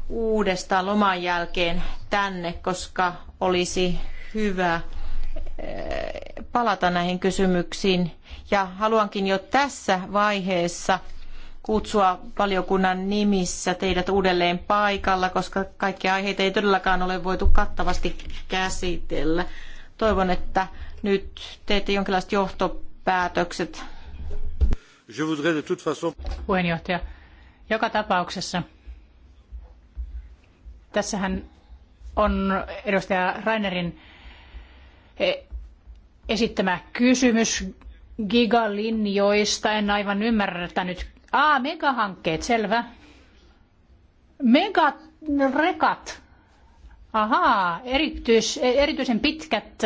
uudestaan loman jälkeen tänne, koska olisi hyvä eh, palata näihin kysymyksiin ja haluankin jo tässä vaiheessa kutsua valiokunnan nimissä teidät uudelleen paikalla, koska kaikkia aiheita ei todellakaan ole voitu kattavasti käsitellä. Toivon, että nyt teette jonkinlaiset johtopäätökset. Je voudrais de toute façon... Puheenjohtaja, joka tapauksessa tässähän on edustaja Rainerin eh, esittämä kysymys gigalinjoista, en aivan ymmärtänyt. Aa, megahankkeet, selvä. Megarekat. Ahaa, erityis, erityisen pitkät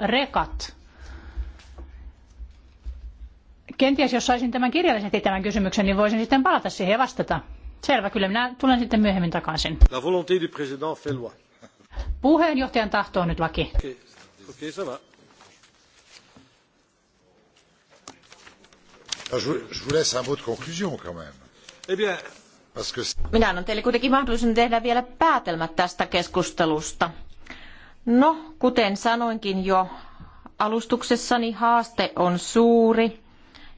rekat. Kenties jos saisin tämän kirjallisesti tämän kysymyksen, niin voisin sitten palata siihen ja vastata. Selvä, kyllä minä tulen sitten myöhemmin takaisin. La volonté du président fait loi. Puheenjohtajan tahto on nyt laki. Okay. Okay, Je vous laisse un mot de conclusion quand même. Eh bien, minä annan teille kuitenkin mahdollisuuden tehdä vielä päätelmät tästä keskustelusta. No, kuten sanoinkin jo alustuksessani, haaste on suuri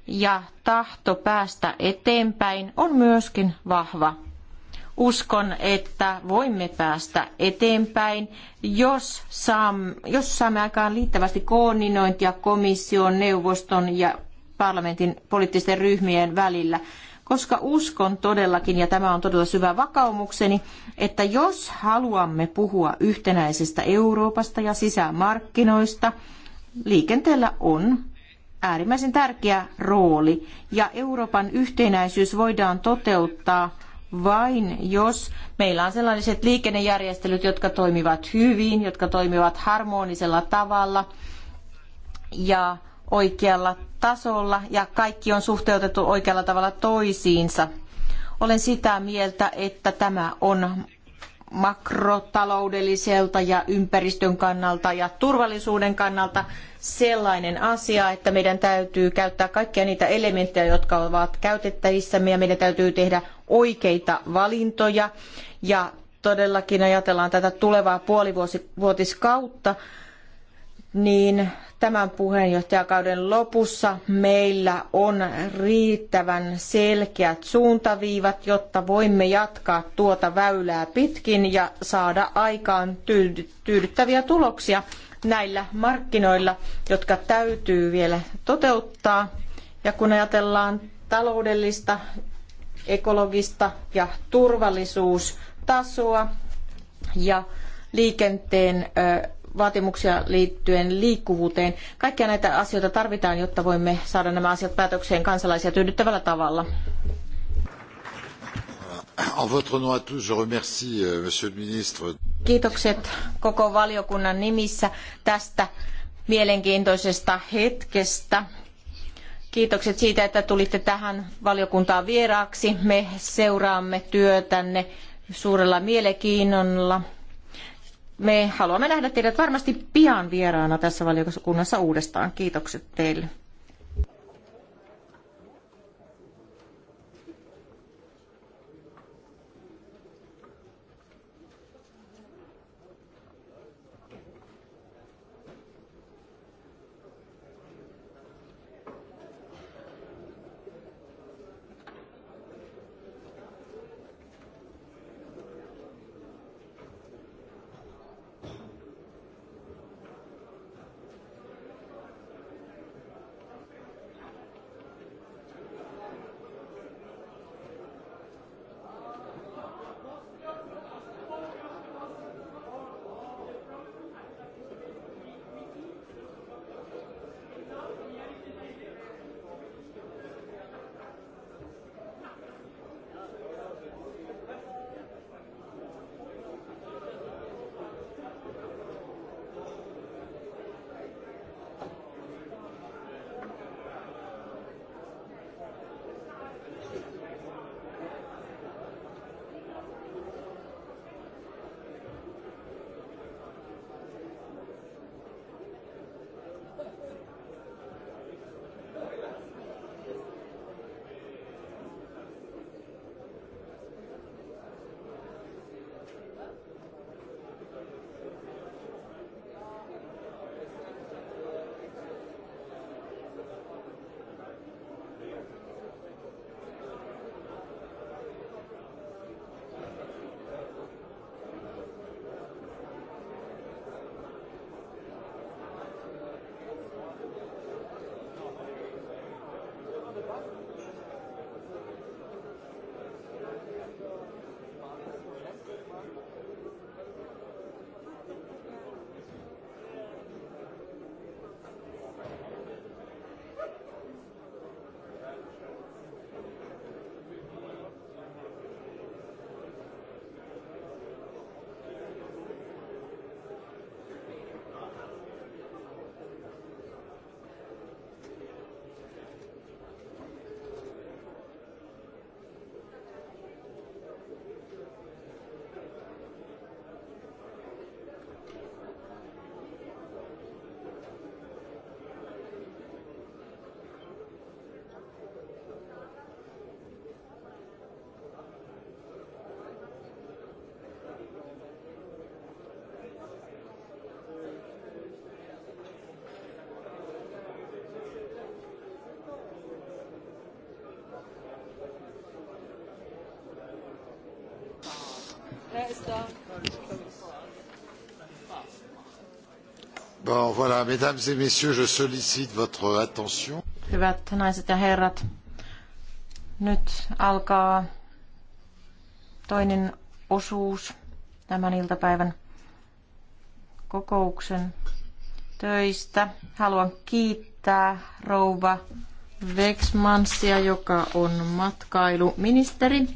ja tahto päästä eteenpäin on myöskin vahva. Uskon, että voimme päästä eteenpäin, jos saamme, jos saamme aikaan liittävästi koordinointia komission, neuvoston ja parlamentin poliittisten ryhmien välillä, koska uskon todellakin, ja tämä on todella syvä vakaumukseni, että jos haluamme puhua yhtenäisestä Euroopasta ja sisämarkkinoista, liikenteellä on äärimmäisen tärkeä rooli, ja Euroopan yhtenäisyys voidaan toteuttaa vain jos meillä on sellaiset liikennejärjestelyt, jotka toimivat hyvin, jotka toimivat harmonisella tavalla ja oikealla tasolla ja kaikki on suhteutettu oikealla tavalla toisiinsa. Olen sitä mieltä, että tämä on makrotaloudelliselta ja ympäristön kannalta ja turvallisuuden kannalta sellainen asia, että meidän täytyy käyttää kaikkia niitä elementtejä, jotka ovat käytettävissämme ja meidän täytyy tehdä oikeita valintoja ja todellakin ajatellaan tätä tulevaa puolivuotiskautta, niin tämän puheenjohtajakauden lopussa meillä on riittävän selkeät suuntaviivat, jotta voimme jatkaa tuota väylää pitkin ja saada aikaan tyydyttäviä tuloksia näillä markkinoilla, jotka täytyy vielä toteuttaa. Ja kun ajatellaan taloudellista, ekologista ja turvallisuustasoa ja liikenteen vaatimuksia liittyen liikkuvuuteen. Kaikkia näitä asioita tarvitaan, jotta voimme saada nämä asiat päätökseen kansalaisia tyydyttävällä tavalla. Euh, Kiitokset koko valiokunnan nimissä tästä mielenkiintoisesta hetkestä. Kiitokset siitä, että tulitte tähän valiokuntaan vieraaksi. Me seuraamme työtänne suurella mielenkiinnolla me haluamme nähdä teidät varmasti pian vieraana tässä valiokunnassa uudestaan. Kiitokset teille. Bon, voilà, mesdames et messieurs, je sollicite votre attention. Hyvät naiset ja herrat, nyt alkaa toinen osuus tämän iltapäivän kokouksen töistä. Haluan kiittää rouva Vexmansia, joka on matkailuministeri.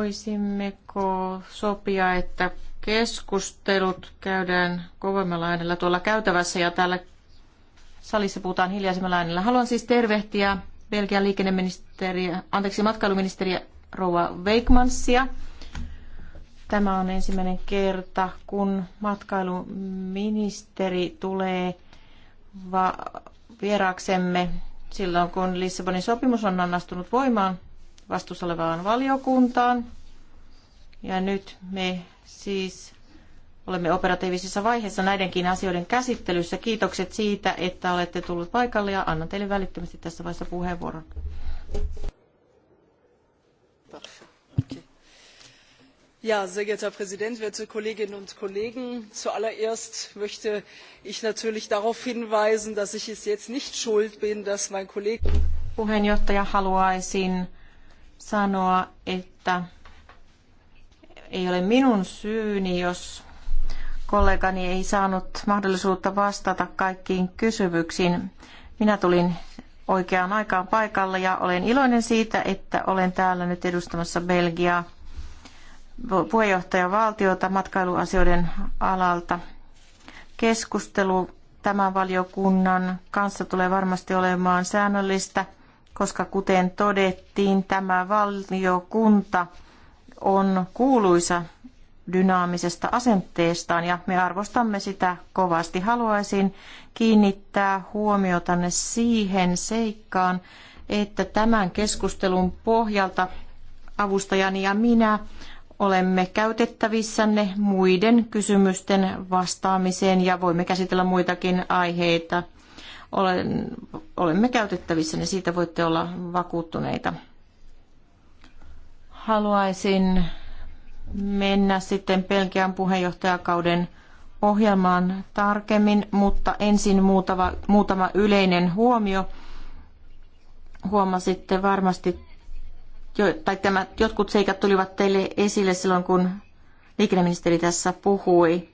Voisimmeko sopia, että keskustelut käydään kovemmalla äänellä tuolla käytävässä ja täällä salissa puhutaan hiljaisemmalla äänellä. Haluan siis tervehtiä Belgian liikenneministeriä, anteeksi matkailuministeriä Rouva Weikmansia. Tämä on ensimmäinen kerta, kun matkailuministeri tulee va- vieraaksemme silloin, kun Lissabonin sopimus on annastunut voimaan vastuussa olevaan valiokuntaan. Ja nyt me siis olemme operatiivisessa vaiheessa näidenkin asioiden käsittelyssä. Kiitokset siitä, että olette tullut paikalle ja annan teille välittömästi tässä vaiheessa puheenvuoron. Ja, sehr geehrter Präsident, werte Kolleginnen und Kollegen, zuallererst möchte ich natürlich darauf hinweisen, dass ich es jetzt nicht schuld bin, dass mein Kollege... Puheenjohtaja haluaisin sanoa, että ei ole minun syyni, jos kollegani ei saanut mahdollisuutta vastata kaikkiin kysymyksiin. Minä tulin oikeaan aikaan paikalle ja olen iloinen siitä, että olen täällä nyt edustamassa Belgiaa puheenjohtajavaltiota matkailuasioiden alalta. Keskustelu tämän valiokunnan kanssa tulee varmasti olemaan säännöllistä – koska kuten todettiin, tämä valiokunta on kuuluisa dynaamisesta asenteestaan ja me arvostamme sitä kovasti. Haluaisin kiinnittää huomiotanne siihen seikkaan, että tämän keskustelun pohjalta avustajani ja minä olemme käytettävissänne muiden kysymysten vastaamiseen ja voimme käsitellä muitakin aiheita – olen, olemme käytettävissä, niin siitä voitte olla vakuuttuneita. Haluaisin mennä sitten Pelkian puheenjohtajakauden ohjelmaan tarkemmin, mutta ensin muutama, muutama yleinen huomio. Huomasitte varmasti, jo, tai tämä, jotkut seikat tulivat teille esille silloin, kun liikenneministeri tässä puhui.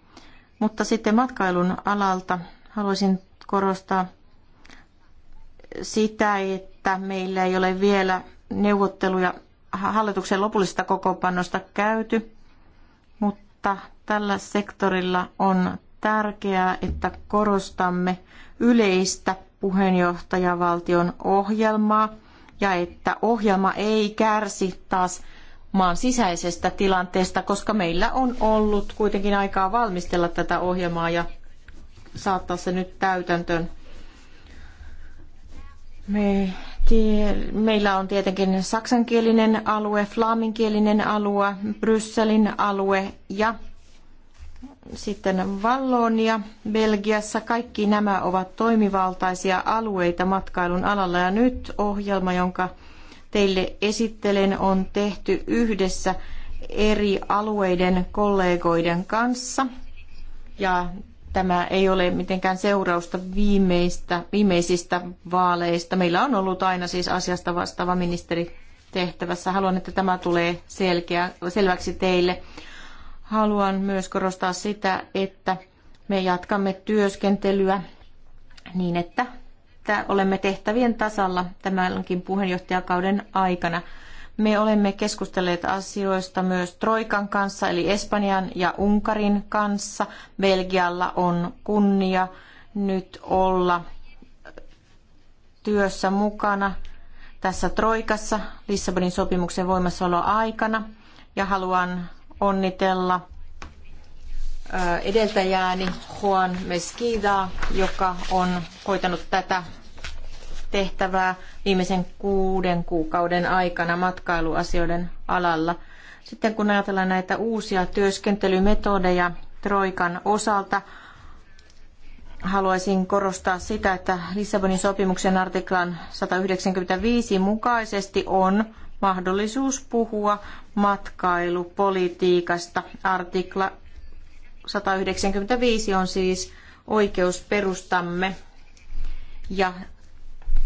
Mutta sitten matkailun alalta haluaisin korostaa sitä, että meillä ei ole vielä neuvotteluja hallituksen lopullisesta kokoonpanosta käyty, mutta tällä sektorilla on tärkeää, että korostamme yleistä puheenjohtajavaltion ohjelmaa ja että ohjelma ei kärsi taas maan sisäisestä tilanteesta, koska meillä on ollut kuitenkin aikaa valmistella tätä ohjelmaa ja saattaa se nyt täytäntöön me, tie, meillä on tietenkin saksankielinen alue, flaaminkielinen alue, Brysselin alue ja sitten Vallonia, Belgiassa, kaikki nämä ovat toimivaltaisia alueita matkailun alalla. Ja nyt ohjelma, jonka teille esittelen, on tehty yhdessä eri alueiden kollegoiden kanssa. Ja tämä ei ole mitenkään seurausta viimeistä, viimeisistä vaaleista. Meillä on ollut aina siis asiasta vastaava ministeri tehtävässä. Haluan, että tämä tulee selkeä, selväksi teille. Haluan myös korostaa sitä, että me jatkamme työskentelyä niin, että olemme tehtävien tasalla tämänkin puheenjohtajakauden aikana. Me olemme keskustelleet asioista myös Troikan kanssa, eli Espanjan ja Unkarin kanssa. Belgialla on kunnia nyt olla työssä mukana tässä Troikassa Lissabonin sopimuksen voimassaoloaikana ja haluan onnitella edeltäjääni Juan Mesquidaa, joka on hoitanut tätä tehtävää viimeisen kuuden kuukauden aikana matkailuasioiden alalla. Sitten kun ajatellaan näitä uusia työskentelymetodeja Troikan osalta, haluaisin korostaa sitä, että Lissabonin sopimuksen artiklan 195 mukaisesti on mahdollisuus puhua matkailupolitiikasta. Artikla 195 on siis oikeusperustamme ja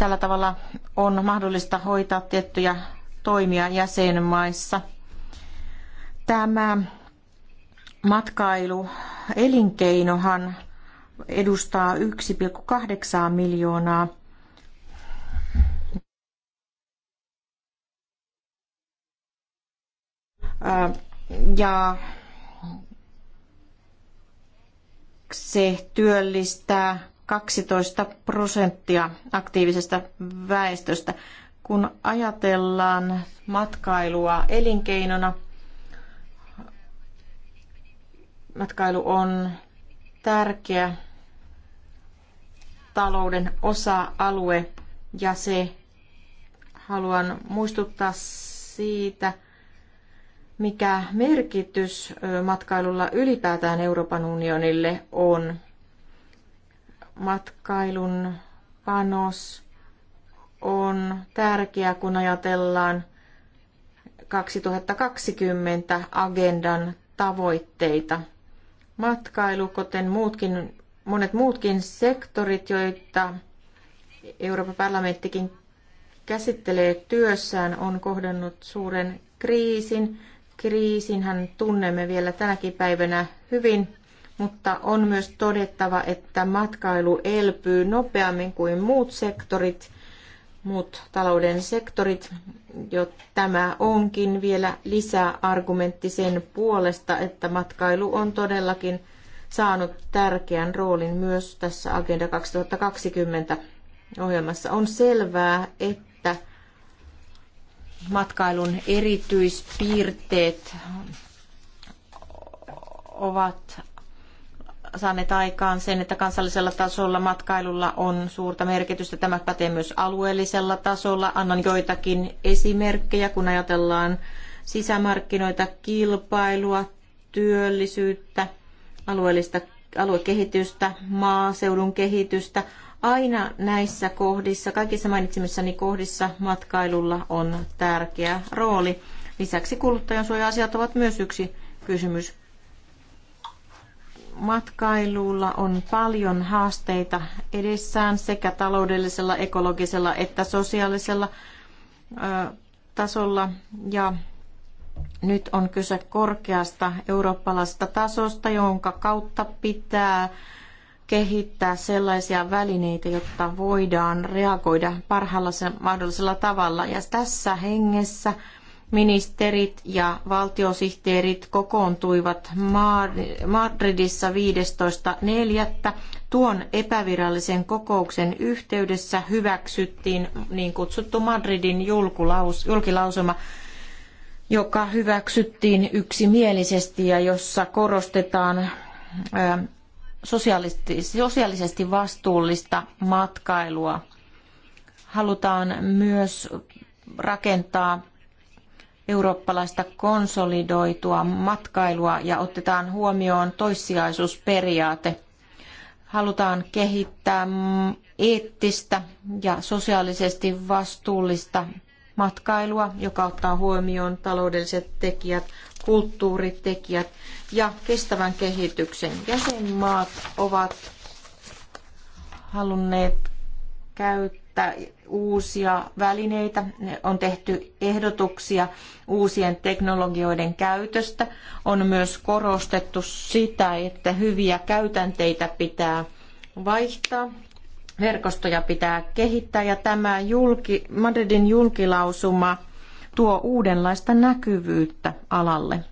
Tällä tavalla on mahdollista hoitaa tiettyjä toimia jäsenmaissa. Tämä matkailuelinkeinohan edustaa 1,8 miljoonaa ja se työllistää 12 prosenttia aktiivisesta väestöstä. Kun ajatellaan matkailua elinkeinona, matkailu on tärkeä talouden osa-alue ja se haluan muistuttaa siitä, mikä merkitys matkailulla ylipäätään Euroopan unionille on matkailun panos on tärkeä, kun ajatellaan 2020 agendan tavoitteita. Matkailu, kuten muutkin, monet muutkin sektorit, joita Euroopan parlamenttikin käsittelee työssään, on kohdannut suuren kriisin. Kriisinhän tunnemme vielä tänäkin päivänä hyvin mutta on myös todettava, että matkailu elpyy nopeammin kuin muut sektorit, muut talouden sektorit, jo tämä onkin vielä lisää argumentti sen puolesta, että matkailu on todellakin saanut tärkeän roolin myös tässä Agenda 2020 ohjelmassa. On selvää, että matkailun erityispiirteet ovat saaneet aikaan sen, että kansallisella tasolla matkailulla on suurta merkitystä. Tämä pätee myös alueellisella tasolla. Annan joitakin esimerkkejä, kun ajatellaan sisämarkkinoita, kilpailua, työllisyyttä, alueellista aluekehitystä, maaseudun kehitystä. Aina näissä kohdissa, kaikissa mainitsemissani kohdissa matkailulla on tärkeä rooli. Lisäksi kuluttajansuoja-asiat ovat myös yksi kysymys Matkailulla on paljon haasteita edessään sekä taloudellisella, ekologisella että sosiaalisella tasolla. Ja nyt on kyse korkeasta eurooppalaisesta tasosta, jonka kautta pitää kehittää sellaisia välineitä, jotta voidaan reagoida parhaalla mahdollisella tavalla. Ja tässä hengessä Ministerit ja valtiosihteerit kokoontuivat Madridissa 15.4. Tuon epävirallisen kokouksen yhteydessä hyväksyttiin niin kutsuttu Madridin julkilausuma, joka hyväksyttiin yksimielisesti ja jossa korostetaan sosiaalisesti vastuullista matkailua. Halutaan myös rakentaa eurooppalaista konsolidoitua matkailua ja otetaan huomioon toissijaisuusperiaate. Halutaan kehittää mm, eettistä ja sosiaalisesti vastuullista matkailua, joka ottaa huomioon taloudelliset tekijät, kulttuuritekijät ja kestävän kehityksen. Jäsenmaat ovat halunneet käyttää uusia välineitä, on tehty ehdotuksia uusien teknologioiden käytöstä, on myös korostettu sitä, että hyviä käytänteitä pitää vaihtaa, verkostoja pitää kehittää ja tämä julki, Madridin julkilausuma tuo uudenlaista näkyvyyttä alalle.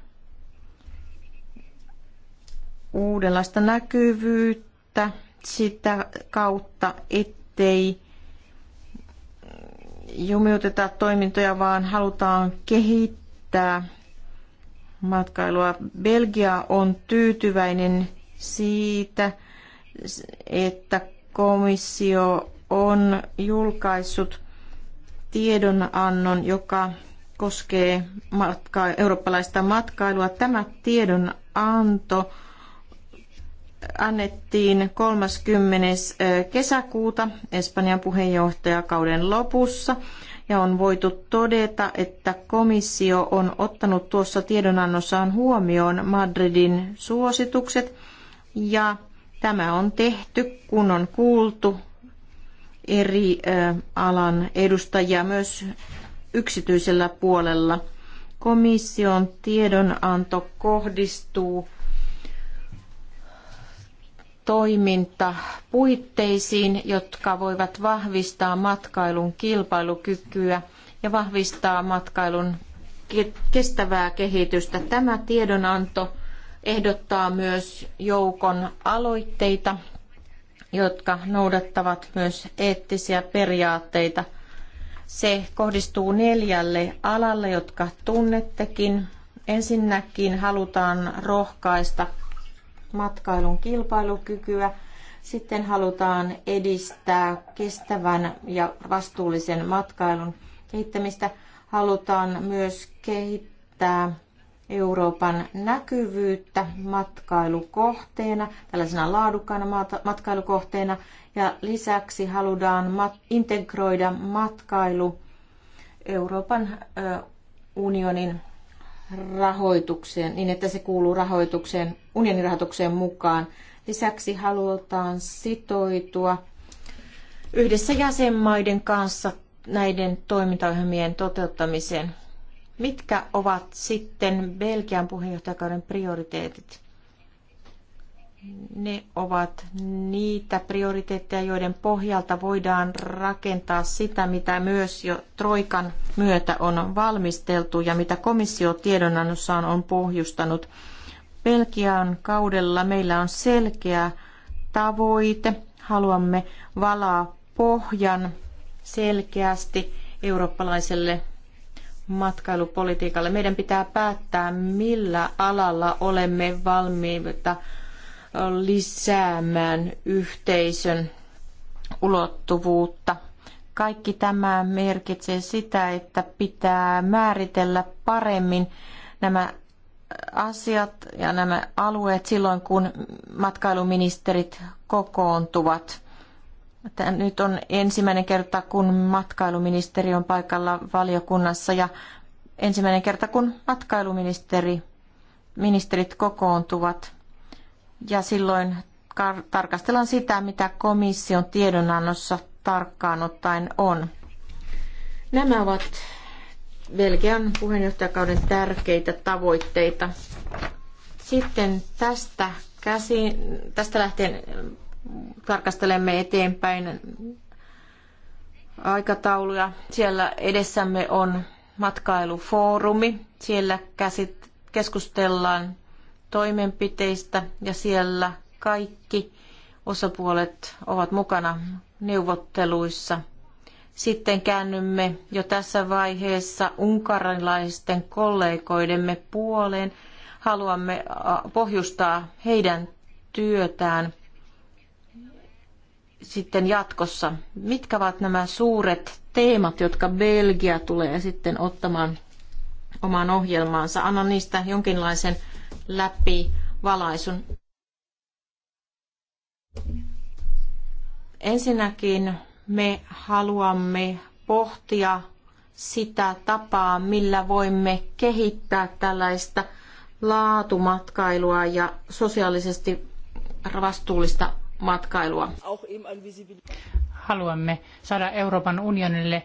Uudenlaista näkyvyyttä sitä kautta, ettei jumiuteta toimintoja, vaan halutaan kehittää matkailua. Belgia on tyytyväinen siitä, että komissio on julkaissut tiedonannon, joka koskee matka- eurooppalaista matkailua. Tämä tiedonanto annettiin 30. kesäkuuta Espanjan puheenjohtajakauden lopussa ja on voitu todeta, että komissio on ottanut tuossa tiedonannossaan huomioon Madridin suositukset ja tämä on tehty, kun on kuultu eri alan edustajia myös yksityisellä puolella. Komission tiedonanto kohdistuu toimintapuitteisiin, jotka voivat vahvistaa matkailun kilpailukykyä ja vahvistaa matkailun kestävää kehitystä. Tämä tiedonanto ehdottaa myös joukon aloitteita, jotka noudattavat myös eettisiä periaatteita. Se kohdistuu neljälle alalle, jotka tunnettekin. Ensinnäkin halutaan rohkaista matkailun kilpailukykyä. Sitten halutaan edistää kestävän ja vastuullisen matkailun kehittämistä. Halutaan myös kehittää Euroopan näkyvyyttä matkailukohteena, tällaisena laadukkaana matkailukohteena. Ja lisäksi halutaan integroida matkailu Euroopan unionin rahoitukseen, niin että se kuuluu rahoitukseen, unionin rahoitukseen mukaan. Lisäksi halutaan sitoutua yhdessä jäsenmaiden kanssa näiden toimintaohjelmien toteuttamiseen. Mitkä ovat sitten Belgian puheenjohtajakauden prioriteetit? ne ovat niitä prioriteetteja, joiden pohjalta voidaan rakentaa sitä, mitä myös jo Troikan myötä on valmisteltu ja mitä komissio tiedonannossaan on pohjustanut. Belgian kaudella meillä on selkeä tavoite. Haluamme valaa pohjan selkeästi eurooppalaiselle matkailupolitiikalle. Meidän pitää päättää, millä alalla olemme valmiita lisäämään yhteisön ulottuvuutta. Kaikki tämä merkitsee sitä, että pitää määritellä paremmin nämä asiat ja nämä alueet silloin, kun matkailuministerit kokoontuvat. Tämä nyt on ensimmäinen kerta, kun matkailuministeri on paikalla valiokunnassa ja ensimmäinen kerta, kun matkailuministeri ministerit kokoontuvat. Ja silloin tarkastellaan sitä, mitä komission tiedonannossa tarkkaan ottaen on. Nämä ovat Belgian puheenjohtajakauden tärkeitä tavoitteita. Sitten tästä, käsi, tästä lähtien mm, tarkastelemme eteenpäin aikatauluja. Siellä edessämme on matkailufoorumi. Siellä käsit, keskustellaan toimenpiteistä ja siellä kaikki osapuolet ovat mukana neuvotteluissa. Sitten käännymme jo tässä vaiheessa unkarilaisten kollegoidemme puoleen. Haluamme pohjustaa heidän työtään sitten jatkossa. Mitkä ovat nämä suuret teemat, jotka Belgia tulee sitten ottamaan omaan ohjelmaansa? Anna niistä jonkinlaisen läpi valaisun. Ensinnäkin me haluamme pohtia sitä tapaa, millä voimme kehittää tällaista laatumatkailua ja sosiaalisesti vastuullista matkailua. Haluamme saada Euroopan unionille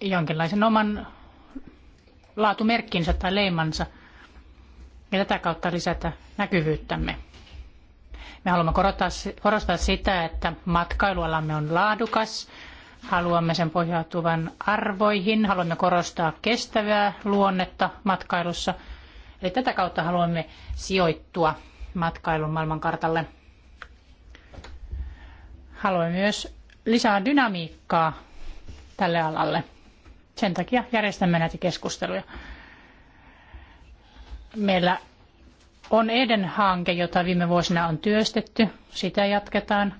jonkinlaisen oman laatumerkkinsä tai leimansa – ja tätä kautta lisätä näkyvyyttämme. Me haluamme korostaa sitä, että matkailualamme on laadukas, haluamme sen pohjautuvan arvoihin, haluamme korostaa kestävää luonnetta matkailussa. Eli tätä kautta haluamme sijoittua matkailun maailmankartalle. Haluamme myös lisää dynamiikkaa tälle alalle. Sen takia järjestämme näitä keskusteluja. Meillä on Eden hanke, jota viime vuosina on työstetty. Sitä jatketaan.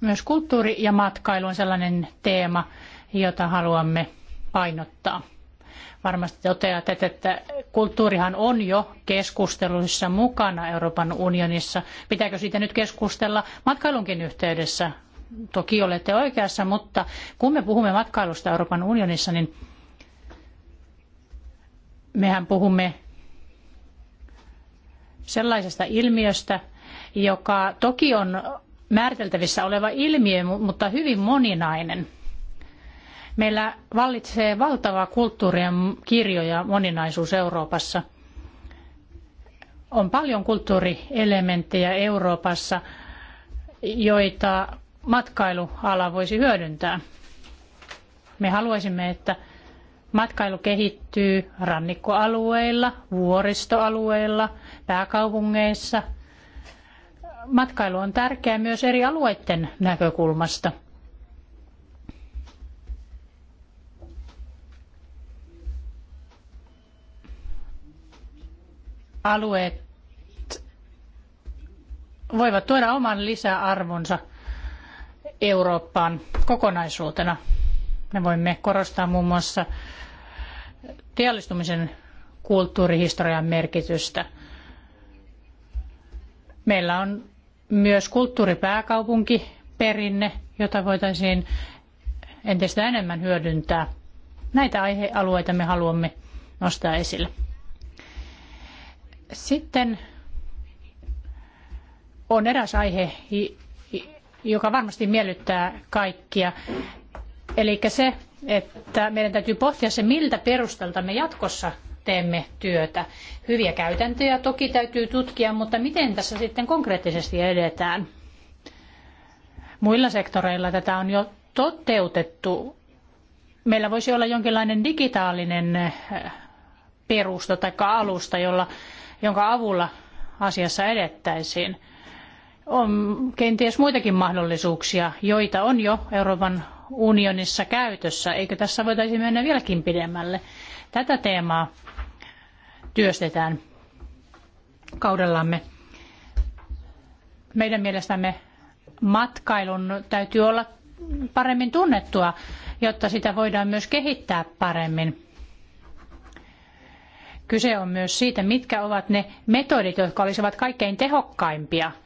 Myös kulttuuri ja matkailu on sellainen teema, jota haluamme painottaa. Varmasti toteat, että kulttuurihan on jo keskusteluissa mukana Euroopan unionissa. Pitääkö siitä nyt keskustella matkailunkin yhteydessä toki olette oikeassa, mutta kun me puhumme matkailusta Euroopan unionissa, niin mehän puhumme sellaisesta ilmiöstä, joka toki on määriteltävissä oleva ilmiö, mutta hyvin moninainen. Meillä vallitsee valtava kulttuurien kirjo ja moninaisuus Euroopassa. On paljon kulttuurielementtejä Euroopassa, joita matkailuala voisi hyödyntää. Me haluaisimme, että matkailu kehittyy rannikkoalueilla, vuoristoalueilla, pääkaupungeissa. Matkailu on tärkeää myös eri alueiden näkökulmasta. Alueet voivat tuoda oman lisäarvonsa – Eurooppaan kokonaisuutena. Me voimme korostaa muun muassa teollistumisen kulttuurihistorian merkitystä. Meillä on myös kulttuuripääkaupunkiperinne, jota voitaisiin entistä enemmän hyödyntää. Näitä aihealueita me haluamme nostaa esille. Sitten on eräs aihe, joka varmasti miellyttää kaikkia. Eli se, että meidän täytyy pohtia se, miltä perustalta me jatkossa teemme työtä. Hyviä käytäntöjä toki täytyy tutkia, mutta miten tässä sitten konkreettisesti edetään? Muilla sektoreilla tätä on jo toteutettu. Meillä voisi olla jonkinlainen digitaalinen eh, perusta tai alusta, jolla, jonka avulla asiassa edettäisiin on kenties muitakin mahdollisuuksia, joita on jo Euroopan unionissa käytössä. Eikö tässä voitaisi mennä vieläkin pidemmälle? Tätä teemaa työstetään kaudellamme. Meidän mielestämme matkailun täytyy olla paremmin tunnettua, jotta sitä voidaan myös kehittää paremmin. Kyse on myös siitä, mitkä ovat ne metodit, jotka olisivat kaikkein tehokkaimpia –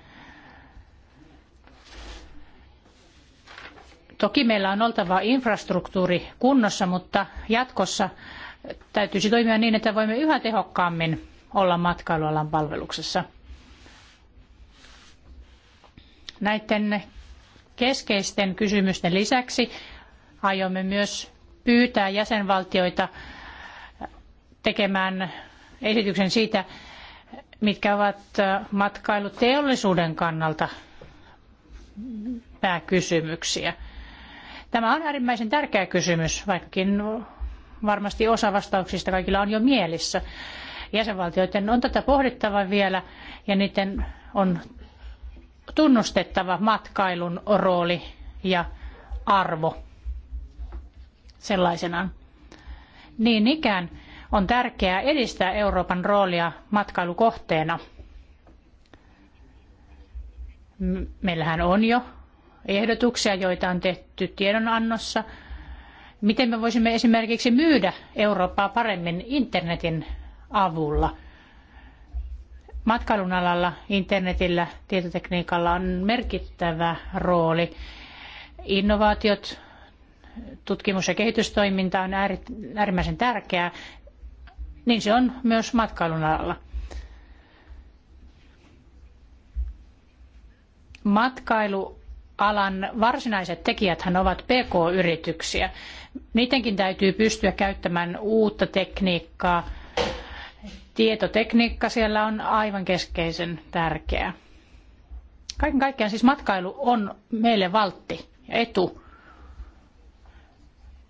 Toki meillä on oltava infrastruktuuri kunnossa, mutta jatkossa täytyisi toimia niin, että voimme yhä tehokkaammin olla matkailualan palveluksessa. Näiden keskeisten kysymysten lisäksi aiomme myös pyytää jäsenvaltioita tekemään esityksen siitä, mitkä ovat matkailuteollisuuden kannalta pääkysymyksiä. Tämä on äärimmäisen tärkeä kysymys, vaikkakin varmasti osa vastauksista kaikilla on jo mielissä. Jäsenvaltioiden on tätä pohdittava vielä ja niiden on tunnustettava matkailun rooli ja arvo sellaisenaan. Niin ikään on tärkeää edistää Euroopan roolia matkailukohteena. Meillähän on jo ehdotuksia, joita on tehty tiedonannossa. Miten me voisimme esimerkiksi myydä Eurooppaa paremmin internetin avulla? Matkailun alalla internetillä, tietotekniikalla on merkittävä rooli. Innovaatiot, tutkimus- ja kehitystoiminta on äärimmäisen tärkeää. Niin se on myös matkailun alalla. Matkailu alan varsinaiset tekijäthän ovat PK-yrityksiä. Niidenkin täytyy pystyä käyttämään uutta tekniikkaa. Tietotekniikka siellä on aivan keskeisen tärkeää. Kaiken kaikkiaan siis matkailu on meille valtti ja etu.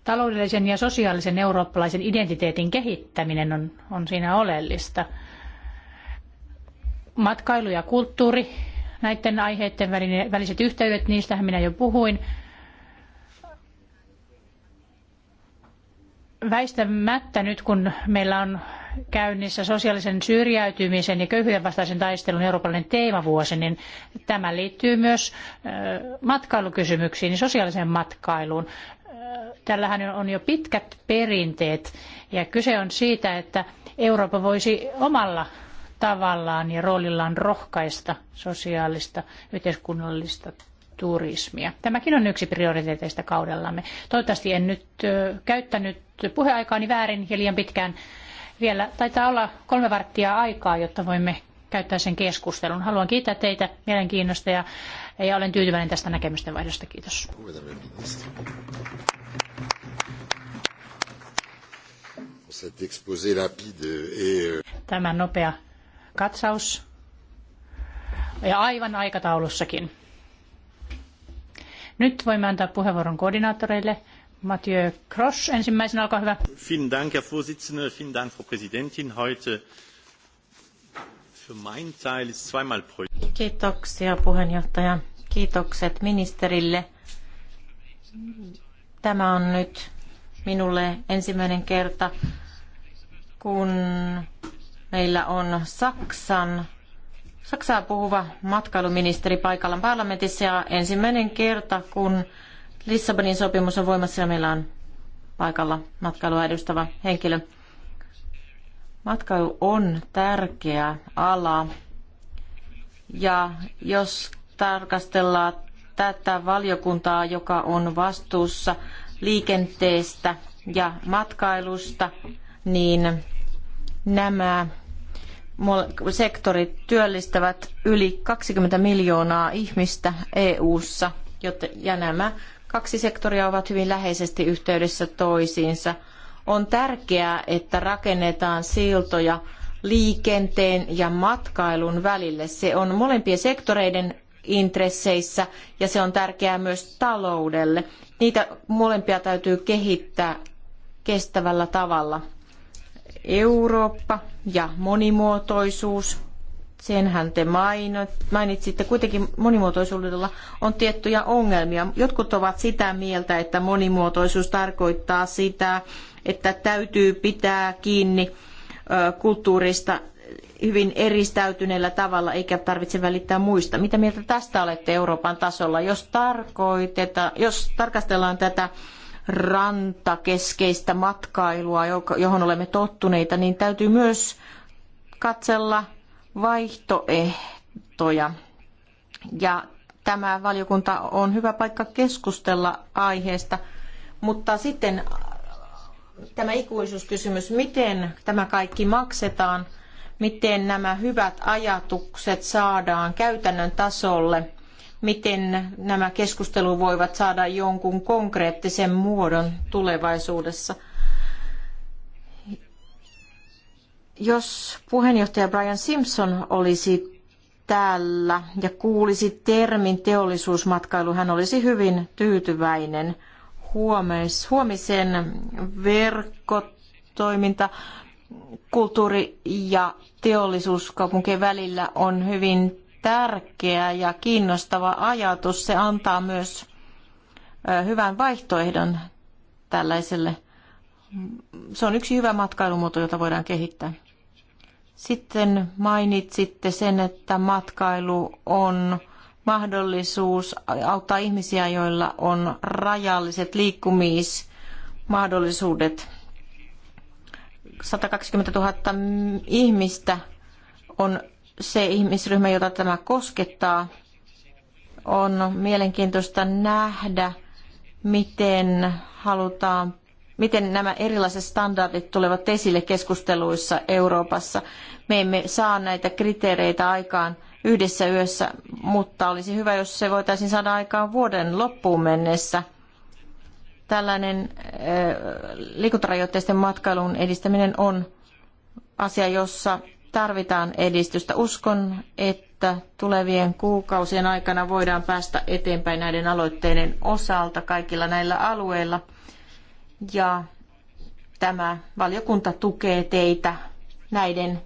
Taloudellisen ja sosiaalisen eurooppalaisen identiteetin kehittäminen on, on siinä oleellista. Matkailu ja kulttuuri näiden aiheiden väliset yhteydet, niistähän minä jo puhuin. Väistämättä nyt kun meillä on käynnissä sosiaalisen syrjäytymisen ja köyhyyden vastaisen taistelun eurooppalainen teemavuosi, niin tämä liittyy myös matkailukysymyksiin sosiaaliseen matkailuun. Tällähän on jo pitkät perinteet ja kyse on siitä, että Eurooppa voisi omalla tavallaan ja roolillaan rohkaista sosiaalista yhteiskunnallista turismia. Tämäkin on yksi prioriteeteista kaudellamme. Toivottavasti en nyt käyttänyt puheaikaani väärin ja liian pitkään. Vielä taitaa olla kolme varttia aikaa, jotta voimme käyttää sen keskustelun. Haluan kiittää teitä mielenkiinnosta ja, ja olen tyytyväinen tästä näkemysten vaihdosta. Kiitos. Tämä nopea katsaus ja aivan aikataulussakin. Nyt voimme antaa puheenvuoron koordinaattoreille. Mathieu Grosch ensimmäisenä, olkaa hyvä. Vielen Dank, Herr Vorsitzende, vielen Dank, Frau Präsidentin. Heute für mein Teil ist zweimal Kiitoksia puheenjohtaja. Kiitokset ministerille. Tämä on nyt minulle ensimmäinen kerta, kun Meillä on Saksan, Saksaa puhuva matkailuministeri paikalla parlamentissa ja ensimmäinen kerta, kun Lissabonin sopimus on voimassa ja meillä on paikalla matkailua edustava henkilö. Matkailu on tärkeä ala ja jos tarkastellaan tätä valiokuntaa, joka on vastuussa liikenteestä ja matkailusta, niin nämä sektorit työllistävät yli 20 miljoonaa ihmistä EU-ssa, ja nämä kaksi sektoria ovat hyvin läheisesti yhteydessä toisiinsa. On tärkeää, että rakennetaan siltoja liikenteen ja matkailun välille. Se on molempien sektoreiden intresseissä ja se on tärkeää myös taloudelle. Niitä molempia täytyy kehittää kestävällä tavalla. Eurooppa ja monimuotoisuus. Senhän te mainitsitte. Kuitenkin monimuotoisuudella on tiettyjä ongelmia. Jotkut ovat sitä mieltä, että monimuotoisuus tarkoittaa sitä, että täytyy pitää kiinni kulttuurista hyvin eristäytyneellä tavalla eikä tarvitse välittää muista. Mitä mieltä tästä olette Euroopan tasolla, jos, jos tarkastellaan tätä rantakeskeistä matkailua, johon olemme tottuneita, niin täytyy myös katsella vaihtoehtoja. Ja tämä valiokunta on hyvä paikka keskustella aiheesta, mutta sitten tämä ikuisuuskysymys, miten tämä kaikki maksetaan, miten nämä hyvät ajatukset saadaan käytännön tasolle – miten nämä keskustelut voivat saada jonkun konkreettisen muodon tulevaisuudessa. Jos puheenjohtaja Brian Simpson olisi täällä ja kuulisi termin teollisuusmatkailu, hän olisi hyvin tyytyväinen huomis, huomisen verkkotoiminta kulttuuri- ja teollisuuskaupunkien välillä on hyvin tärkeä ja kiinnostava ajatus. Se antaa myös hyvän vaihtoehdon tällaiselle. Se on yksi hyvä matkailumuoto, jota voidaan kehittää. Sitten mainitsitte sen, että matkailu on mahdollisuus auttaa ihmisiä, joilla on rajalliset liikkumismahdollisuudet. 120 000 ihmistä on se ihmisryhmä, jota tämä koskettaa. On mielenkiintoista nähdä, miten halutaan miten nämä erilaiset standardit tulevat esille keskusteluissa Euroopassa. Me emme saa näitä kriteereitä aikaan yhdessä yössä, mutta olisi hyvä, jos se voitaisiin saada aikaan vuoden loppuun mennessä. Tällainen äh, liikuntarajoitteisten matkailun edistäminen on asia, jossa tarvitaan edistystä. Uskon, että tulevien kuukausien aikana voidaan päästä eteenpäin näiden aloitteiden osalta kaikilla näillä alueilla. Ja tämä valiokunta tukee teitä näiden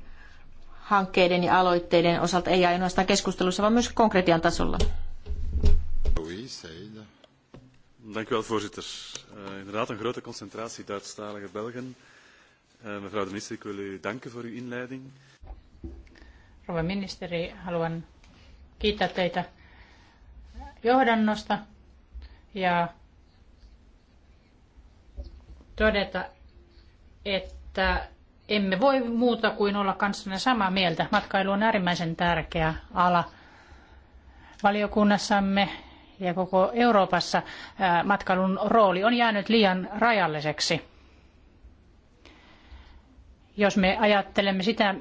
hankkeiden ja aloitteiden osalta, ei ainoastaan keskustelussa, vaan myös konkretian tasolla. Dank u wel, voorzitter. Uh, inderdaad, een grote concentratie Duitsstalige Belgen. Uh, mevrouw de minister, ik wil u danken voor uw inleiding. Rouva ministeri, haluan kiittää teitä johdannosta ja todeta, että emme voi muuta kuin olla kanssanne samaa mieltä. Matkailu on äärimmäisen tärkeä ala valiokunnassamme ja koko Euroopassa. Matkailun rooli on jäänyt liian rajalliseksi. Jos me ajattelemme sitä,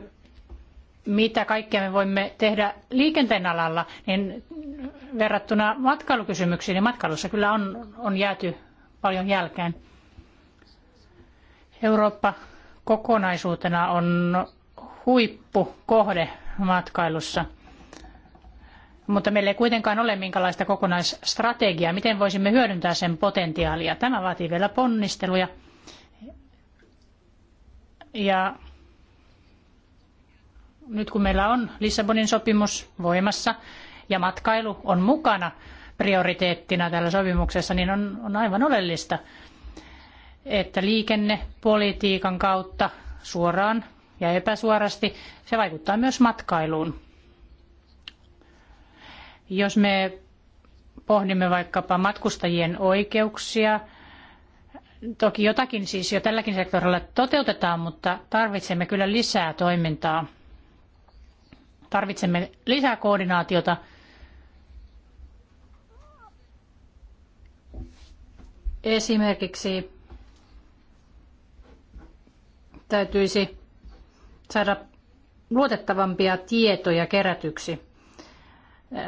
mitä kaikkea me voimme tehdä liikenteen alalla, niin verrattuna matkailukysymyksiin, niin matkailussa kyllä on, on jääty paljon jälkeen. Eurooppa kokonaisuutena on huippukohde matkailussa. Mutta meillä ei kuitenkaan ole minkälaista kokonaisstrategiaa, miten voisimme hyödyntää sen potentiaalia. Tämä vaatii vielä ponnisteluja. Ja nyt kun meillä on Lissabonin sopimus voimassa ja matkailu on mukana prioriteettina tällä sopimuksessa, niin on, on aivan oleellista, että liikennepolitiikan kautta suoraan ja epäsuorasti se vaikuttaa myös matkailuun. Jos me pohdimme vaikkapa matkustajien oikeuksia, toki jotakin siis jo tälläkin sektorilla toteutetaan, mutta tarvitsemme kyllä lisää toimintaa Tarvitsemme lisää koordinaatiota. Esimerkiksi täytyisi saada luotettavampia tietoja kerätyksi,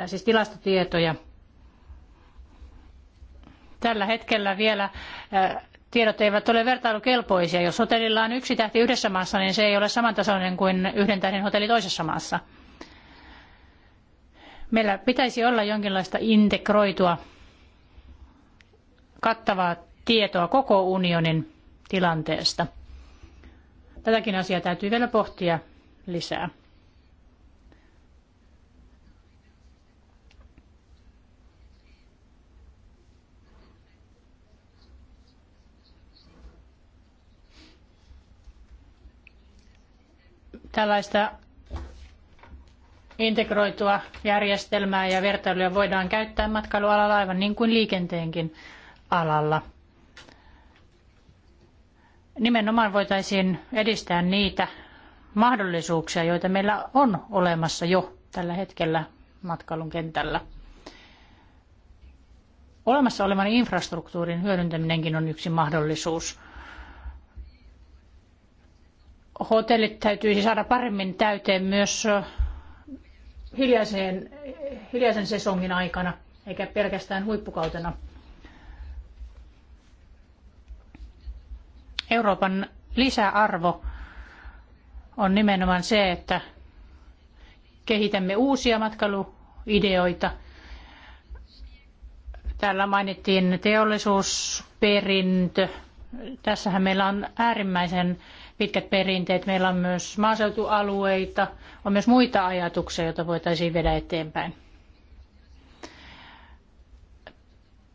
siis tilastotietoja. Tällä hetkellä vielä tiedot eivät ole vertailukelpoisia. Jos hotellilla on yksi tähti yhdessä maassa, niin se ei ole samantasoinen kuin yhden tähden hotelli toisessa maassa. Meillä pitäisi olla jonkinlaista integroitua kattavaa tietoa koko unionin tilanteesta. Tätäkin asiaa täytyy vielä pohtia lisää. tällaista integroitua järjestelmää ja vertailuja voidaan käyttää matkailualalla aivan niin kuin liikenteenkin alalla. Nimenomaan voitaisiin edistää niitä mahdollisuuksia, joita meillä on olemassa jo tällä hetkellä matkailun kentällä. Olemassa olevan infrastruktuurin hyödyntäminenkin on yksi mahdollisuus. Hotellit täytyisi saada paremmin täyteen myös hiljaiseen, hiljaisen sesongin aikana, eikä pelkästään huippukautena. Euroopan lisäarvo on nimenomaan se, että kehitämme uusia matkailuideoita. Täällä mainittiin teollisuusperintö. Tässähän meillä on äärimmäisen pitkät perinteet. Meillä on myös maaseutualueita, on myös muita ajatuksia, joita voitaisiin viedä eteenpäin.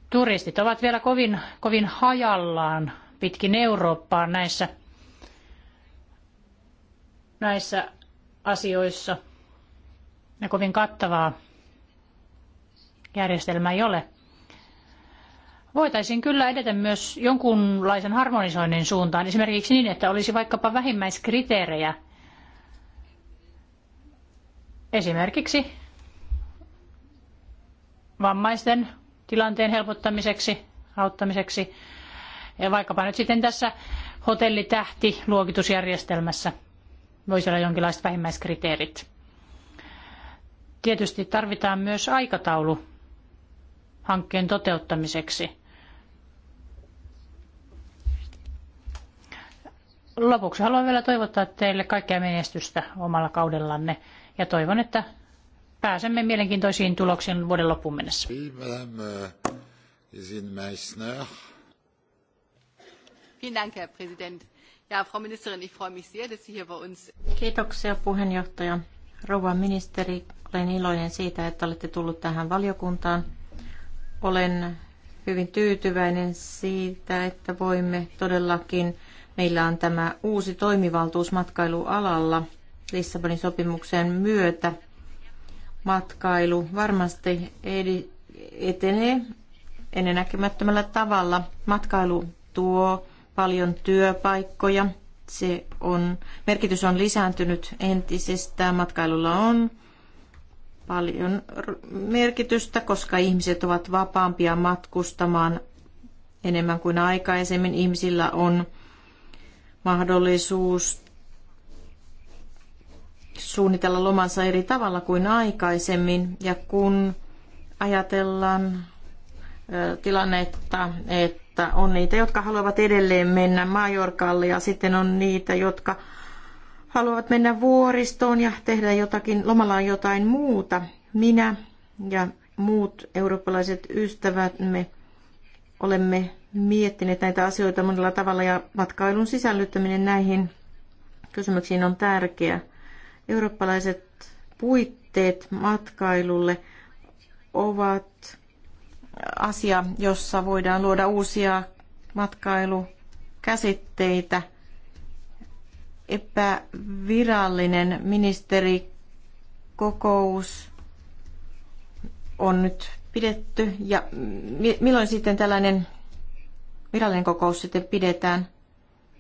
Turistit ovat vielä kovin, kovin hajallaan pitkin Eurooppaa näissä, näissä asioissa. Ja kovin kattavaa järjestelmää ei ole voitaisiin kyllä edetä myös jonkunlaisen harmonisoinnin suuntaan, esimerkiksi niin, että olisi vaikkapa vähimmäiskriteerejä. Esimerkiksi vammaisten tilanteen helpottamiseksi, auttamiseksi ja vaikkapa nyt sitten tässä hotellitähti luokitusjärjestelmässä voisi olla jonkinlaiset vähimmäiskriteerit. Tietysti tarvitaan myös aikataulu hankkeen toteuttamiseksi. lopuksi haluan vielä toivottaa teille kaikkea menestystä omalla kaudellanne ja toivon, että pääsemme mielenkiintoisiin tuloksiin vuoden loppuun mennessä. Euh, Kiitoksia puheenjohtaja. Rouva ministeri, olen iloinen siitä, että olette tullut tähän valiokuntaan. Olen hyvin tyytyväinen siitä, että voimme todellakin Meillä on tämä uusi toimivaltuus matkailualalla Lissabonin sopimuksen myötä. Matkailu varmasti etenee ennennäkemättömällä tavalla. Matkailu tuo paljon työpaikkoja. Se on, merkitys on lisääntynyt entisestään. Matkailulla on paljon merkitystä, koska ihmiset ovat vapaampia matkustamaan enemmän kuin aikaisemmin. Ihmisillä on mahdollisuus suunnitella lomansa eri tavalla kuin aikaisemmin. Ja kun ajatellaan tilannetta, että on niitä, jotka haluavat edelleen mennä Majorkalle ja sitten on niitä, jotka haluavat mennä vuoristoon ja tehdä jotakin, lomallaan jotain muuta. Minä ja muut eurooppalaiset ystävät me olemme miettineet näitä asioita monella tavalla ja matkailun sisällyttäminen näihin kysymyksiin on tärkeä. Eurooppalaiset puitteet matkailulle ovat asia, jossa voidaan luoda uusia matkailukäsitteitä. Epävirallinen ministerikokous on nyt pidetty ja milloin sitten tällainen virallinen kokous sitten pidetään.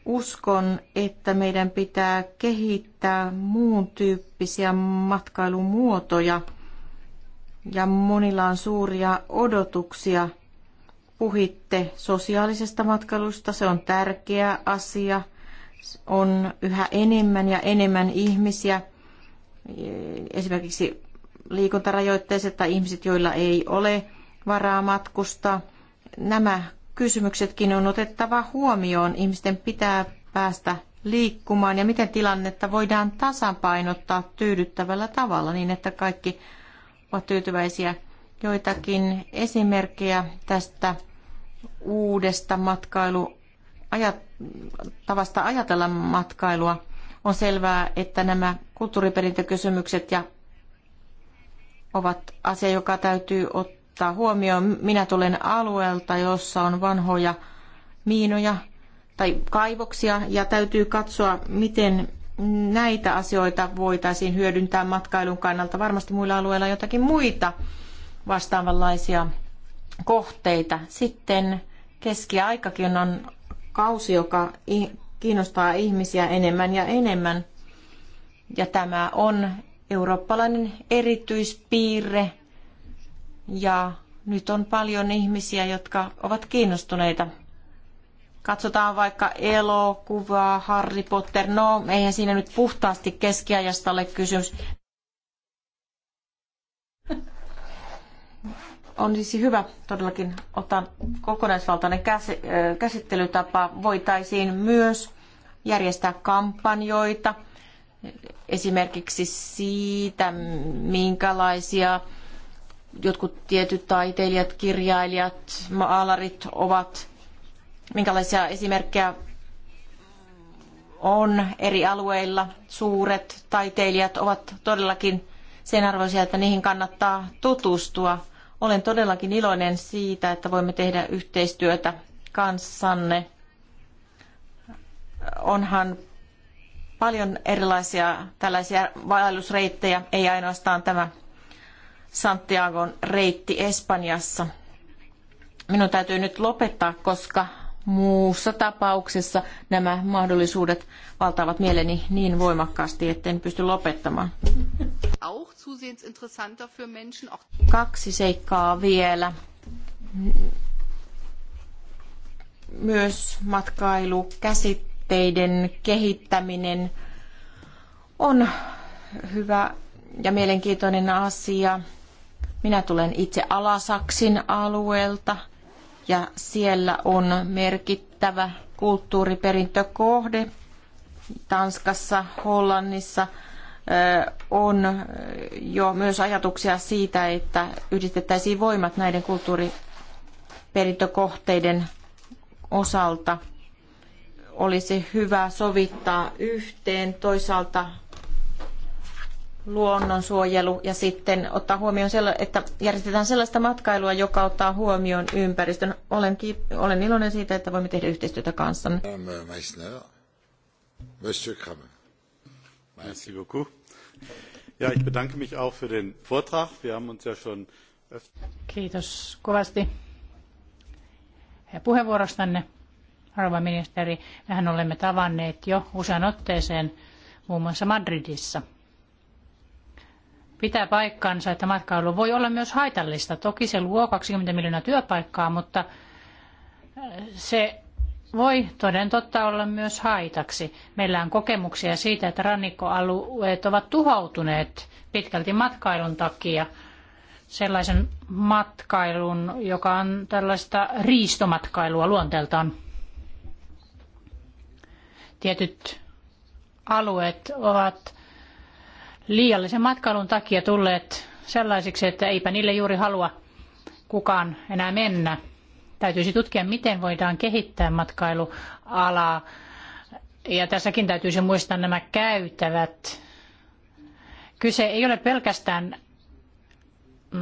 Uskon, että meidän pitää kehittää muun tyyppisiä matkailumuotoja ja monilla on suuria odotuksia. Puhitte sosiaalisesta matkailusta, se on tärkeä asia. On yhä enemmän ja enemmän ihmisiä, esimerkiksi liikuntarajoitteiset tai ihmiset, joilla ei ole varaa matkustaa. Nämä kysymyksetkin on otettava huomioon. Ihmisten pitää päästä liikkumaan ja miten tilannetta voidaan tasapainottaa tyydyttävällä tavalla niin, että kaikki ovat tyytyväisiä. Joitakin esimerkkejä tästä uudesta matkailu ajat, tavasta ajatella matkailua. On selvää, että nämä kulttuuriperintökysymykset ja ovat asia, joka täytyy ottaa ottaa huomioon. Minä tulen alueelta, jossa on vanhoja miinoja tai kaivoksia ja täytyy katsoa, miten näitä asioita voitaisiin hyödyntää matkailun kannalta. Varmasti muilla alueilla on jotakin muita vastaavanlaisia kohteita. Sitten keskiaikakin on kausi, joka kiinnostaa ihmisiä enemmän ja enemmän. Ja tämä on eurooppalainen erityispiirre, ja nyt on paljon ihmisiä, jotka ovat kiinnostuneita. Katsotaan vaikka elokuvaa, Harry Potter. No, eihän siinä nyt puhtaasti keskiajasta ole kysymys. on siis hyvä todellakin ottaa kokonaisvaltainen käsittelytapa. Voitaisiin myös järjestää kampanjoita esimerkiksi siitä, minkälaisia jotkut tietyt taiteilijat, kirjailijat, maalarit ovat, minkälaisia esimerkkejä on eri alueilla. Suuret taiteilijat ovat todellakin sen arvoisia, että niihin kannattaa tutustua. Olen todellakin iloinen siitä, että voimme tehdä yhteistyötä kanssanne. Onhan paljon erilaisia tällaisia vaellusreittejä, ei ainoastaan tämä Santiagon reitti Espanjassa. Minun täytyy nyt lopettaa, koska muussa tapauksessa nämä mahdollisuudet valtaavat mieleni niin voimakkaasti, etten pysty lopettamaan. Kaksi seikkaa vielä. Myös matkailukäsitteiden kehittäminen on hyvä ja mielenkiintoinen asia. Minä tulen itse Alasaksin alueelta ja siellä on merkittävä kulttuuriperintökohde. Tanskassa, Hollannissa on jo myös ajatuksia siitä, että yhdistettäisiin voimat näiden kulttuuriperintökohteiden osalta. Olisi hyvä sovittaa yhteen toisaalta luonnonsuojelu ja sitten ottaa huomioon, että järjestetään sellaista matkailua, joka ottaa huomioon ympäristön. Olen, olen iloinen siitä, että voimme tehdä yhteistyötä kanssanne. Merci beaucoup. Ja, ich bedanke mich auch für den Vortrag. Wir haben uns ja schon Kiitos kovasti puheenvuorostanne, arvoisa ministeri. Mehän olemme tavanneet jo usean otteeseen muun muassa Madridissa – pitää paikkansa, että matkailu voi olla myös haitallista. Toki se luo 20 miljoonaa työpaikkaa, mutta eh, se voi toden totta olla myös haitaksi. Meillä on kokemuksia siitä, että rannikkoalueet ovat tuhoutuneet pitkälti matkailun takia. Sellaisen matkailun, joka on tällaista riistomatkailua luonteeltaan. Tietyt alueet ovat liiallisen matkailun takia tulleet sellaisiksi, että eipä niille juuri halua kukaan enää mennä. Täytyisi tutkia, miten voidaan kehittää matkailualaa. Ja tässäkin täytyisi muistaa nämä käytävät. Kyse ei ole pelkästään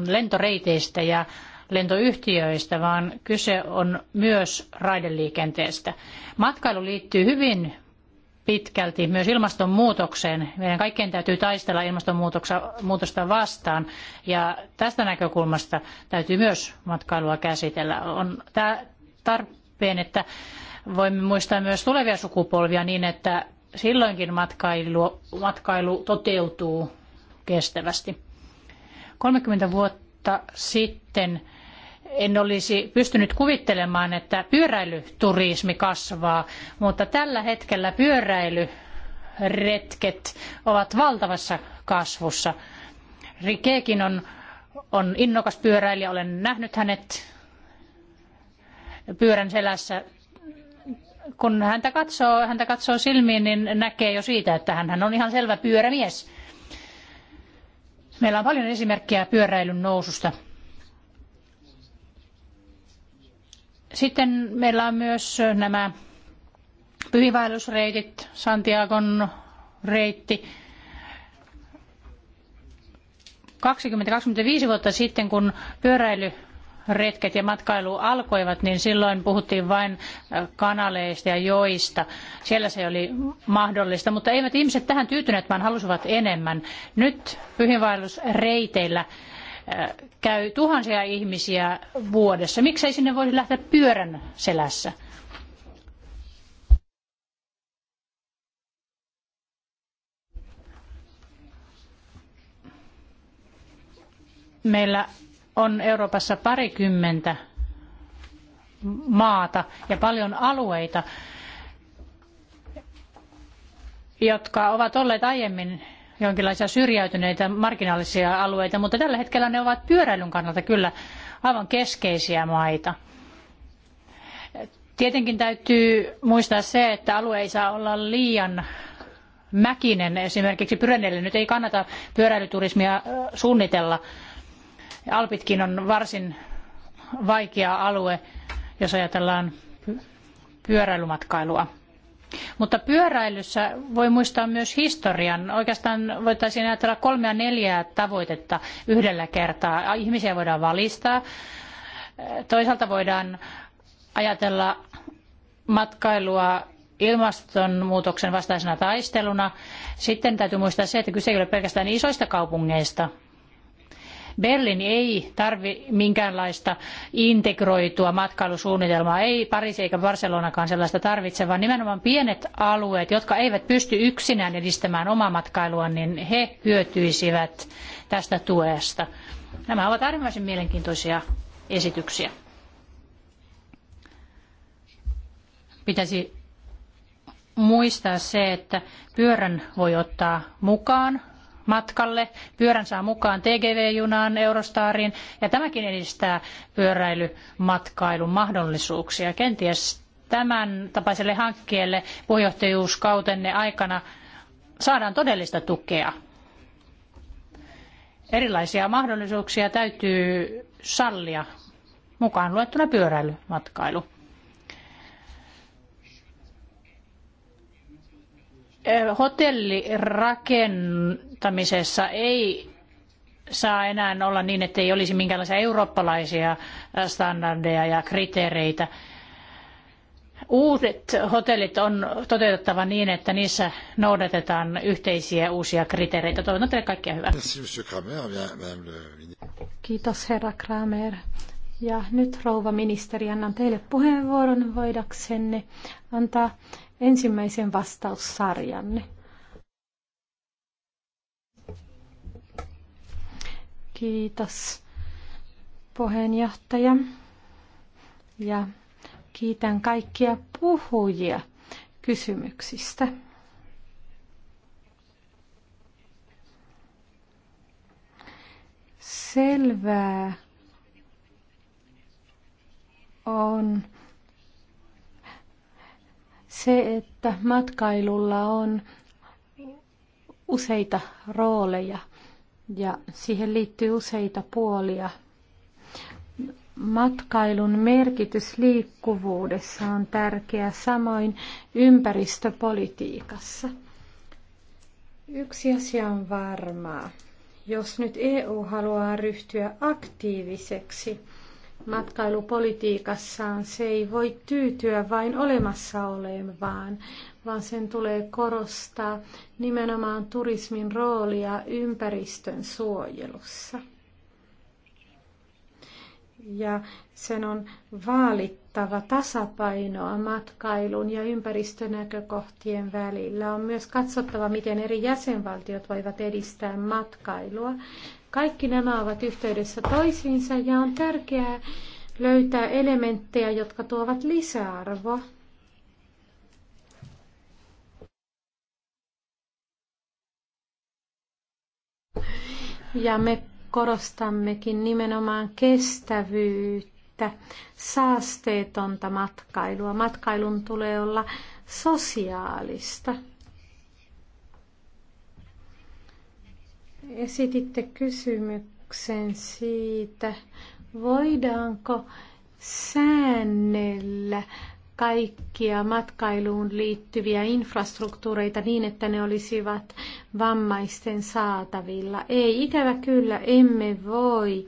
lentoreiteistä ja lentoyhtiöistä, vaan kyse on myös raideliikenteestä. Matkailu liittyy hyvin pitkälti myös ilmastonmuutokseen. Meidän kaikkien täytyy taistella ilmastonmuutosta vastaan ja tästä näkökulmasta täytyy myös matkailua käsitellä. On tarpeen, että voimme muistaa myös tulevia sukupolvia niin, että silloinkin matkailu, matkailu toteutuu kestävästi. 30 vuotta sitten en olisi pystynyt kuvittelemaan, että pyöräilyturismi kasvaa, mutta tällä hetkellä pyöräilyretket ovat valtavassa kasvussa. Rikekin on, on innokas pyöräilijä, olen nähnyt hänet pyörän selässä. Kun häntä katsoo, häntä katsoo silmiin, niin näkee jo siitä, että hän on ihan selvä pyörämies. Meillä on paljon esimerkkejä pyöräilyn noususta – Sitten meillä on myös nämä pyhivaellusreitit, Santiagon reitti. 20-25 vuotta sitten, kun pyöräilyretket ja matkailu alkoivat, niin silloin puhuttiin vain äh, kanaleista ja joista. Siellä se oli mahdollista, mutta eivät ihmiset tähän tyytyneet, vaan halusivat enemmän. Nyt pyhiinvaellusreiteillä käy tuhansia ihmisiä vuodessa. Miksei sinne voisi lähteä pyörän selässä? Meillä on Euroopassa parikymmentä maata ja paljon alueita, jotka ovat olleet aiemmin jonkinlaisia syrjäytyneitä marginaalisia alueita, mutta tällä hetkellä ne ovat pyöräilyn kannalta kyllä aivan keskeisiä maita. Tietenkin täytyy muistaa se, että alue ei saa olla liian mäkinen esimerkiksi Pyreneille. Nyt ei kannata pyöräilyturismia suunnitella. Alpitkin on varsin vaikea alue, jos ajatellaan pyöräilymatkailua. Mutta pyöräilyssä voi muistaa myös historian. Oikeastaan voitaisiin ajatella kolmea neljää tavoitetta yhdellä kertaa. Ihmisiä voidaan valistaa. Toisaalta voidaan ajatella matkailua ilmastonmuutoksen vastaisena taisteluna. Sitten täytyy muistaa se, että kyse ei ole pelkästään isoista kaupungeista, Berliini ei tarvi minkäänlaista integroitua matkailusuunnitelmaa, ei Pariisi eikä Barcelonakaan sellaista tarvitse, vaan nimenomaan pienet alueet, jotka eivät pysty yksinään edistämään omaa matkailua, niin he hyötyisivät tästä tuesta. Nämä ovat äärimmäisen mielenkiintoisia esityksiä. Pitäisi muistaa se, että pyörän voi ottaa mukaan matkalle. Pyörän saa mukaan TGV-junaan, Eurostariin ja tämäkin edistää pyöräilymatkailun mahdollisuuksia. Kenties tämän tapaiselle hankkeelle puheenjohtajuuskautenne aikana saadaan todellista tukea. Erilaisia mahdollisuuksia täytyy sallia, mukaan luettuna pyöräilymatkailu. hotellirakentamisessa ei saa enää olla niin, että ei olisi minkäänlaisia eurooppalaisia standardeja ja kriteereitä. Uudet hotellit on toteutettava niin, että niissä noudatetaan yhteisiä uusia kriteereitä. Toivotan teille kaikkea hyvää. Kiitos herra Kramer. Ja nyt rouva ministeri, annan teille puheenvuoron voidaksenne antaa ensimmäisen vastaussarjanne. Kiitos puheenjohtaja ja kiitän kaikkia puhujia kysymyksistä. Selvää on, se, että matkailulla on useita rooleja ja siihen liittyy useita puolia. Matkailun merkitys liikkuvuudessa on tärkeä, samoin ympäristöpolitiikassa. Yksi asia on varmaa. Jos nyt EU haluaa ryhtyä aktiiviseksi matkailupolitiikassaan se ei voi tyytyä vain olemassa olevaan, vaan sen tulee korostaa nimenomaan turismin roolia ympäristön suojelussa. Ja sen on vaalittava tasapainoa matkailun ja ympäristönäkökohtien välillä. On myös katsottava, miten eri jäsenvaltiot voivat edistää matkailua. Kaikki nämä ovat yhteydessä toisiinsa ja on tärkeää löytää elementtejä, jotka tuovat lisäarvoa. Ja me korostammekin nimenomaan kestävyyttä, saasteetonta matkailua. Matkailun tulee olla sosiaalista. esititte kysymyksen siitä, voidaanko säännellä kaikkia matkailuun liittyviä infrastruktuureita niin, että ne olisivat vammaisten saatavilla. Ei, ikävä kyllä, emme voi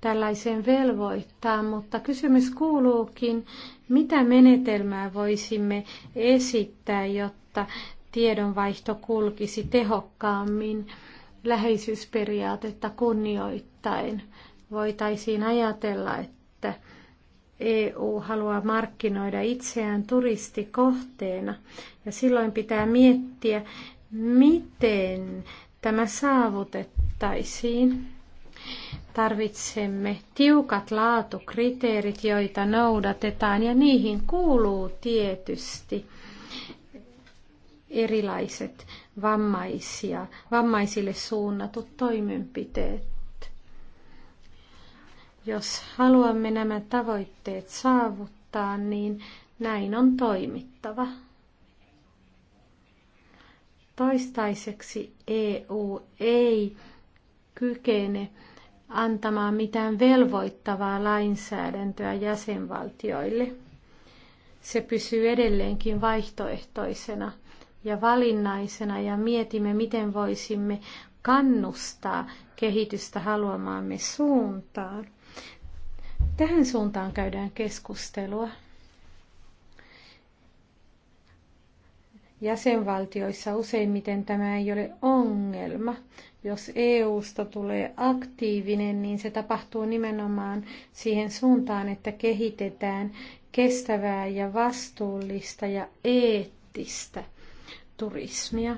tällaiseen velvoittaa, mutta kysymys kuuluukin, mitä menetelmää voisimme esittää, jotta tiedonvaihto kulkisi tehokkaammin läheisyysperiaatetta kunnioittain voitaisiin ajatella, että EU haluaa markkinoida itseään turistikohteena. Ja silloin pitää miettiä, miten tämä saavutettaisiin. Tarvitsemme tiukat laatukriteerit, joita noudatetaan, ja niihin kuuluu tietysti erilaiset vammaisia, vammaisille suunnatut toimenpiteet. Jos haluamme nämä tavoitteet saavuttaa, niin näin on toimittava. Toistaiseksi EU ei kykene antamaan mitään velvoittavaa lainsäädäntöä jäsenvaltioille. Se pysyy edelleenkin vaihtoehtoisena ja valinnaisena ja mietimme, miten voisimme kannustaa kehitystä haluamaamme suuntaan. Tähän suuntaan käydään keskustelua. Jäsenvaltioissa useimmiten tämä ei ole ongelma. Jos EUsta tulee aktiivinen, niin se tapahtuu nimenomaan siihen suuntaan, että kehitetään kestävää ja vastuullista ja eettistä turismia.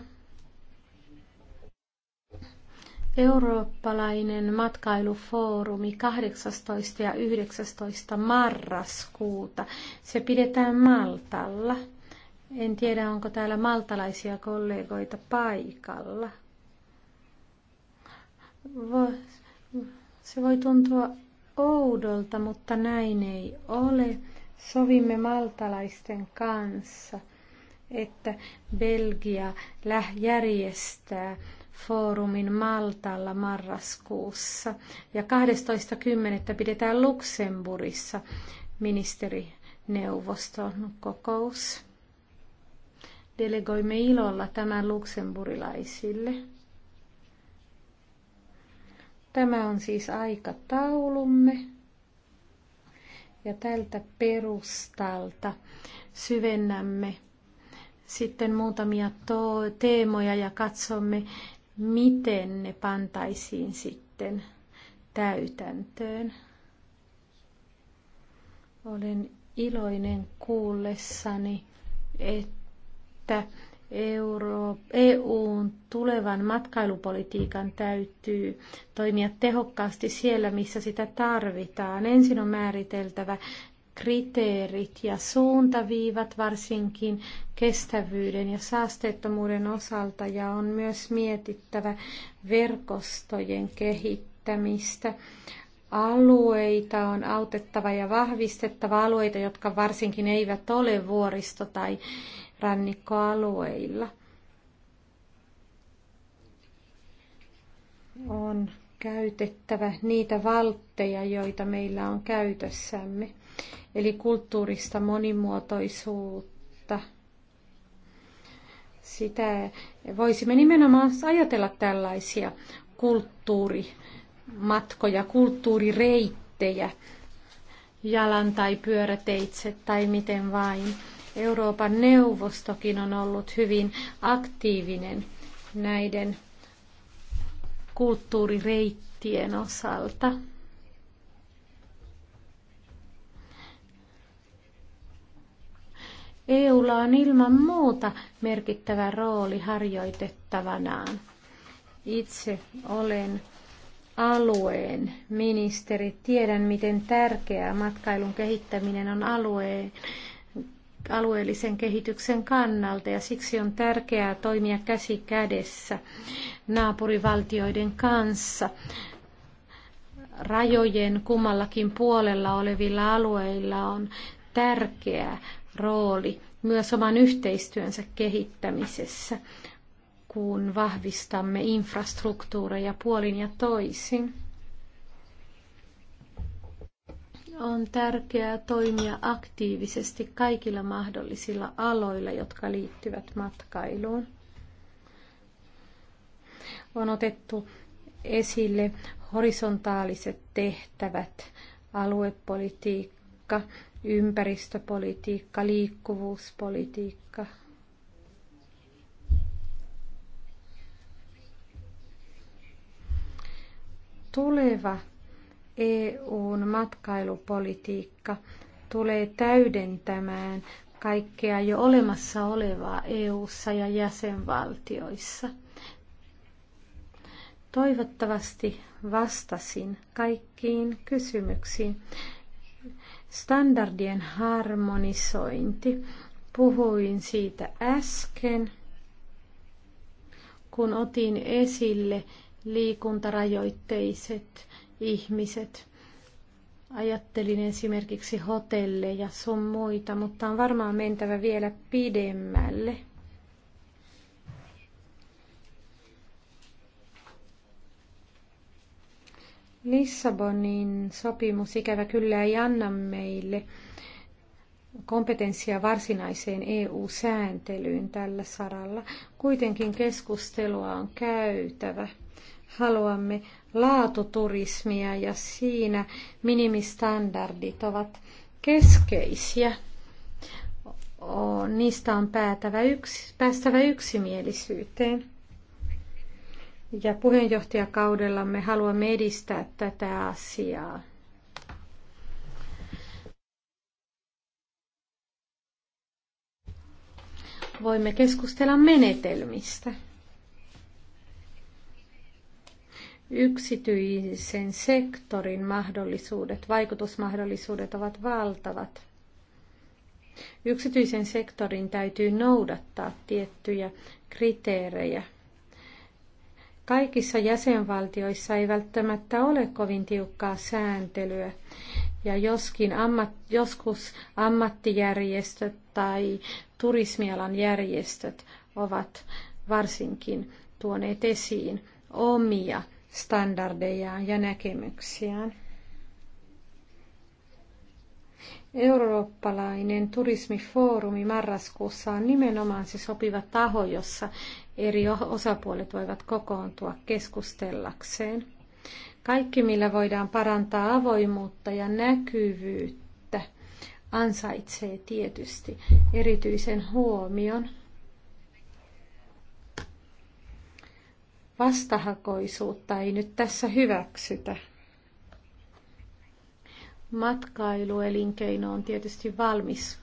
Eurooppalainen matkailufoorumi 18. ja 19. marraskuuta. Se pidetään Maltalla. En tiedä, onko täällä maltalaisia kollegoita paikalla. Se voi tuntua oudolta, mutta näin ei ole. Sovimme maltalaisten kanssa – että Belgia järjestää foorumin Maltalla marraskuussa ja 12.10. pidetään Luxemburgissa ministerineuvoston kokous. Delegoimme ilolla tämän luksemburilaisille. Tämä on siis aikataulumme. Ja tältä perustalta syvennämme sitten muutamia teemoja ja katsomme, miten ne pantaisiin sitten täytäntöön. Olen iloinen kuullessani, että Euro, EUn tulevan matkailupolitiikan täytyy toimia tehokkaasti siellä, missä sitä tarvitaan. Ensin on määriteltävä, kriteerit ja suuntaviivat varsinkin kestävyyden ja saasteettomuuden osalta ja on myös mietittävä verkostojen kehittämistä. Alueita on autettava ja vahvistettava alueita, jotka varsinkin eivät ole vuoristo- tai rannikkoalueilla. On käytettävä niitä valtteja, joita meillä on käytössämme eli kulttuurista monimuotoisuutta. Sitä voisimme nimenomaan ajatella tällaisia kulttuurimatkoja, kulttuurireittejä jalan tai pyöräteitse tai miten vain. Euroopan neuvostokin on ollut hyvin aktiivinen näiden kulttuurireittien osalta. EUlla on ilman muuta merkittävä rooli harjoitettavanaan. Itse olen alueen ministeri. Tiedän, miten tärkeää matkailun kehittäminen on alueen, alueellisen kehityksen kannalta ja siksi on tärkeää toimia käsi kädessä naapurivaltioiden kanssa rajojen kummallakin puolella olevilla alueilla on tärkeää rooli myös oman yhteistyönsä kehittämisessä, kun vahvistamme infrastruktuureja puolin ja toisin. On tärkeää toimia aktiivisesti kaikilla mahdollisilla aloilla, jotka liittyvät matkailuun. On otettu esille horisontaaliset tehtävät, aluepolitiikka, ympäristöpolitiikka, liikkuvuuspolitiikka. Tuleva EUn matkailupolitiikka tulee täydentämään kaikkea jo olemassa olevaa EU:ssa ja jäsenvaltioissa. Toivottavasti vastasin kaikkiin kysymyksiin standardien harmonisointi. Puhuin siitä äsken, kun otin esille liikuntarajoitteiset ihmiset. Ajattelin esimerkiksi hotelleja sun muita, mutta on varmaan mentävä vielä pidemmälle. Lissabonin sopimus ikävä kyllä ei anna meille kompetenssia varsinaiseen EU-sääntelyyn tällä saralla. Kuitenkin keskustelua on käytävä. Haluamme laatuturismia ja siinä minimistandardit ovat keskeisiä. Niistä on päätävä yks, päästävä yksimielisyyteen. Ja puheenjohtajakaudella me haluamme edistää tätä asiaa. Voimme keskustella menetelmistä. Yksityisen sektorin mahdollisuudet, vaikutusmahdollisuudet ovat valtavat. Yksityisen sektorin täytyy noudattaa tiettyjä kriteerejä – Kaikissa jäsenvaltioissa ei välttämättä ole kovin tiukkaa sääntelyä. Ja joskin ammat, joskus ammattijärjestöt tai turismialan järjestöt ovat varsinkin tuoneet esiin omia standardejaan ja näkemyksiään. Eurooppalainen turismifoorumi marraskuussa on nimenomaan se sopiva taho, jossa eri osapuolet voivat kokoontua keskustellakseen. Kaikki, millä voidaan parantaa avoimuutta ja näkyvyyttä, ansaitsee tietysti erityisen huomion. Vastahakoisuutta ei nyt tässä hyväksytä. Matkailuelinkeino on tietysti valmis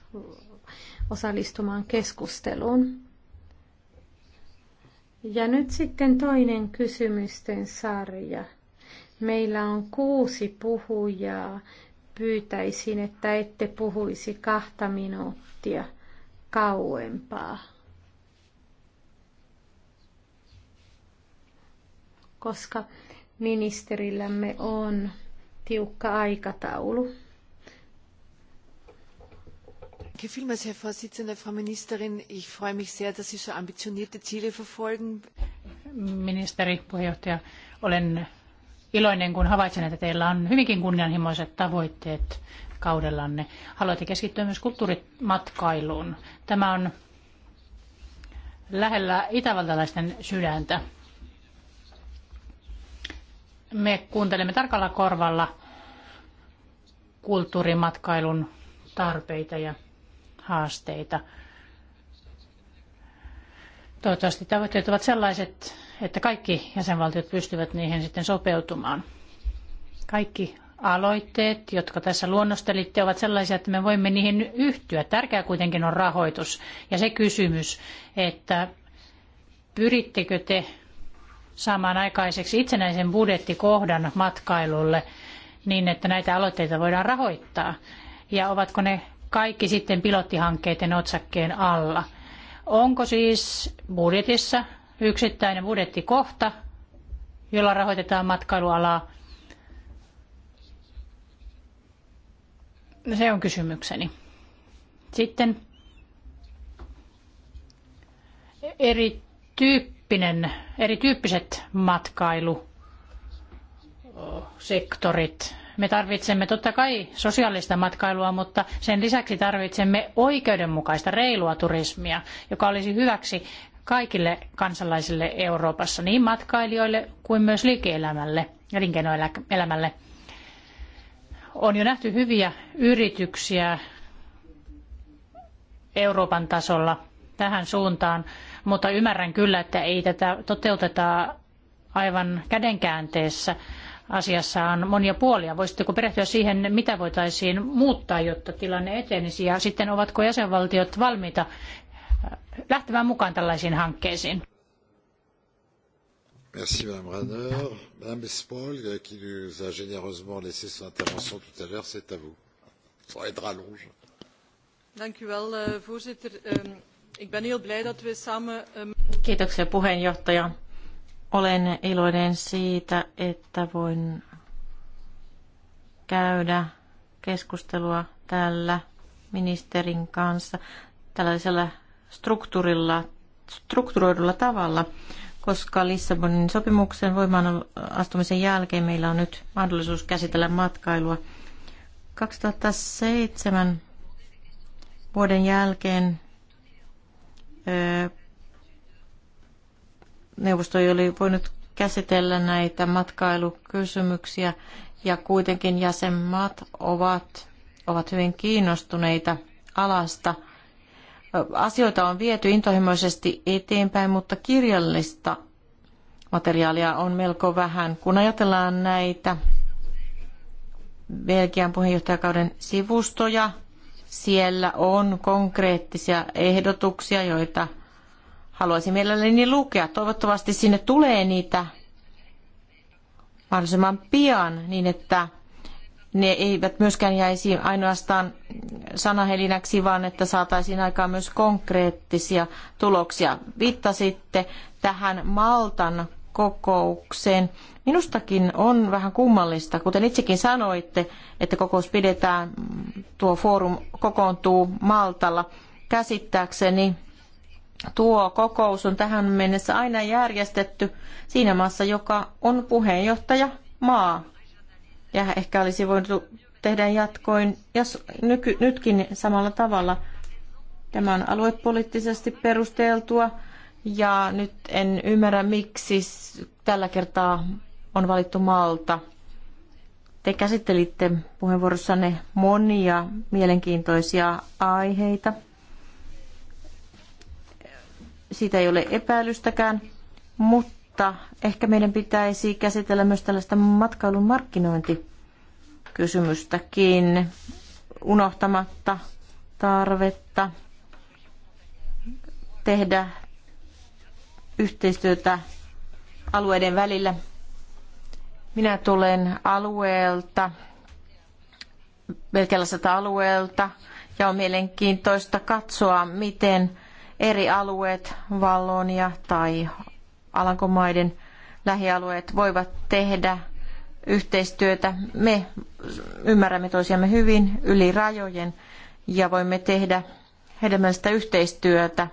osallistumaan keskusteluun. Ja nyt sitten toinen kysymysten sarja. Meillä on kuusi puhujaa. Pyytäisin, että ette puhuisi kahta minuuttia kauempaa. Koska ministerillämme on tiukka aikataulu. Herr präsident Frau Ministerin. Ich freue mich sehr, dass Sie so ambitionierte Ziele verfolgen. Ministeri, puheenjohtaja, olen iloinen, kun havaitsen, että teillä on hyvinkin kunnianhimoiset tavoitteet kaudellanne. Haluatte keskittyä myös kulttuurimatkailuun. Tämä on lähellä itävaltalaisten sydäntä. Me kuuntelemme tarkalla korvalla kulttuurimatkailun tarpeita ja haasteita. Toivottavasti tavoitteet ovat sellaiset, että kaikki jäsenvaltiot pystyvät niihin sitten sopeutumaan. Kaikki aloitteet, jotka tässä luonnostelitte, ovat sellaisia, että me voimme niihin yhtyä. Tärkeää kuitenkin on rahoitus. Ja se kysymys, että pyrittekö te saamaan aikaiseksi itsenäisen budjettikohdan matkailulle niin, että näitä aloitteita voidaan rahoittaa? Ja ovatko ne kaikki sitten pilottihankkeiden otsakkeen alla. Onko siis budjetissa yksittäinen budjettikohta, jolla rahoitetaan matkailualaa? No, se on kysymykseni. Sitten tyyppinen, erityyppiset matkailusektorit me tarvitsemme totta kai sosiaalista matkailua, mutta sen lisäksi tarvitsemme oikeudenmukaista, reilua turismia, joka olisi hyväksi kaikille kansalaisille Euroopassa, niin matkailijoille kuin myös liike-elämälle ja elinkeinoelämälle. On jo nähty hyviä yrityksiä Euroopan tasolla tähän suuntaan, mutta ymmärrän kyllä, että ei tätä toteuteta aivan kädenkäänteessä asiassa on monia puolia. Voisitteko perehtyä siihen, mitä voitaisiin muuttaa, jotta tilanne etenisi? Ja sitten ovatko jäsenvaltiot valmiita äh, lähtemään mukaan tällaisiin hankkeisiin? Merci Madame Ranner. Madame Espol, euh, qui nous a généreusement laissé son intervention tout à l'heure, c'est à vous. Ça aidera à longe. Dank u wel, eh, voorzitter. Ehm, ik ben heel blij dat ehm, Kiitoksia puheenjohtaja. Olen iloinen siitä, että voin käydä keskustelua tällä ministerin kanssa tällaisella struktuurilla, strukturoidulla tavalla, koska Lissabonin sopimuksen voimaan astumisen jälkeen meillä on nyt mahdollisuus käsitellä matkailua. 2007 vuoden jälkeen neuvosto ei ole voinut käsitellä näitä matkailukysymyksiä ja kuitenkin jäsenmaat ovat, ovat hyvin kiinnostuneita alasta. Asioita on viety intohimoisesti eteenpäin, mutta kirjallista materiaalia on melko vähän. Kun ajatellaan näitä Belgian puheenjohtajakauden sivustoja, siellä on konkreettisia ehdotuksia, joita haluaisin mielelläni lukea. Toivottavasti sinne tulee niitä mahdollisimman pian, niin että ne eivät myöskään jäisi ainoastaan sanahelinäksi, vaan että saataisiin aikaan myös konkreettisia tuloksia. Viittasitte tähän Maltan kokoukseen. Minustakin on vähän kummallista, kuten itsekin sanoitte, että kokous pidetään, tuo foorum kokoontuu Maltalla. Käsittääkseni Tuo kokous on tähän mennessä aina järjestetty siinä maassa, joka on puheenjohtaja maa. Ja ehkä olisi voinut tehdä jatkoin, jos nyky, nytkin samalla tavalla. Tämä on aluepoliittisesti perusteltua ja nyt en ymmärrä, miksi tällä kertaa on valittu Malta. Te käsittelitte puheenvuorossanne monia mielenkiintoisia aiheita siitä ei ole epäilystäkään, mutta ehkä meidän pitäisi käsitellä myös tällaista matkailun markkinointikysymystäkin unohtamatta tarvetta tehdä yhteistyötä alueiden välillä. Minä tulen alueelta, belgialaiselta alueelta, ja on mielenkiintoista katsoa, miten eri alueet, Vallonia tai Alankomaiden lähialueet voivat tehdä yhteistyötä. Me ymmärrämme toisiamme hyvin yli rajojen ja voimme tehdä hedelmällistä yhteistyötä.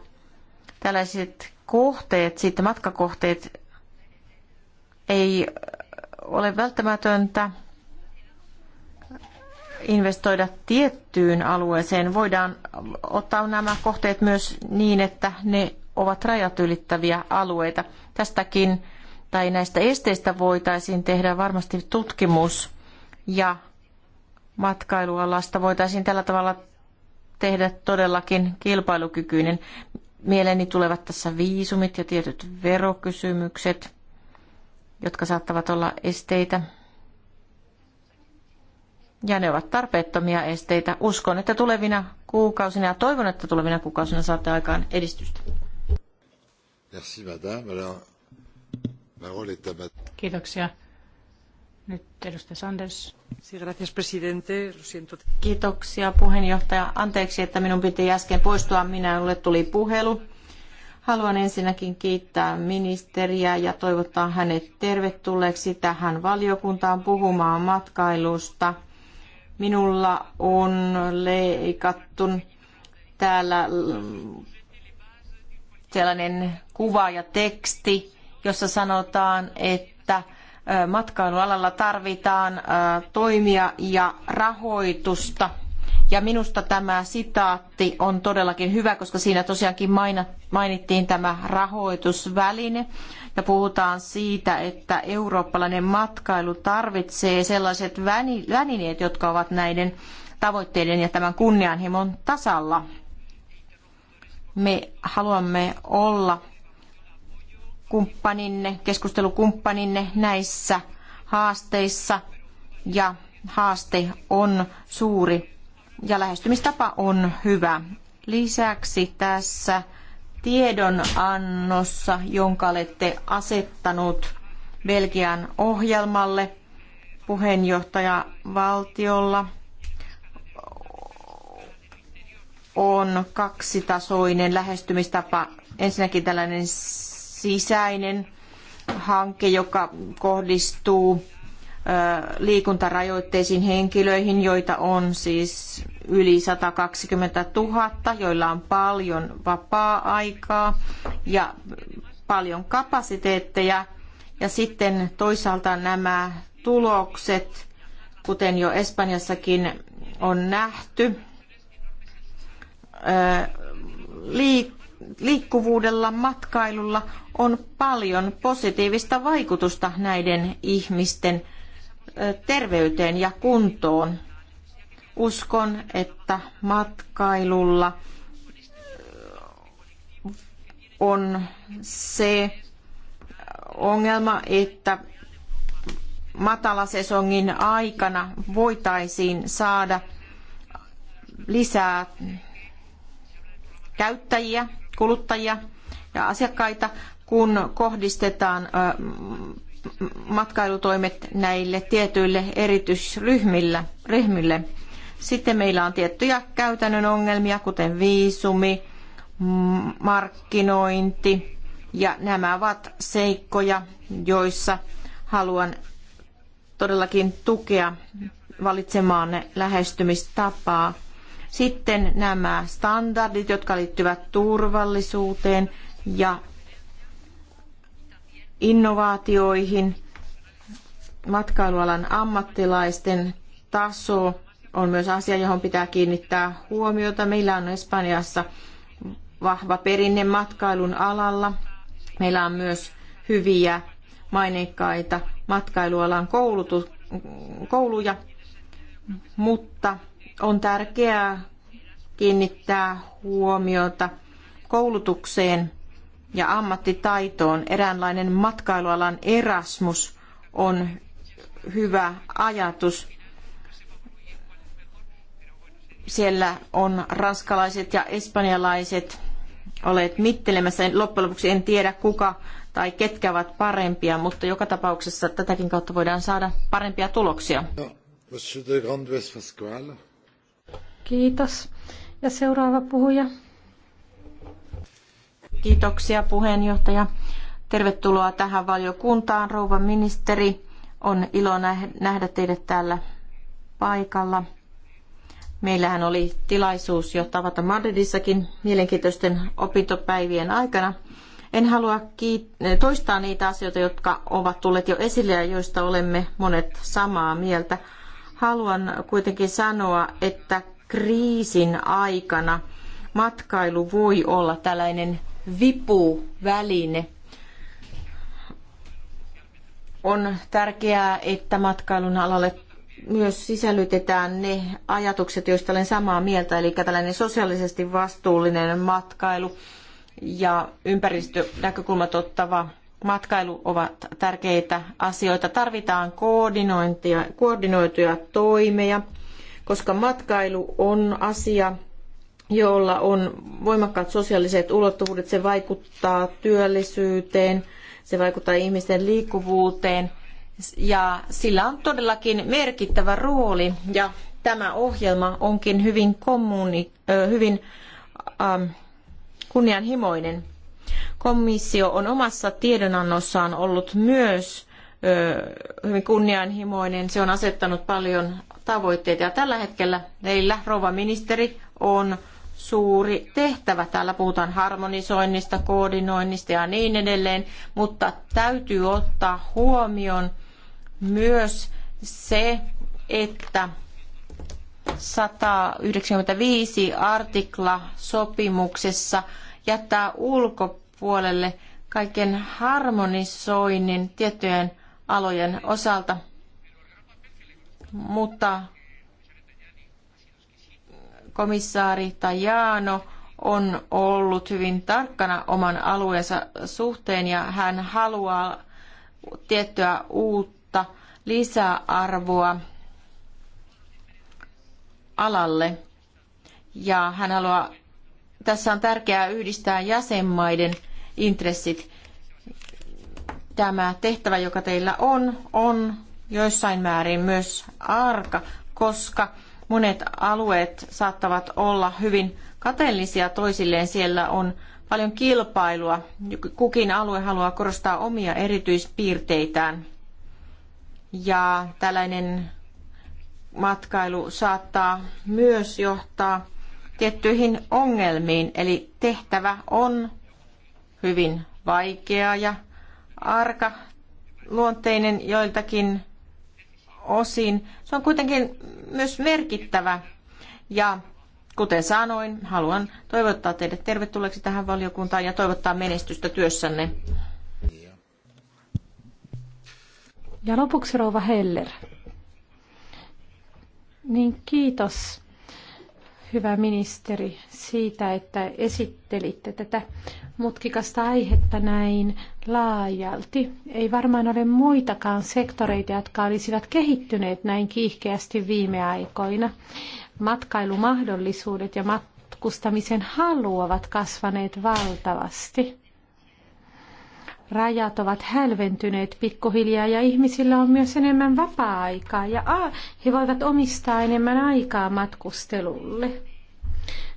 Tällaiset kohteet, sitten matkakohteet, ei ole välttämätöntä investoida tiettyyn alueeseen, voidaan ottaa nämä kohteet myös niin, että ne ovat rajat ylittäviä alueita. Tästäkin tai näistä esteistä voitaisiin tehdä varmasti tutkimus ja matkailualasta voitaisiin tällä tavalla tehdä todellakin kilpailukykyinen. Mieleeni tulevat tässä viisumit ja tietyt verokysymykset, jotka saattavat olla esteitä ja ne ovat tarpeettomia esteitä. Uskon, että tulevina kuukausina ja toivon, että tulevina kuukausina saatte aikaan edistystä. Merci, madame. Alors, parole est à Kiitoksia. Nyt edustaja Sanders. Sí, gracias, presidente. Kiitoksia puheenjohtaja. Anteeksi, että minun piti äsken poistua. Minulle tuli puhelu. Haluan ensinnäkin kiittää ministeriä ja toivottaa hänet tervetulleeksi tähän valiokuntaan puhumaan matkailusta – Minulla on leikattu täällä sellainen kuva ja teksti, jossa sanotaan, että matkailualalla tarvitaan toimia ja rahoitusta. Ja minusta tämä sitaatti on todellakin hyvä, koska siinä tosiaankin mainittiin tämä rahoitusväline, ja puhutaan siitä, että eurooppalainen matkailu tarvitsee sellaiset välineet, jotka ovat näiden tavoitteiden ja tämän kunnianhimon tasalla. Me haluamme olla kumppaninne, keskustelukumppaninne näissä haasteissa ja haaste on suuri ja lähestymistapa on hyvä. Lisäksi tässä tiedonannossa, jonka olette asettanut Belgian ohjelmalle puheenjohtajavaltiolla on kaksitasoinen lähestymistapa. Ensinnäkin tällainen sisäinen hanke, joka kohdistuu liikuntarajoitteisiin henkilöihin, joita on siis yli 120 000, joilla on paljon vapaa-aikaa ja paljon kapasiteetteja. Ja sitten toisaalta nämä tulokset, kuten jo Espanjassakin on nähty, liikkuvuudella, matkailulla on paljon positiivista vaikutusta näiden ihmisten terveyteen ja kuntoon. Uskon, että matkailulla on se ongelma, että matalasesongin aikana voitaisiin saada lisää käyttäjiä, kuluttajia ja asiakkaita, kun kohdistetaan matkailutoimet näille tietyille erityisryhmille. Sitten meillä on tiettyjä käytännön ongelmia, kuten viisumi, markkinointi, ja nämä ovat seikkoja, joissa haluan todellakin tukea valitsemaan lähestymistapaa. Sitten nämä standardit, jotka liittyvät turvallisuuteen ja innovaatioihin, matkailualan ammattilaisten taso on myös asia, johon pitää kiinnittää huomiota. Meillä on Espanjassa vahva perinne matkailun alalla. Meillä on myös hyviä maineikkaita matkailualan koulutu, kouluja, mutta on tärkeää kiinnittää huomiota koulutukseen ja ammattitaitoon. Eräänlainen matkailualan Erasmus on hyvä ajatus. Siellä on ranskalaiset ja espanjalaiset olet mittelemässä. En, loppujen lopuksi en tiedä kuka tai ketkä ovat parempia, mutta joka tapauksessa tätäkin kautta voidaan saada parempia tuloksia. Kiitos. Ja seuraava puhuja. Kiitoksia puheenjohtaja. Tervetuloa tähän valiokuntaan, rouva ministeri. On ilo nähdä teidät täällä paikalla. Meillähän oli tilaisuus jo tavata Madridissakin mielenkiintoisten opintopäivien aikana. En halua toistaa niitä asioita, jotka ovat tulleet jo esille ja joista olemme monet samaa mieltä. Haluan kuitenkin sanoa, että kriisin aikana matkailu voi olla tällainen vipuväline. On tärkeää, että matkailun alalle myös sisällytetään ne ajatukset, joista olen samaa mieltä, eli tällainen sosiaalisesti vastuullinen matkailu ja ympäristönäkökulmat ottava matkailu ovat tärkeitä asioita. Tarvitaan koordinointia, koordinoituja toimeja, koska matkailu on asia, jolla on voimakkaat sosiaaliset ulottuvuudet. Se vaikuttaa työllisyyteen, se vaikuttaa ihmisten liikkuvuuteen ja sillä on todellakin merkittävä rooli ja tämä ohjelma onkin hyvin, kommuni, hyvin ähm, kunnianhimoinen. Komissio on omassa tiedonannossaan ollut myös äh, hyvin kunnianhimoinen. Se on asettanut paljon tavoitteita ja tällä hetkellä teillä, rouva ministeri, on suuri tehtävä. Täällä puhutaan harmonisoinnista, koordinoinnista ja niin edelleen, mutta täytyy ottaa huomioon – myös se, että 195 artikla sopimuksessa jättää ulkopuolelle kaiken harmonisoinnin tiettyjen alojen osalta, mutta komissaari Tajano on ollut hyvin tarkkana oman alueensa suhteen ja hän haluaa tiettyä uutta lisäarvoa alalle. Ja hän haluaa, tässä on tärkeää yhdistää jäsenmaiden intressit. Tämä tehtävä, joka teillä on, on joissain määrin myös arka, koska monet alueet saattavat olla hyvin kateellisia toisilleen. Siellä on paljon kilpailua. Kukin alue haluaa korostaa omia erityispiirteitään ja tällainen matkailu saattaa myös johtaa tiettyihin ongelmiin, eli tehtävä on hyvin vaikea ja arka luonteinen joiltakin osin. Se on kuitenkin myös merkittävä ja kuten sanoin, haluan toivottaa teidät tervetulleeksi tähän valiokuntaan ja toivottaa menestystä työssänne. Ja lopuksi Rouva Heller. Niin kiitos, hyvä ministeri, siitä, että esittelitte tätä mutkikasta aihetta näin laajalti. Ei varmaan ole muitakaan sektoreita, jotka olisivat kehittyneet näin kiihkeästi viime aikoina. Matkailumahdollisuudet ja matkustamisen halu ovat kasvaneet valtavasti rajat ovat hälventyneet pikkuhiljaa ja ihmisillä on myös enemmän vapaa-aikaa ja a, he voivat omistaa enemmän aikaa matkustelulle.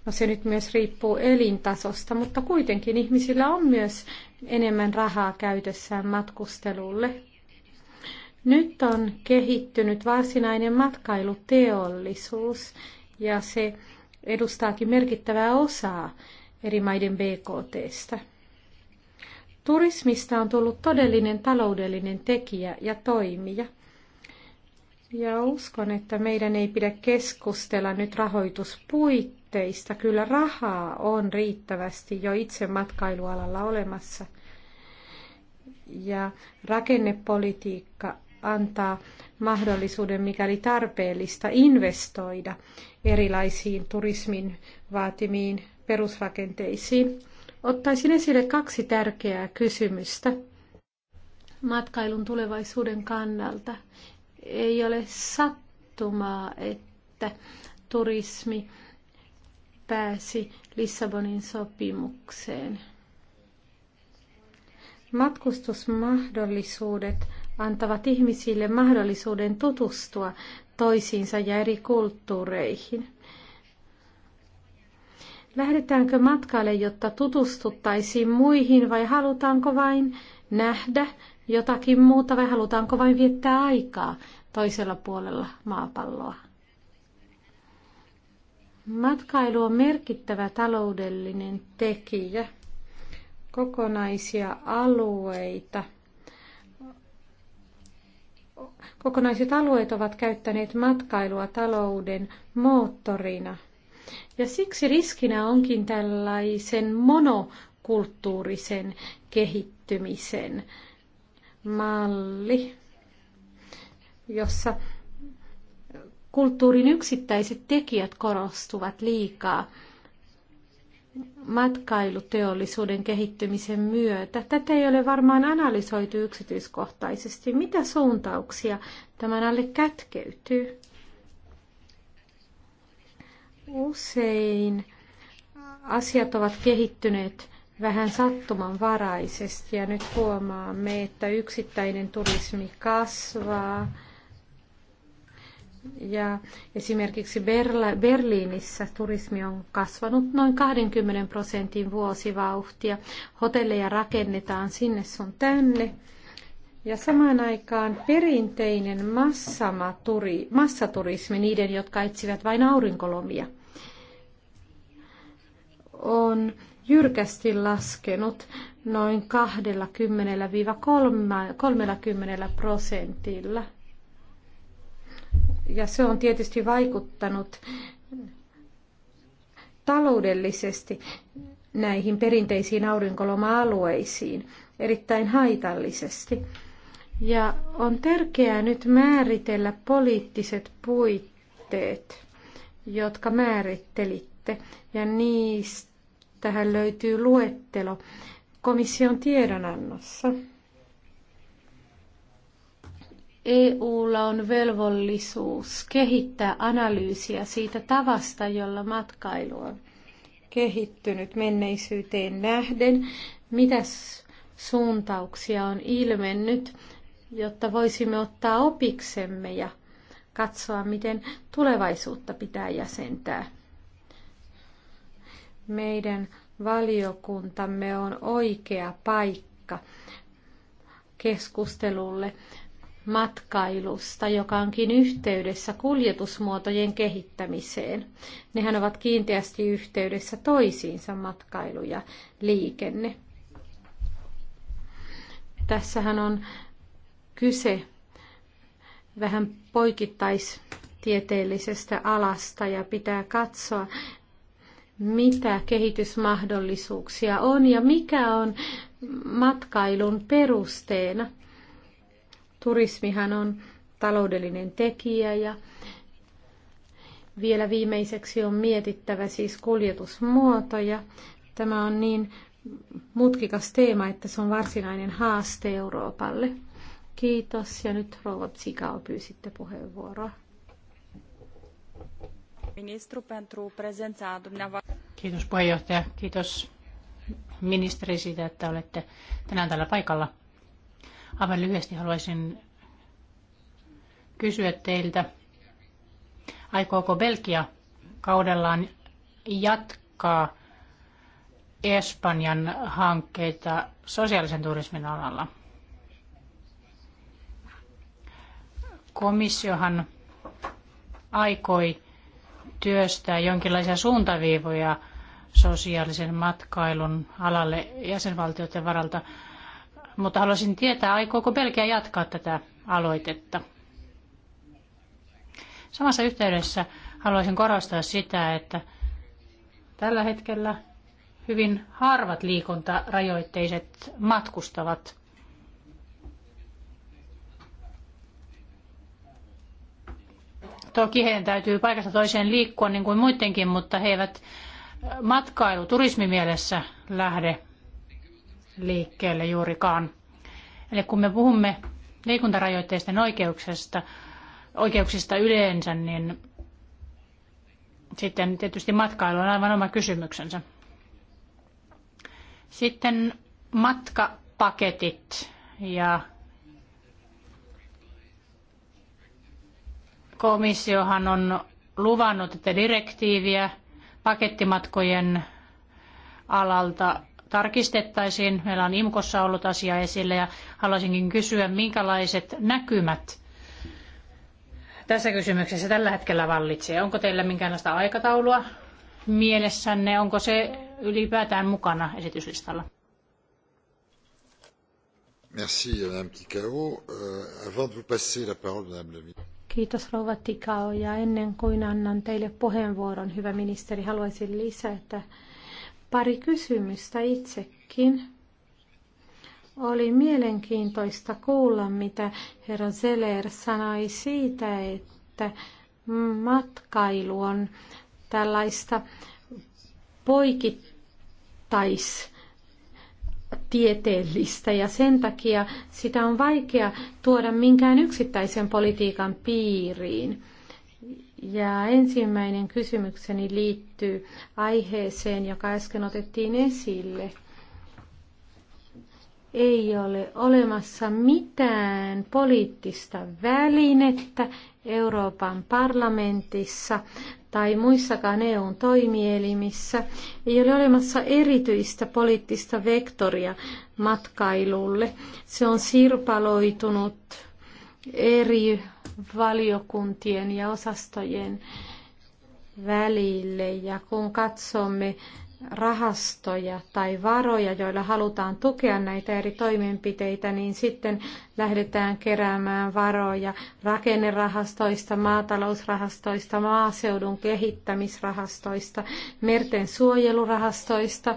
No se nyt myös riippuu elintasosta, mutta kuitenkin ihmisillä on myös enemmän rahaa käytössään matkustelulle. Nyt on kehittynyt varsinainen matkailuteollisuus ja se edustaakin merkittävää osaa eri maiden BKTstä. Turismista on tullut todellinen taloudellinen tekijä ja toimija. Ja uskon, että meidän ei pidä keskustella nyt rahoituspuitteista. Kyllä rahaa on riittävästi jo itse matkailualalla olemassa. Ja rakennepolitiikka antaa mahdollisuuden, mikäli tarpeellista, investoida erilaisiin turismin vaatimiin perusrakenteisiin. Ottaisin esille kaksi tärkeää kysymystä matkailun tulevaisuuden kannalta. Ei ole sattumaa, että turismi pääsi Lissabonin sopimukseen. Matkustusmahdollisuudet antavat ihmisille mahdollisuuden tutustua toisiinsa ja eri kulttuureihin. Lähdetäänkö matkalle, jotta tutustuttaisiin muihin vai halutaanko vain nähdä jotakin muuta vai halutaanko vain viettää aikaa toisella puolella maapalloa? Matkailu on merkittävä taloudellinen tekijä. Kokonaisia alueita. Kokonaiset alueet ovat käyttäneet matkailua talouden moottorina – ja siksi riskinä onkin tällaisen monokulttuurisen kehittymisen malli, jossa kulttuurin yksittäiset tekijät korostuvat liikaa matkailuteollisuuden kehittymisen myötä. Tätä ei ole varmaan analysoitu yksityiskohtaisesti. Mitä suuntauksia tämän alle kätkeytyy? Usein asiat ovat kehittyneet vähän sattumanvaraisesti ja nyt huomaamme, että yksittäinen turismi kasvaa. Ja esimerkiksi Berla- Berliinissä turismi on kasvanut noin 20 prosentin vuosivauhtia. Hotelleja rakennetaan sinne sun tänne. Ja samaan aikaan perinteinen massaturi, massaturismi, niiden, jotka etsivät vain aurinkolomia – on jyrkästi laskenut noin 20-30 prosentilla. Ja se on tietysti vaikuttanut taloudellisesti näihin perinteisiin aurinkoloma-alueisiin erittäin haitallisesti. Ja on tärkeää nyt määritellä poliittiset puitteet, jotka määrittelitte, ja niistä Tähän löytyy luettelo komission tiedonannossa. EUlla on velvollisuus kehittää analyysiä siitä tavasta, jolla matkailu on kehittynyt menneisyyteen nähden. Mitä suuntauksia on ilmennyt, jotta voisimme ottaa opiksemme ja katsoa, miten tulevaisuutta pitää jäsentää meidän valiokuntamme on oikea paikka keskustelulle matkailusta, joka onkin yhteydessä kuljetusmuotojen kehittämiseen. Nehän ovat kiinteästi yhteydessä toisiinsa matkailu ja liikenne. Tässähän on kyse vähän poikittaistieteellisestä alasta ja pitää katsoa, mitä kehitysmahdollisuuksia on ja mikä on matkailun perusteena. Turismihan on taloudellinen tekijä ja vielä viimeiseksi on mietittävä siis kuljetusmuotoja. Tämä on niin mutkikas teema, että se on varsinainen haaste Euroopalle. Kiitos ja nyt Rouva Tsikao pyysitte puheenvuoroa. Ministru pentru prezența dumneavoastră. Kiitos puheenjohtaja. Kiitos ministeri siitä, että olette tänään täällä paikalla. Aivan lyhyesti haluaisin kysyä teiltä, aikooko Belgia kaudellaan jatkaa Espanjan hankkeita sosiaalisen turismin alalla? Komissiohan aikoi työstää jonkinlaisia suuntaviivoja sosiaalisen matkailun alalle jäsenvaltioiden varalta, mutta haluaisin tietää, aikooko Belgia jatkaa tätä aloitetta. Samassa yhteydessä haluaisin korostaa sitä, että tällä hetkellä hyvin harvat liikuntarajoitteiset matkustavat Toki heidän täytyy paikasta toiseen liikkua niin kuin muidenkin, mutta he eivät matkailu turismimielessä lähde liikkeelle juurikaan. Eli kun me puhumme liikuntarajoitteisten oikeuksista, oikeuksista yleensä, niin sitten tietysti matkailu on aivan oma kysymyksensä. Sitten matkapaketit ja Komissiohan on luvannut, että direktiiviä pakettimatkojen alalta tarkistettaisiin. Meillä on IMKossa ollut asia esille ja haluaisinkin kysyä, minkälaiset näkymät tässä kysymyksessä tällä hetkellä vallitsee. Onko teillä minkäänlaista aikataulua mielessänne? Onko se ylipäätään mukana esityslistalla? Merci, Madame Euh, avant de vous passer la parole, Madame Kiitos Rouva Tikao ja ennen kuin annan teille puheenvuoron, hyvä ministeri, haluaisin lisätä pari kysymystä itsekin. Oli mielenkiintoista kuulla, mitä herra Zeller sanoi siitä, että matkailu on tällaista poikittais tieteellistä ja sen takia sitä on vaikea tuoda minkään yksittäisen politiikan piiriin. Ja ensimmäinen kysymykseni liittyy aiheeseen, joka äsken otettiin esille. Ei ole olemassa mitään poliittista välinettä Euroopan parlamentissa tai muissakaan EUn toimielimissä ei ole olemassa erityistä poliittista vektoria matkailulle. Se on sirpaloitunut eri valiokuntien ja osastojen välille. Ja kun katsomme rahastoja tai varoja, joilla halutaan tukea näitä eri toimenpiteitä, niin sitten lähdetään keräämään varoja rakennerahastoista, maatalousrahastoista, maaseudun kehittämisrahastoista, merten suojelurahastoista.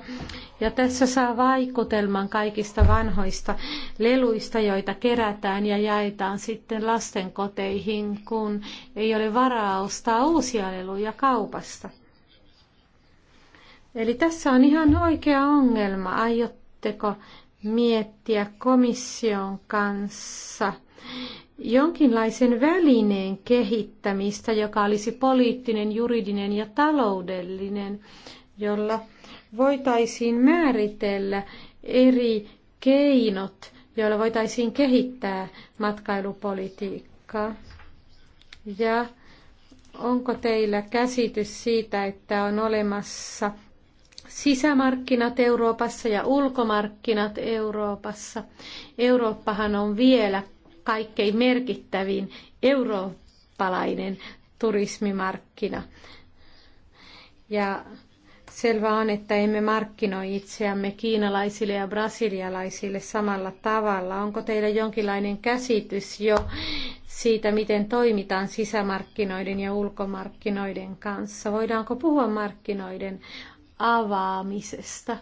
Ja tässä saa vaikutelman kaikista vanhoista leluista, joita kerätään ja jaetaan sitten lastenkoteihin, kun ei ole varaa ostaa uusia leluja kaupasta. Eli tässä on ihan oikea ongelma. Aiotteko miettiä komission kanssa jonkinlaisen välineen kehittämistä, joka olisi poliittinen, juridinen ja taloudellinen, jolla voitaisiin määritellä eri keinot, joilla voitaisiin kehittää matkailupolitiikkaa. Ja onko teillä käsitys siitä, että on olemassa sisämarkkinat Euroopassa ja ulkomarkkinat Euroopassa. Eurooppahan on vielä kaikkein merkittävin eurooppalainen turismimarkkina. Ja selvä on, että emme markkinoi itseämme kiinalaisille ja brasilialaisille samalla tavalla. Onko teillä jonkinlainen käsitys jo siitä, miten toimitaan sisämarkkinoiden ja ulkomarkkinoiden kanssa? Voidaanko puhua markkinoiden avaamisesta.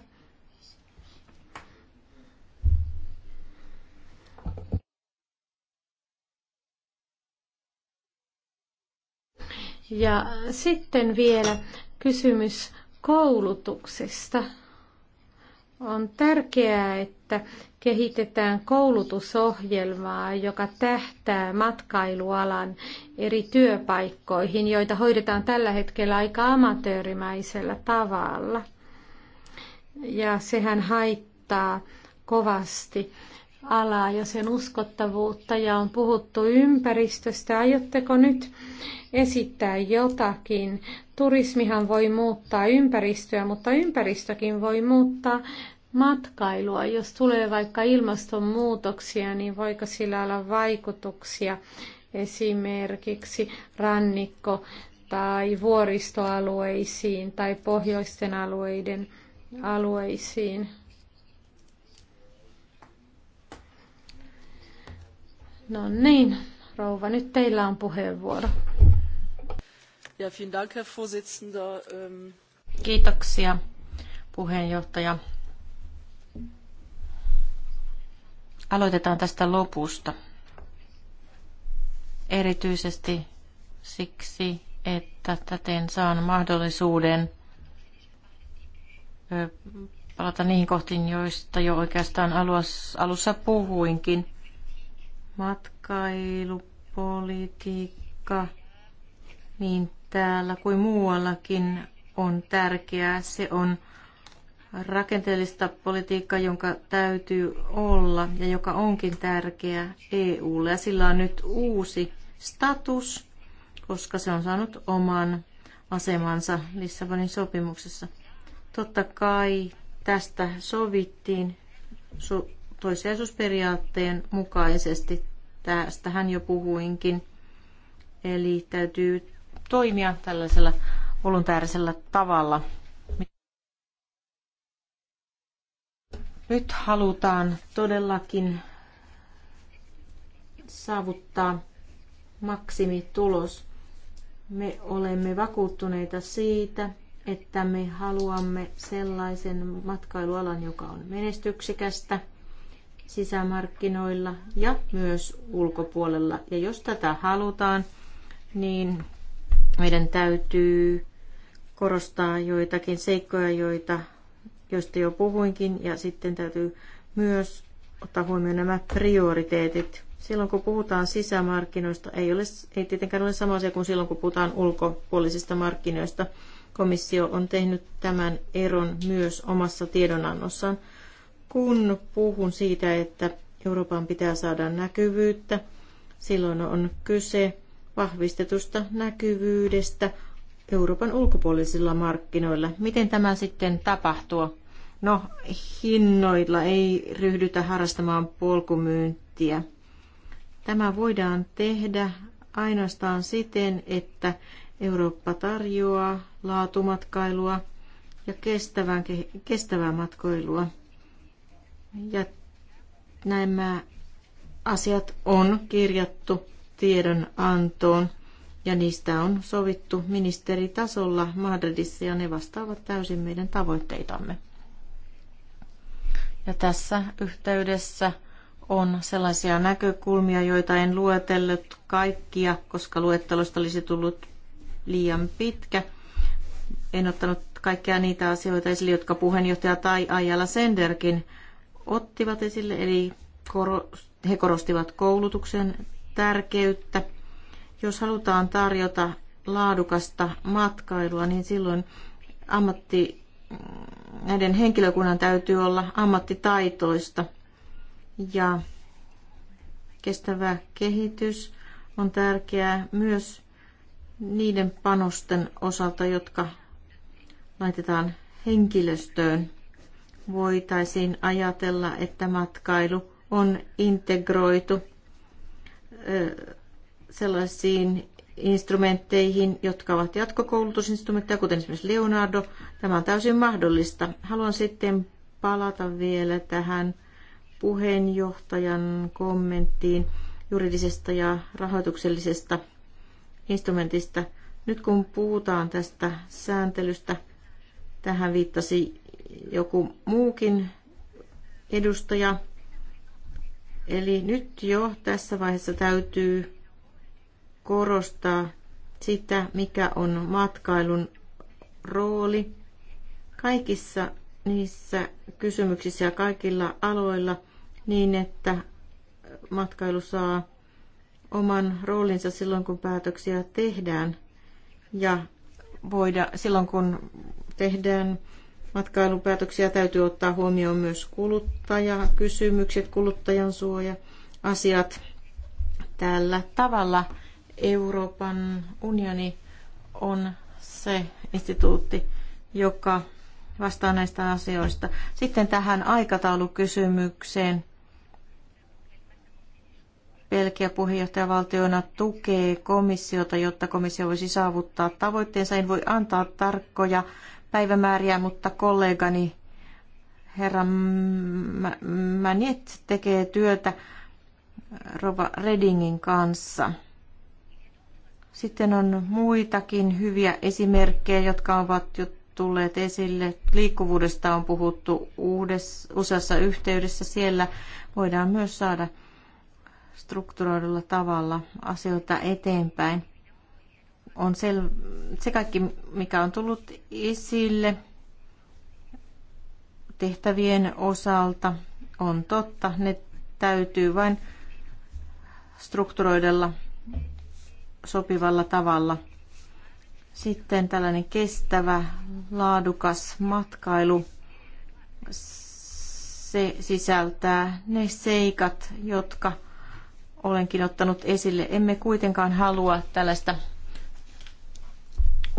Ja sitten vielä kysymys koulutuksesta. On tärkeää, että kehitetään koulutusohjelmaa, joka tähtää matkailualan eri työpaikkoihin, joita hoidetaan tällä hetkellä aika amatöörimäisellä tavalla. Ja sehän haittaa kovasti alaa ja sen uskottavuutta ja on puhuttu ympäristöstä. Aiotteko nyt esittää jotakin? Turismihan voi muuttaa ympäristöä, mutta ympäristökin voi muuttaa matkailua. Jos tulee vaikka ilmastonmuutoksia, niin voiko sillä olla vaikutuksia esimerkiksi rannikko- tai vuoristoalueisiin tai pohjoisten alueiden alueisiin? No niin, rouva, nyt teillä on puheenvuoro. Ja, vielen Dank, Herr Vorsitzender. Ähm, Kiitoksia, puheenjohtaja. Aloitetaan tästä lopusta. Erityisesti siksi, että täten saan mahdollisuuden palata niihin kohtiin, joista jo oikeastaan alussa puhuinkin. Matkailupolitiikka niin täällä kuin muuallakin on tärkeää. Se on rakenteellista politiikkaa, jonka täytyy olla ja joka onkin tärkeä EUlle. Ja sillä on nyt uusi status, koska se on saanut oman asemansa Lissabonin sopimuksessa. Totta kai tästä sovittiin so- toissijaisuusperiaatteen mukaisesti. Tästähän jo puhuinkin. Eli täytyy toimia tällaisella voluntäärisellä tavalla. Nyt halutaan todellakin saavuttaa maksimitulos. Me olemme vakuuttuneita siitä, että me haluamme sellaisen matkailualan, joka on menestyksikästä sisämarkkinoilla ja myös ulkopuolella. Ja jos tätä halutaan, niin meidän täytyy korostaa joitakin seikkoja, joita joista jo puhuinkin, ja sitten täytyy myös ottaa huomioon nämä prioriteetit. Silloin kun puhutaan sisämarkkinoista, ei, ole, ei tietenkään ole sama asia kuin silloin kun puhutaan ulkopuolisista markkinoista. Komissio on tehnyt tämän eron myös omassa tiedonannossaan. Kun puhun siitä, että Euroopan pitää saada näkyvyyttä, silloin on kyse vahvistetusta näkyvyydestä Euroopan ulkopuolisilla markkinoilla. Miten tämä sitten tapahtuu? No, hinnoilla ei ryhdytä harrastamaan polkumyyntiä. Tämä voidaan tehdä ainoastaan siten, että Eurooppa tarjoaa laatumatkailua ja kestävän, kestävää matkoilua. Ja nämä asiat on kirjattu tiedonantoon ja niistä on sovittu ministeritasolla Madridissa ja ne vastaavat täysin meidän tavoitteitamme. Ja tässä yhteydessä on sellaisia näkökulmia, joita en luetellut kaikkia, koska luettelosta olisi tullut liian pitkä. En ottanut kaikkia niitä asioita esille, jotka puheenjohtaja tai Ajala Senderkin ottivat esille, eli he korostivat koulutuksen tärkeyttä. Jos halutaan tarjota laadukasta matkailua, niin silloin ammatti näiden henkilökunnan täytyy olla ammattitaitoista ja kestävä kehitys on tärkeää myös niiden panosten osalta, jotka laitetaan henkilöstöön. Voitaisiin ajatella, että matkailu on integroitu sellaisiin instrumentteihin, jotka ovat jatkokoulutusinstrumentteja, kuten esimerkiksi Leonardo. Tämä on täysin mahdollista. Haluan sitten palata vielä tähän puheenjohtajan kommenttiin juridisesta ja rahoituksellisesta instrumentista. Nyt kun puhutaan tästä sääntelystä, tähän viittasi joku muukin edustaja. Eli nyt jo tässä vaiheessa täytyy korostaa sitä, mikä on matkailun rooli kaikissa niissä kysymyksissä ja kaikilla aloilla niin, että matkailu saa oman roolinsa silloin, kun päätöksiä tehdään ja voida, silloin, kun tehdään matkailupäätöksiä, täytyy ottaa huomioon myös kuluttajakysymykset, kuluttajan suoja, asiat tällä tavalla Euroopan unioni on se instituutti, joka vastaa näistä asioista. Sitten tähän aikataulukysymykseen. Belgia puheenjohtajavaltiona tukee komissiota, jotta komissio voisi saavuttaa tavoitteensa. En voi antaa tarkkoja päivämääriä, mutta kollegani herra Manet tekee työtä Rova Redingin kanssa. Sitten on muitakin hyviä esimerkkejä, jotka ovat jo tulleet esille. Liikkuvuudesta on puhuttu uudessa, useassa yhteydessä. Siellä voidaan myös saada strukturoidulla tavalla asioita eteenpäin. On sel- se kaikki, mikä on tullut esille tehtävien osalta, on totta. Ne täytyy vain strukturoidella sopivalla tavalla. Sitten tällainen kestävä, laadukas matkailu. Se sisältää ne seikat, jotka olenkin ottanut esille. Emme kuitenkaan halua tällaista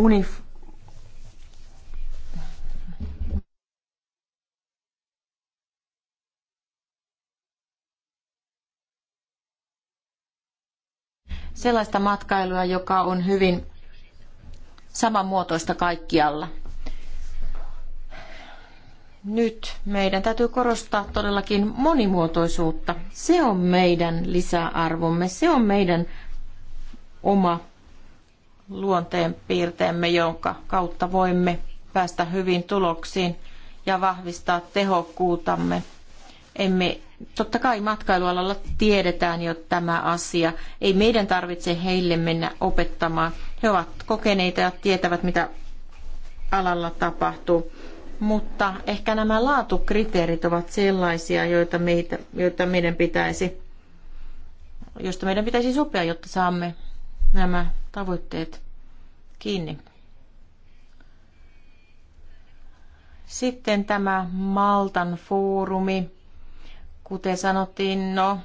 unif- sellaista matkailua, joka on hyvin samanmuotoista kaikkialla. Nyt meidän täytyy korostaa todellakin monimuotoisuutta. Se on meidän lisäarvomme, se on meidän oma luonteenpiirteemme, jonka kautta voimme päästä hyvin tuloksiin ja vahvistaa tehokkuutamme emme, totta kai matkailualalla tiedetään jo tämä asia. Ei meidän tarvitse heille mennä opettamaan. He ovat kokeneita ja tietävät, mitä alalla tapahtuu. Mutta ehkä nämä laatukriteerit ovat sellaisia, joita, meitä, joita meidän pitäisi, josta meidän pitäisi sopia, jotta saamme nämä tavoitteet kiinni. Sitten tämä Maltan foorumi Kuten sanottiin, no,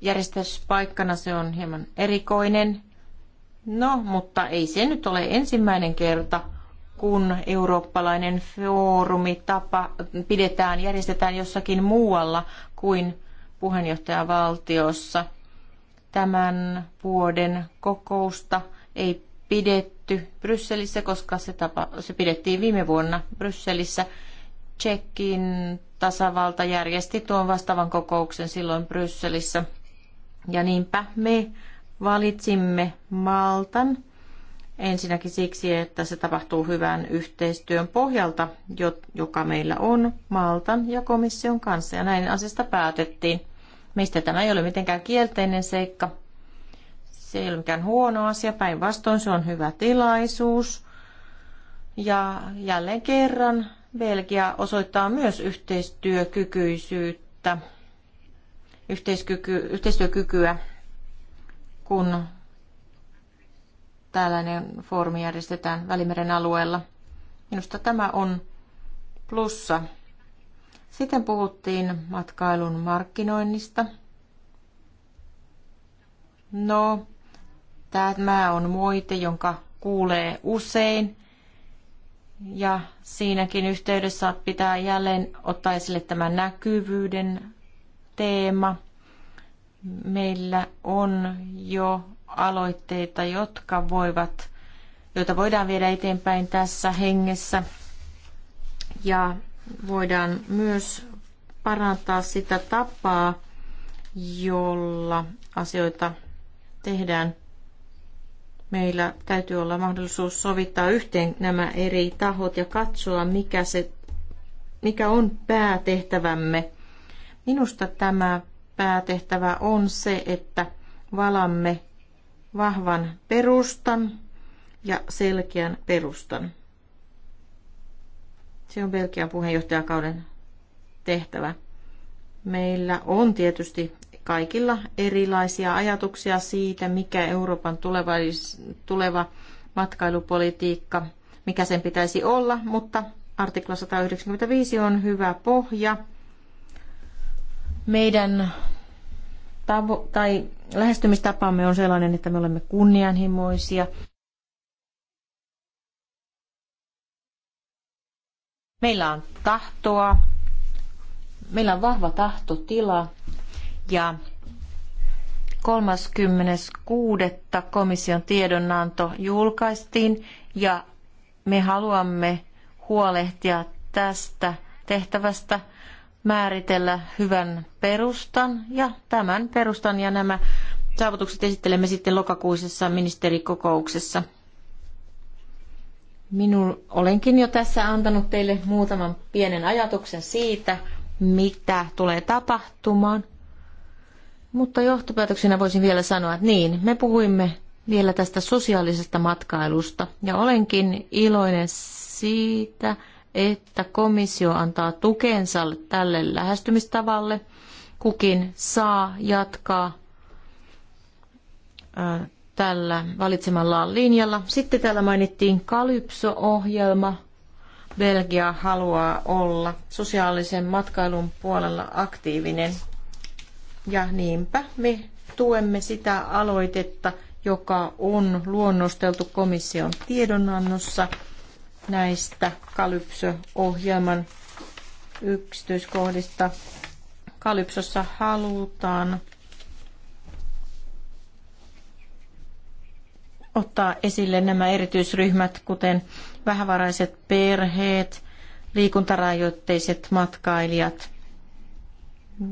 järjestyspaikkana se on hieman erikoinen. No, mutta ei se nyt ole ensimmäinen kerta, kun eurooppalainen foorumi tapa pidetään, järjestetään jossakin muualla kuin puheenjohtajavaltiossa. Tämän vuoden kokousta ei pidetty Brysselissä, koska se, tapa, se pidettiin viime vuonna Brysselissä. Tsekin tasavalta järjesti tuon vastaavan kokouksen silloin Brysselissä. Ja niinpä me valitsimme Maltan ensinnäkin siksi, että se tapahtuu hyvän yhteistyön pohjalta, joka meillä on Maltan ja komission kanssa. Ja näin asiasta päätettiin. Mistä tämä ei ole mitenkään kielteinen seikka. Se ei ole mikään huono asia, päinvastoin se on hyvä tilaisuus. Ja jälleen kerran Belgia osoittaa myös yhteistyökykyisyyttä, yhteiskyky, yhteistyökykyä, kun tällainen foorumi järjestetään Välimeren alueella. Minusta tämä on plussa. Sitten puhuttiin matkailun markkinoinnista. No, tämä on moite, jonka kuulee usein. Ja siinäkin yhteydessä pitää jälleen ottaa esille tämä näkyvyyden teema. Meillä on jo aloitteita, jotka voivat, joita voidaan viedä eteenpäin tässä hengessä. Ja voidaan myös parantaa sitä tapaa, jolla asioita tehdään meillä täytyy olla mahdollisuus sovittaa yhteen nämä eri tahot ja katsoa, mikä, se, mikä on päätehtävämme. Minusta tämä päätehtävä on se, että valamme vahvan perustan ja selkeän perustan. Se on Belgian puheenjohtajakauden tehtävä. Meillä on tietysti kaikilla erilaisia ajatuksia siitä, mikä Euroopan tuleva, tuleva matkailupolitiikka, mikä sen pitäisi olla, mutta artikla 195 on hyvä pohja meidän tavo- tai lähestymistapamme on sellainen, että me olemme kunnianhimoisia. Meillä on tahtoa, meillä on vahva tahtotila ja kuudetta komission tiedonanto julkaistiin ja me haluamme huolehtia tästä tehtävästä määritellä hyvän perustan ja tämän perustan ja nämä saavutukset esittelemme sitten lokakuisessa ministerikokouksessa. Minun olenkin jo tässä antanut teille muutaman pienen ajatuksen siitä, mitä tulee tapahtumaan mutta johtopäätöksenä voisin vielä sanoa, että niin, me puhuimme vielä tästä sosiaalisesta matkailusta ja olenkin iloinen siitä, että komissio antaa tukensa tälle lähestymistavalle. Kukin saa jatkaa tällä valitsemallaan linjalla. Sitten täällä mainittiin Kalypso-ohjelma. Belgia haluaa olla sosiaalisen matkailun puolella aktiivinen. Ja niinpä me tuemme sitä aloitetta, joka on luonnosteltu komission tiedonannossa näistä Kalypso-ohjelman yksityiskohdista. Kalypsossa halutaan ottaa esille nämä erityisryhmät, kuten vähävaraiset perheet, liikuntarajoitteiset matkailijat –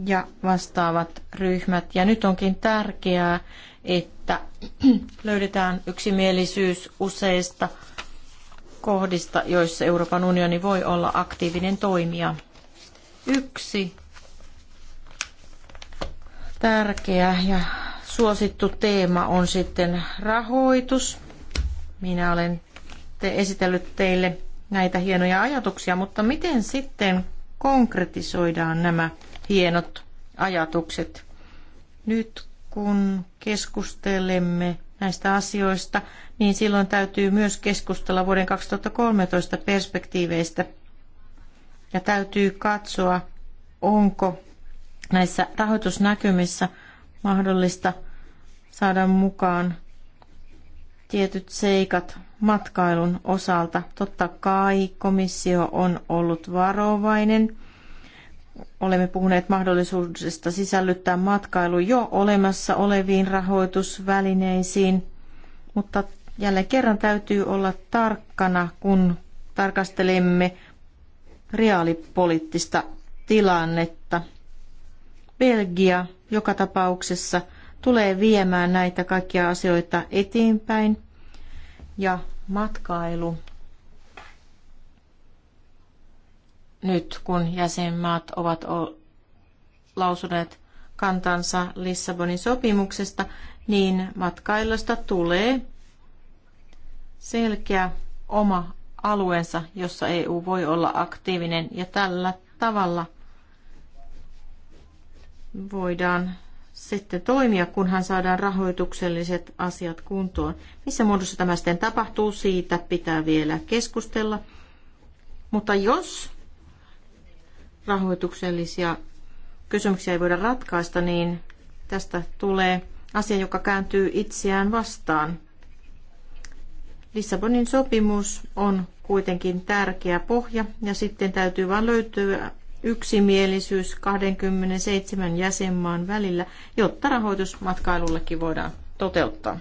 ja vastaavat ryhmät. Ja nyt onkin tärkeää, että löydetään yksimielisyys useista kohdista, joissa Euroopan unioni voi olla aktiivinen toimija. Yksi tärkeä ja suosittu teema on sitten rahoitus. Minä olen te esitellyt teille näitä hienoja ajatuksia, mutta miten sitten konkretisoidaan nämä hienot ajatukset. Nyt kun keskustelemme näistä asioista, niin silloin täytyy myös keskustella vuoden 2013 perspektiiveistä ja täytyy katsoa, onko näissä rahoitusnäkymissä mahdollista saada mukaan tietyt seikat matkailun osalta. Totta kai komissio on ollut varovainen olemme puhuneet mahdollisuudesta sisällyttää matkailu jo olemassa oleviin rahoitusvälineisiin, mutta jälleen kerran täytyy olla tarkkana, kun tarkastelemme reaalipoliittista tilannetta. Belgia joka tapauksessa tulee viemään näitä kaikkia asioita eteenpäin ja matkailu nyt, kun jäsenmaat ovat lausuneet kantansa Lissabonin sopimuksesta, niin matkailusta tulee selkeä oma alueensa, jossa EU voi olla aktiivinen ja tällä tavalla voidaan sitten toimia, kunhan saadaan rahoitukselliset asiat kuntoon. Missä muodossa tämä sitten tapahtuu, siitä pitää vielä keskustella. Mutta jos rahoituksellisia kysymyksiä ei voida ratkaista, niin tästä tulee asia, joka kääntyy itseään vastaan. Lissabonin sopimus on kuitenkin tärkeä pohja ja sitten täytyy vain löytyä yksimielisyys 27 jäsenmaan välillä, jotta matkailullekin voidaan toteuttaa.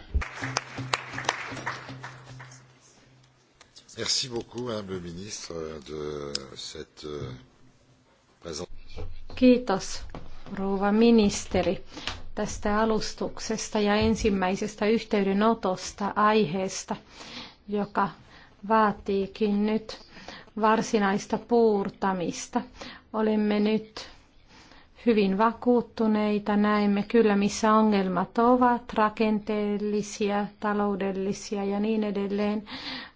Merci beaucoup, ministre, de cette euh, Kiitos, rouva ministeri, tästä alustuksesta ja ensimmäisestä yhteydenotosta aiheesta, joka vaatiikin nyt varsinaista puurtamista. Olemme nyt hyvin vakuuttuneita, näemme kyllä missä ongelmat ovat, rakenteellisia, taloudellisia ja niin edelleen,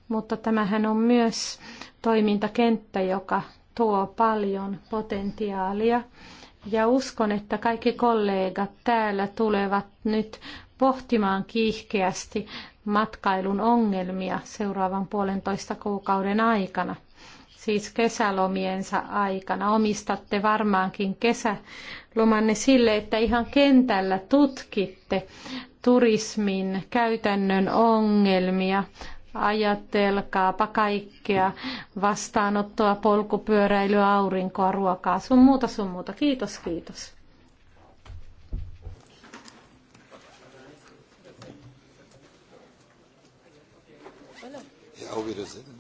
mutta tämähän on myös toimintakenttä, joka tuo paljon potentiaalia. Ja uskon, että kaikki kollegat täällä tulevat nyt pohtimaan kiihkeästi matkailun ongelmia seuraavan puolentoista kuukauden aikana. Siis kesälomiensa aikana. Omistatte varmaankin kesälomanne sille, että ihan kentällä tutkitte turismin käytännön ongelmia, Ajatelkaapa kaikkea. Vastaanottoa, polkupyöräilyä, aurinkoa, ruokaa, sun muuta, sun muuta. Kiitos, kiitos. Auf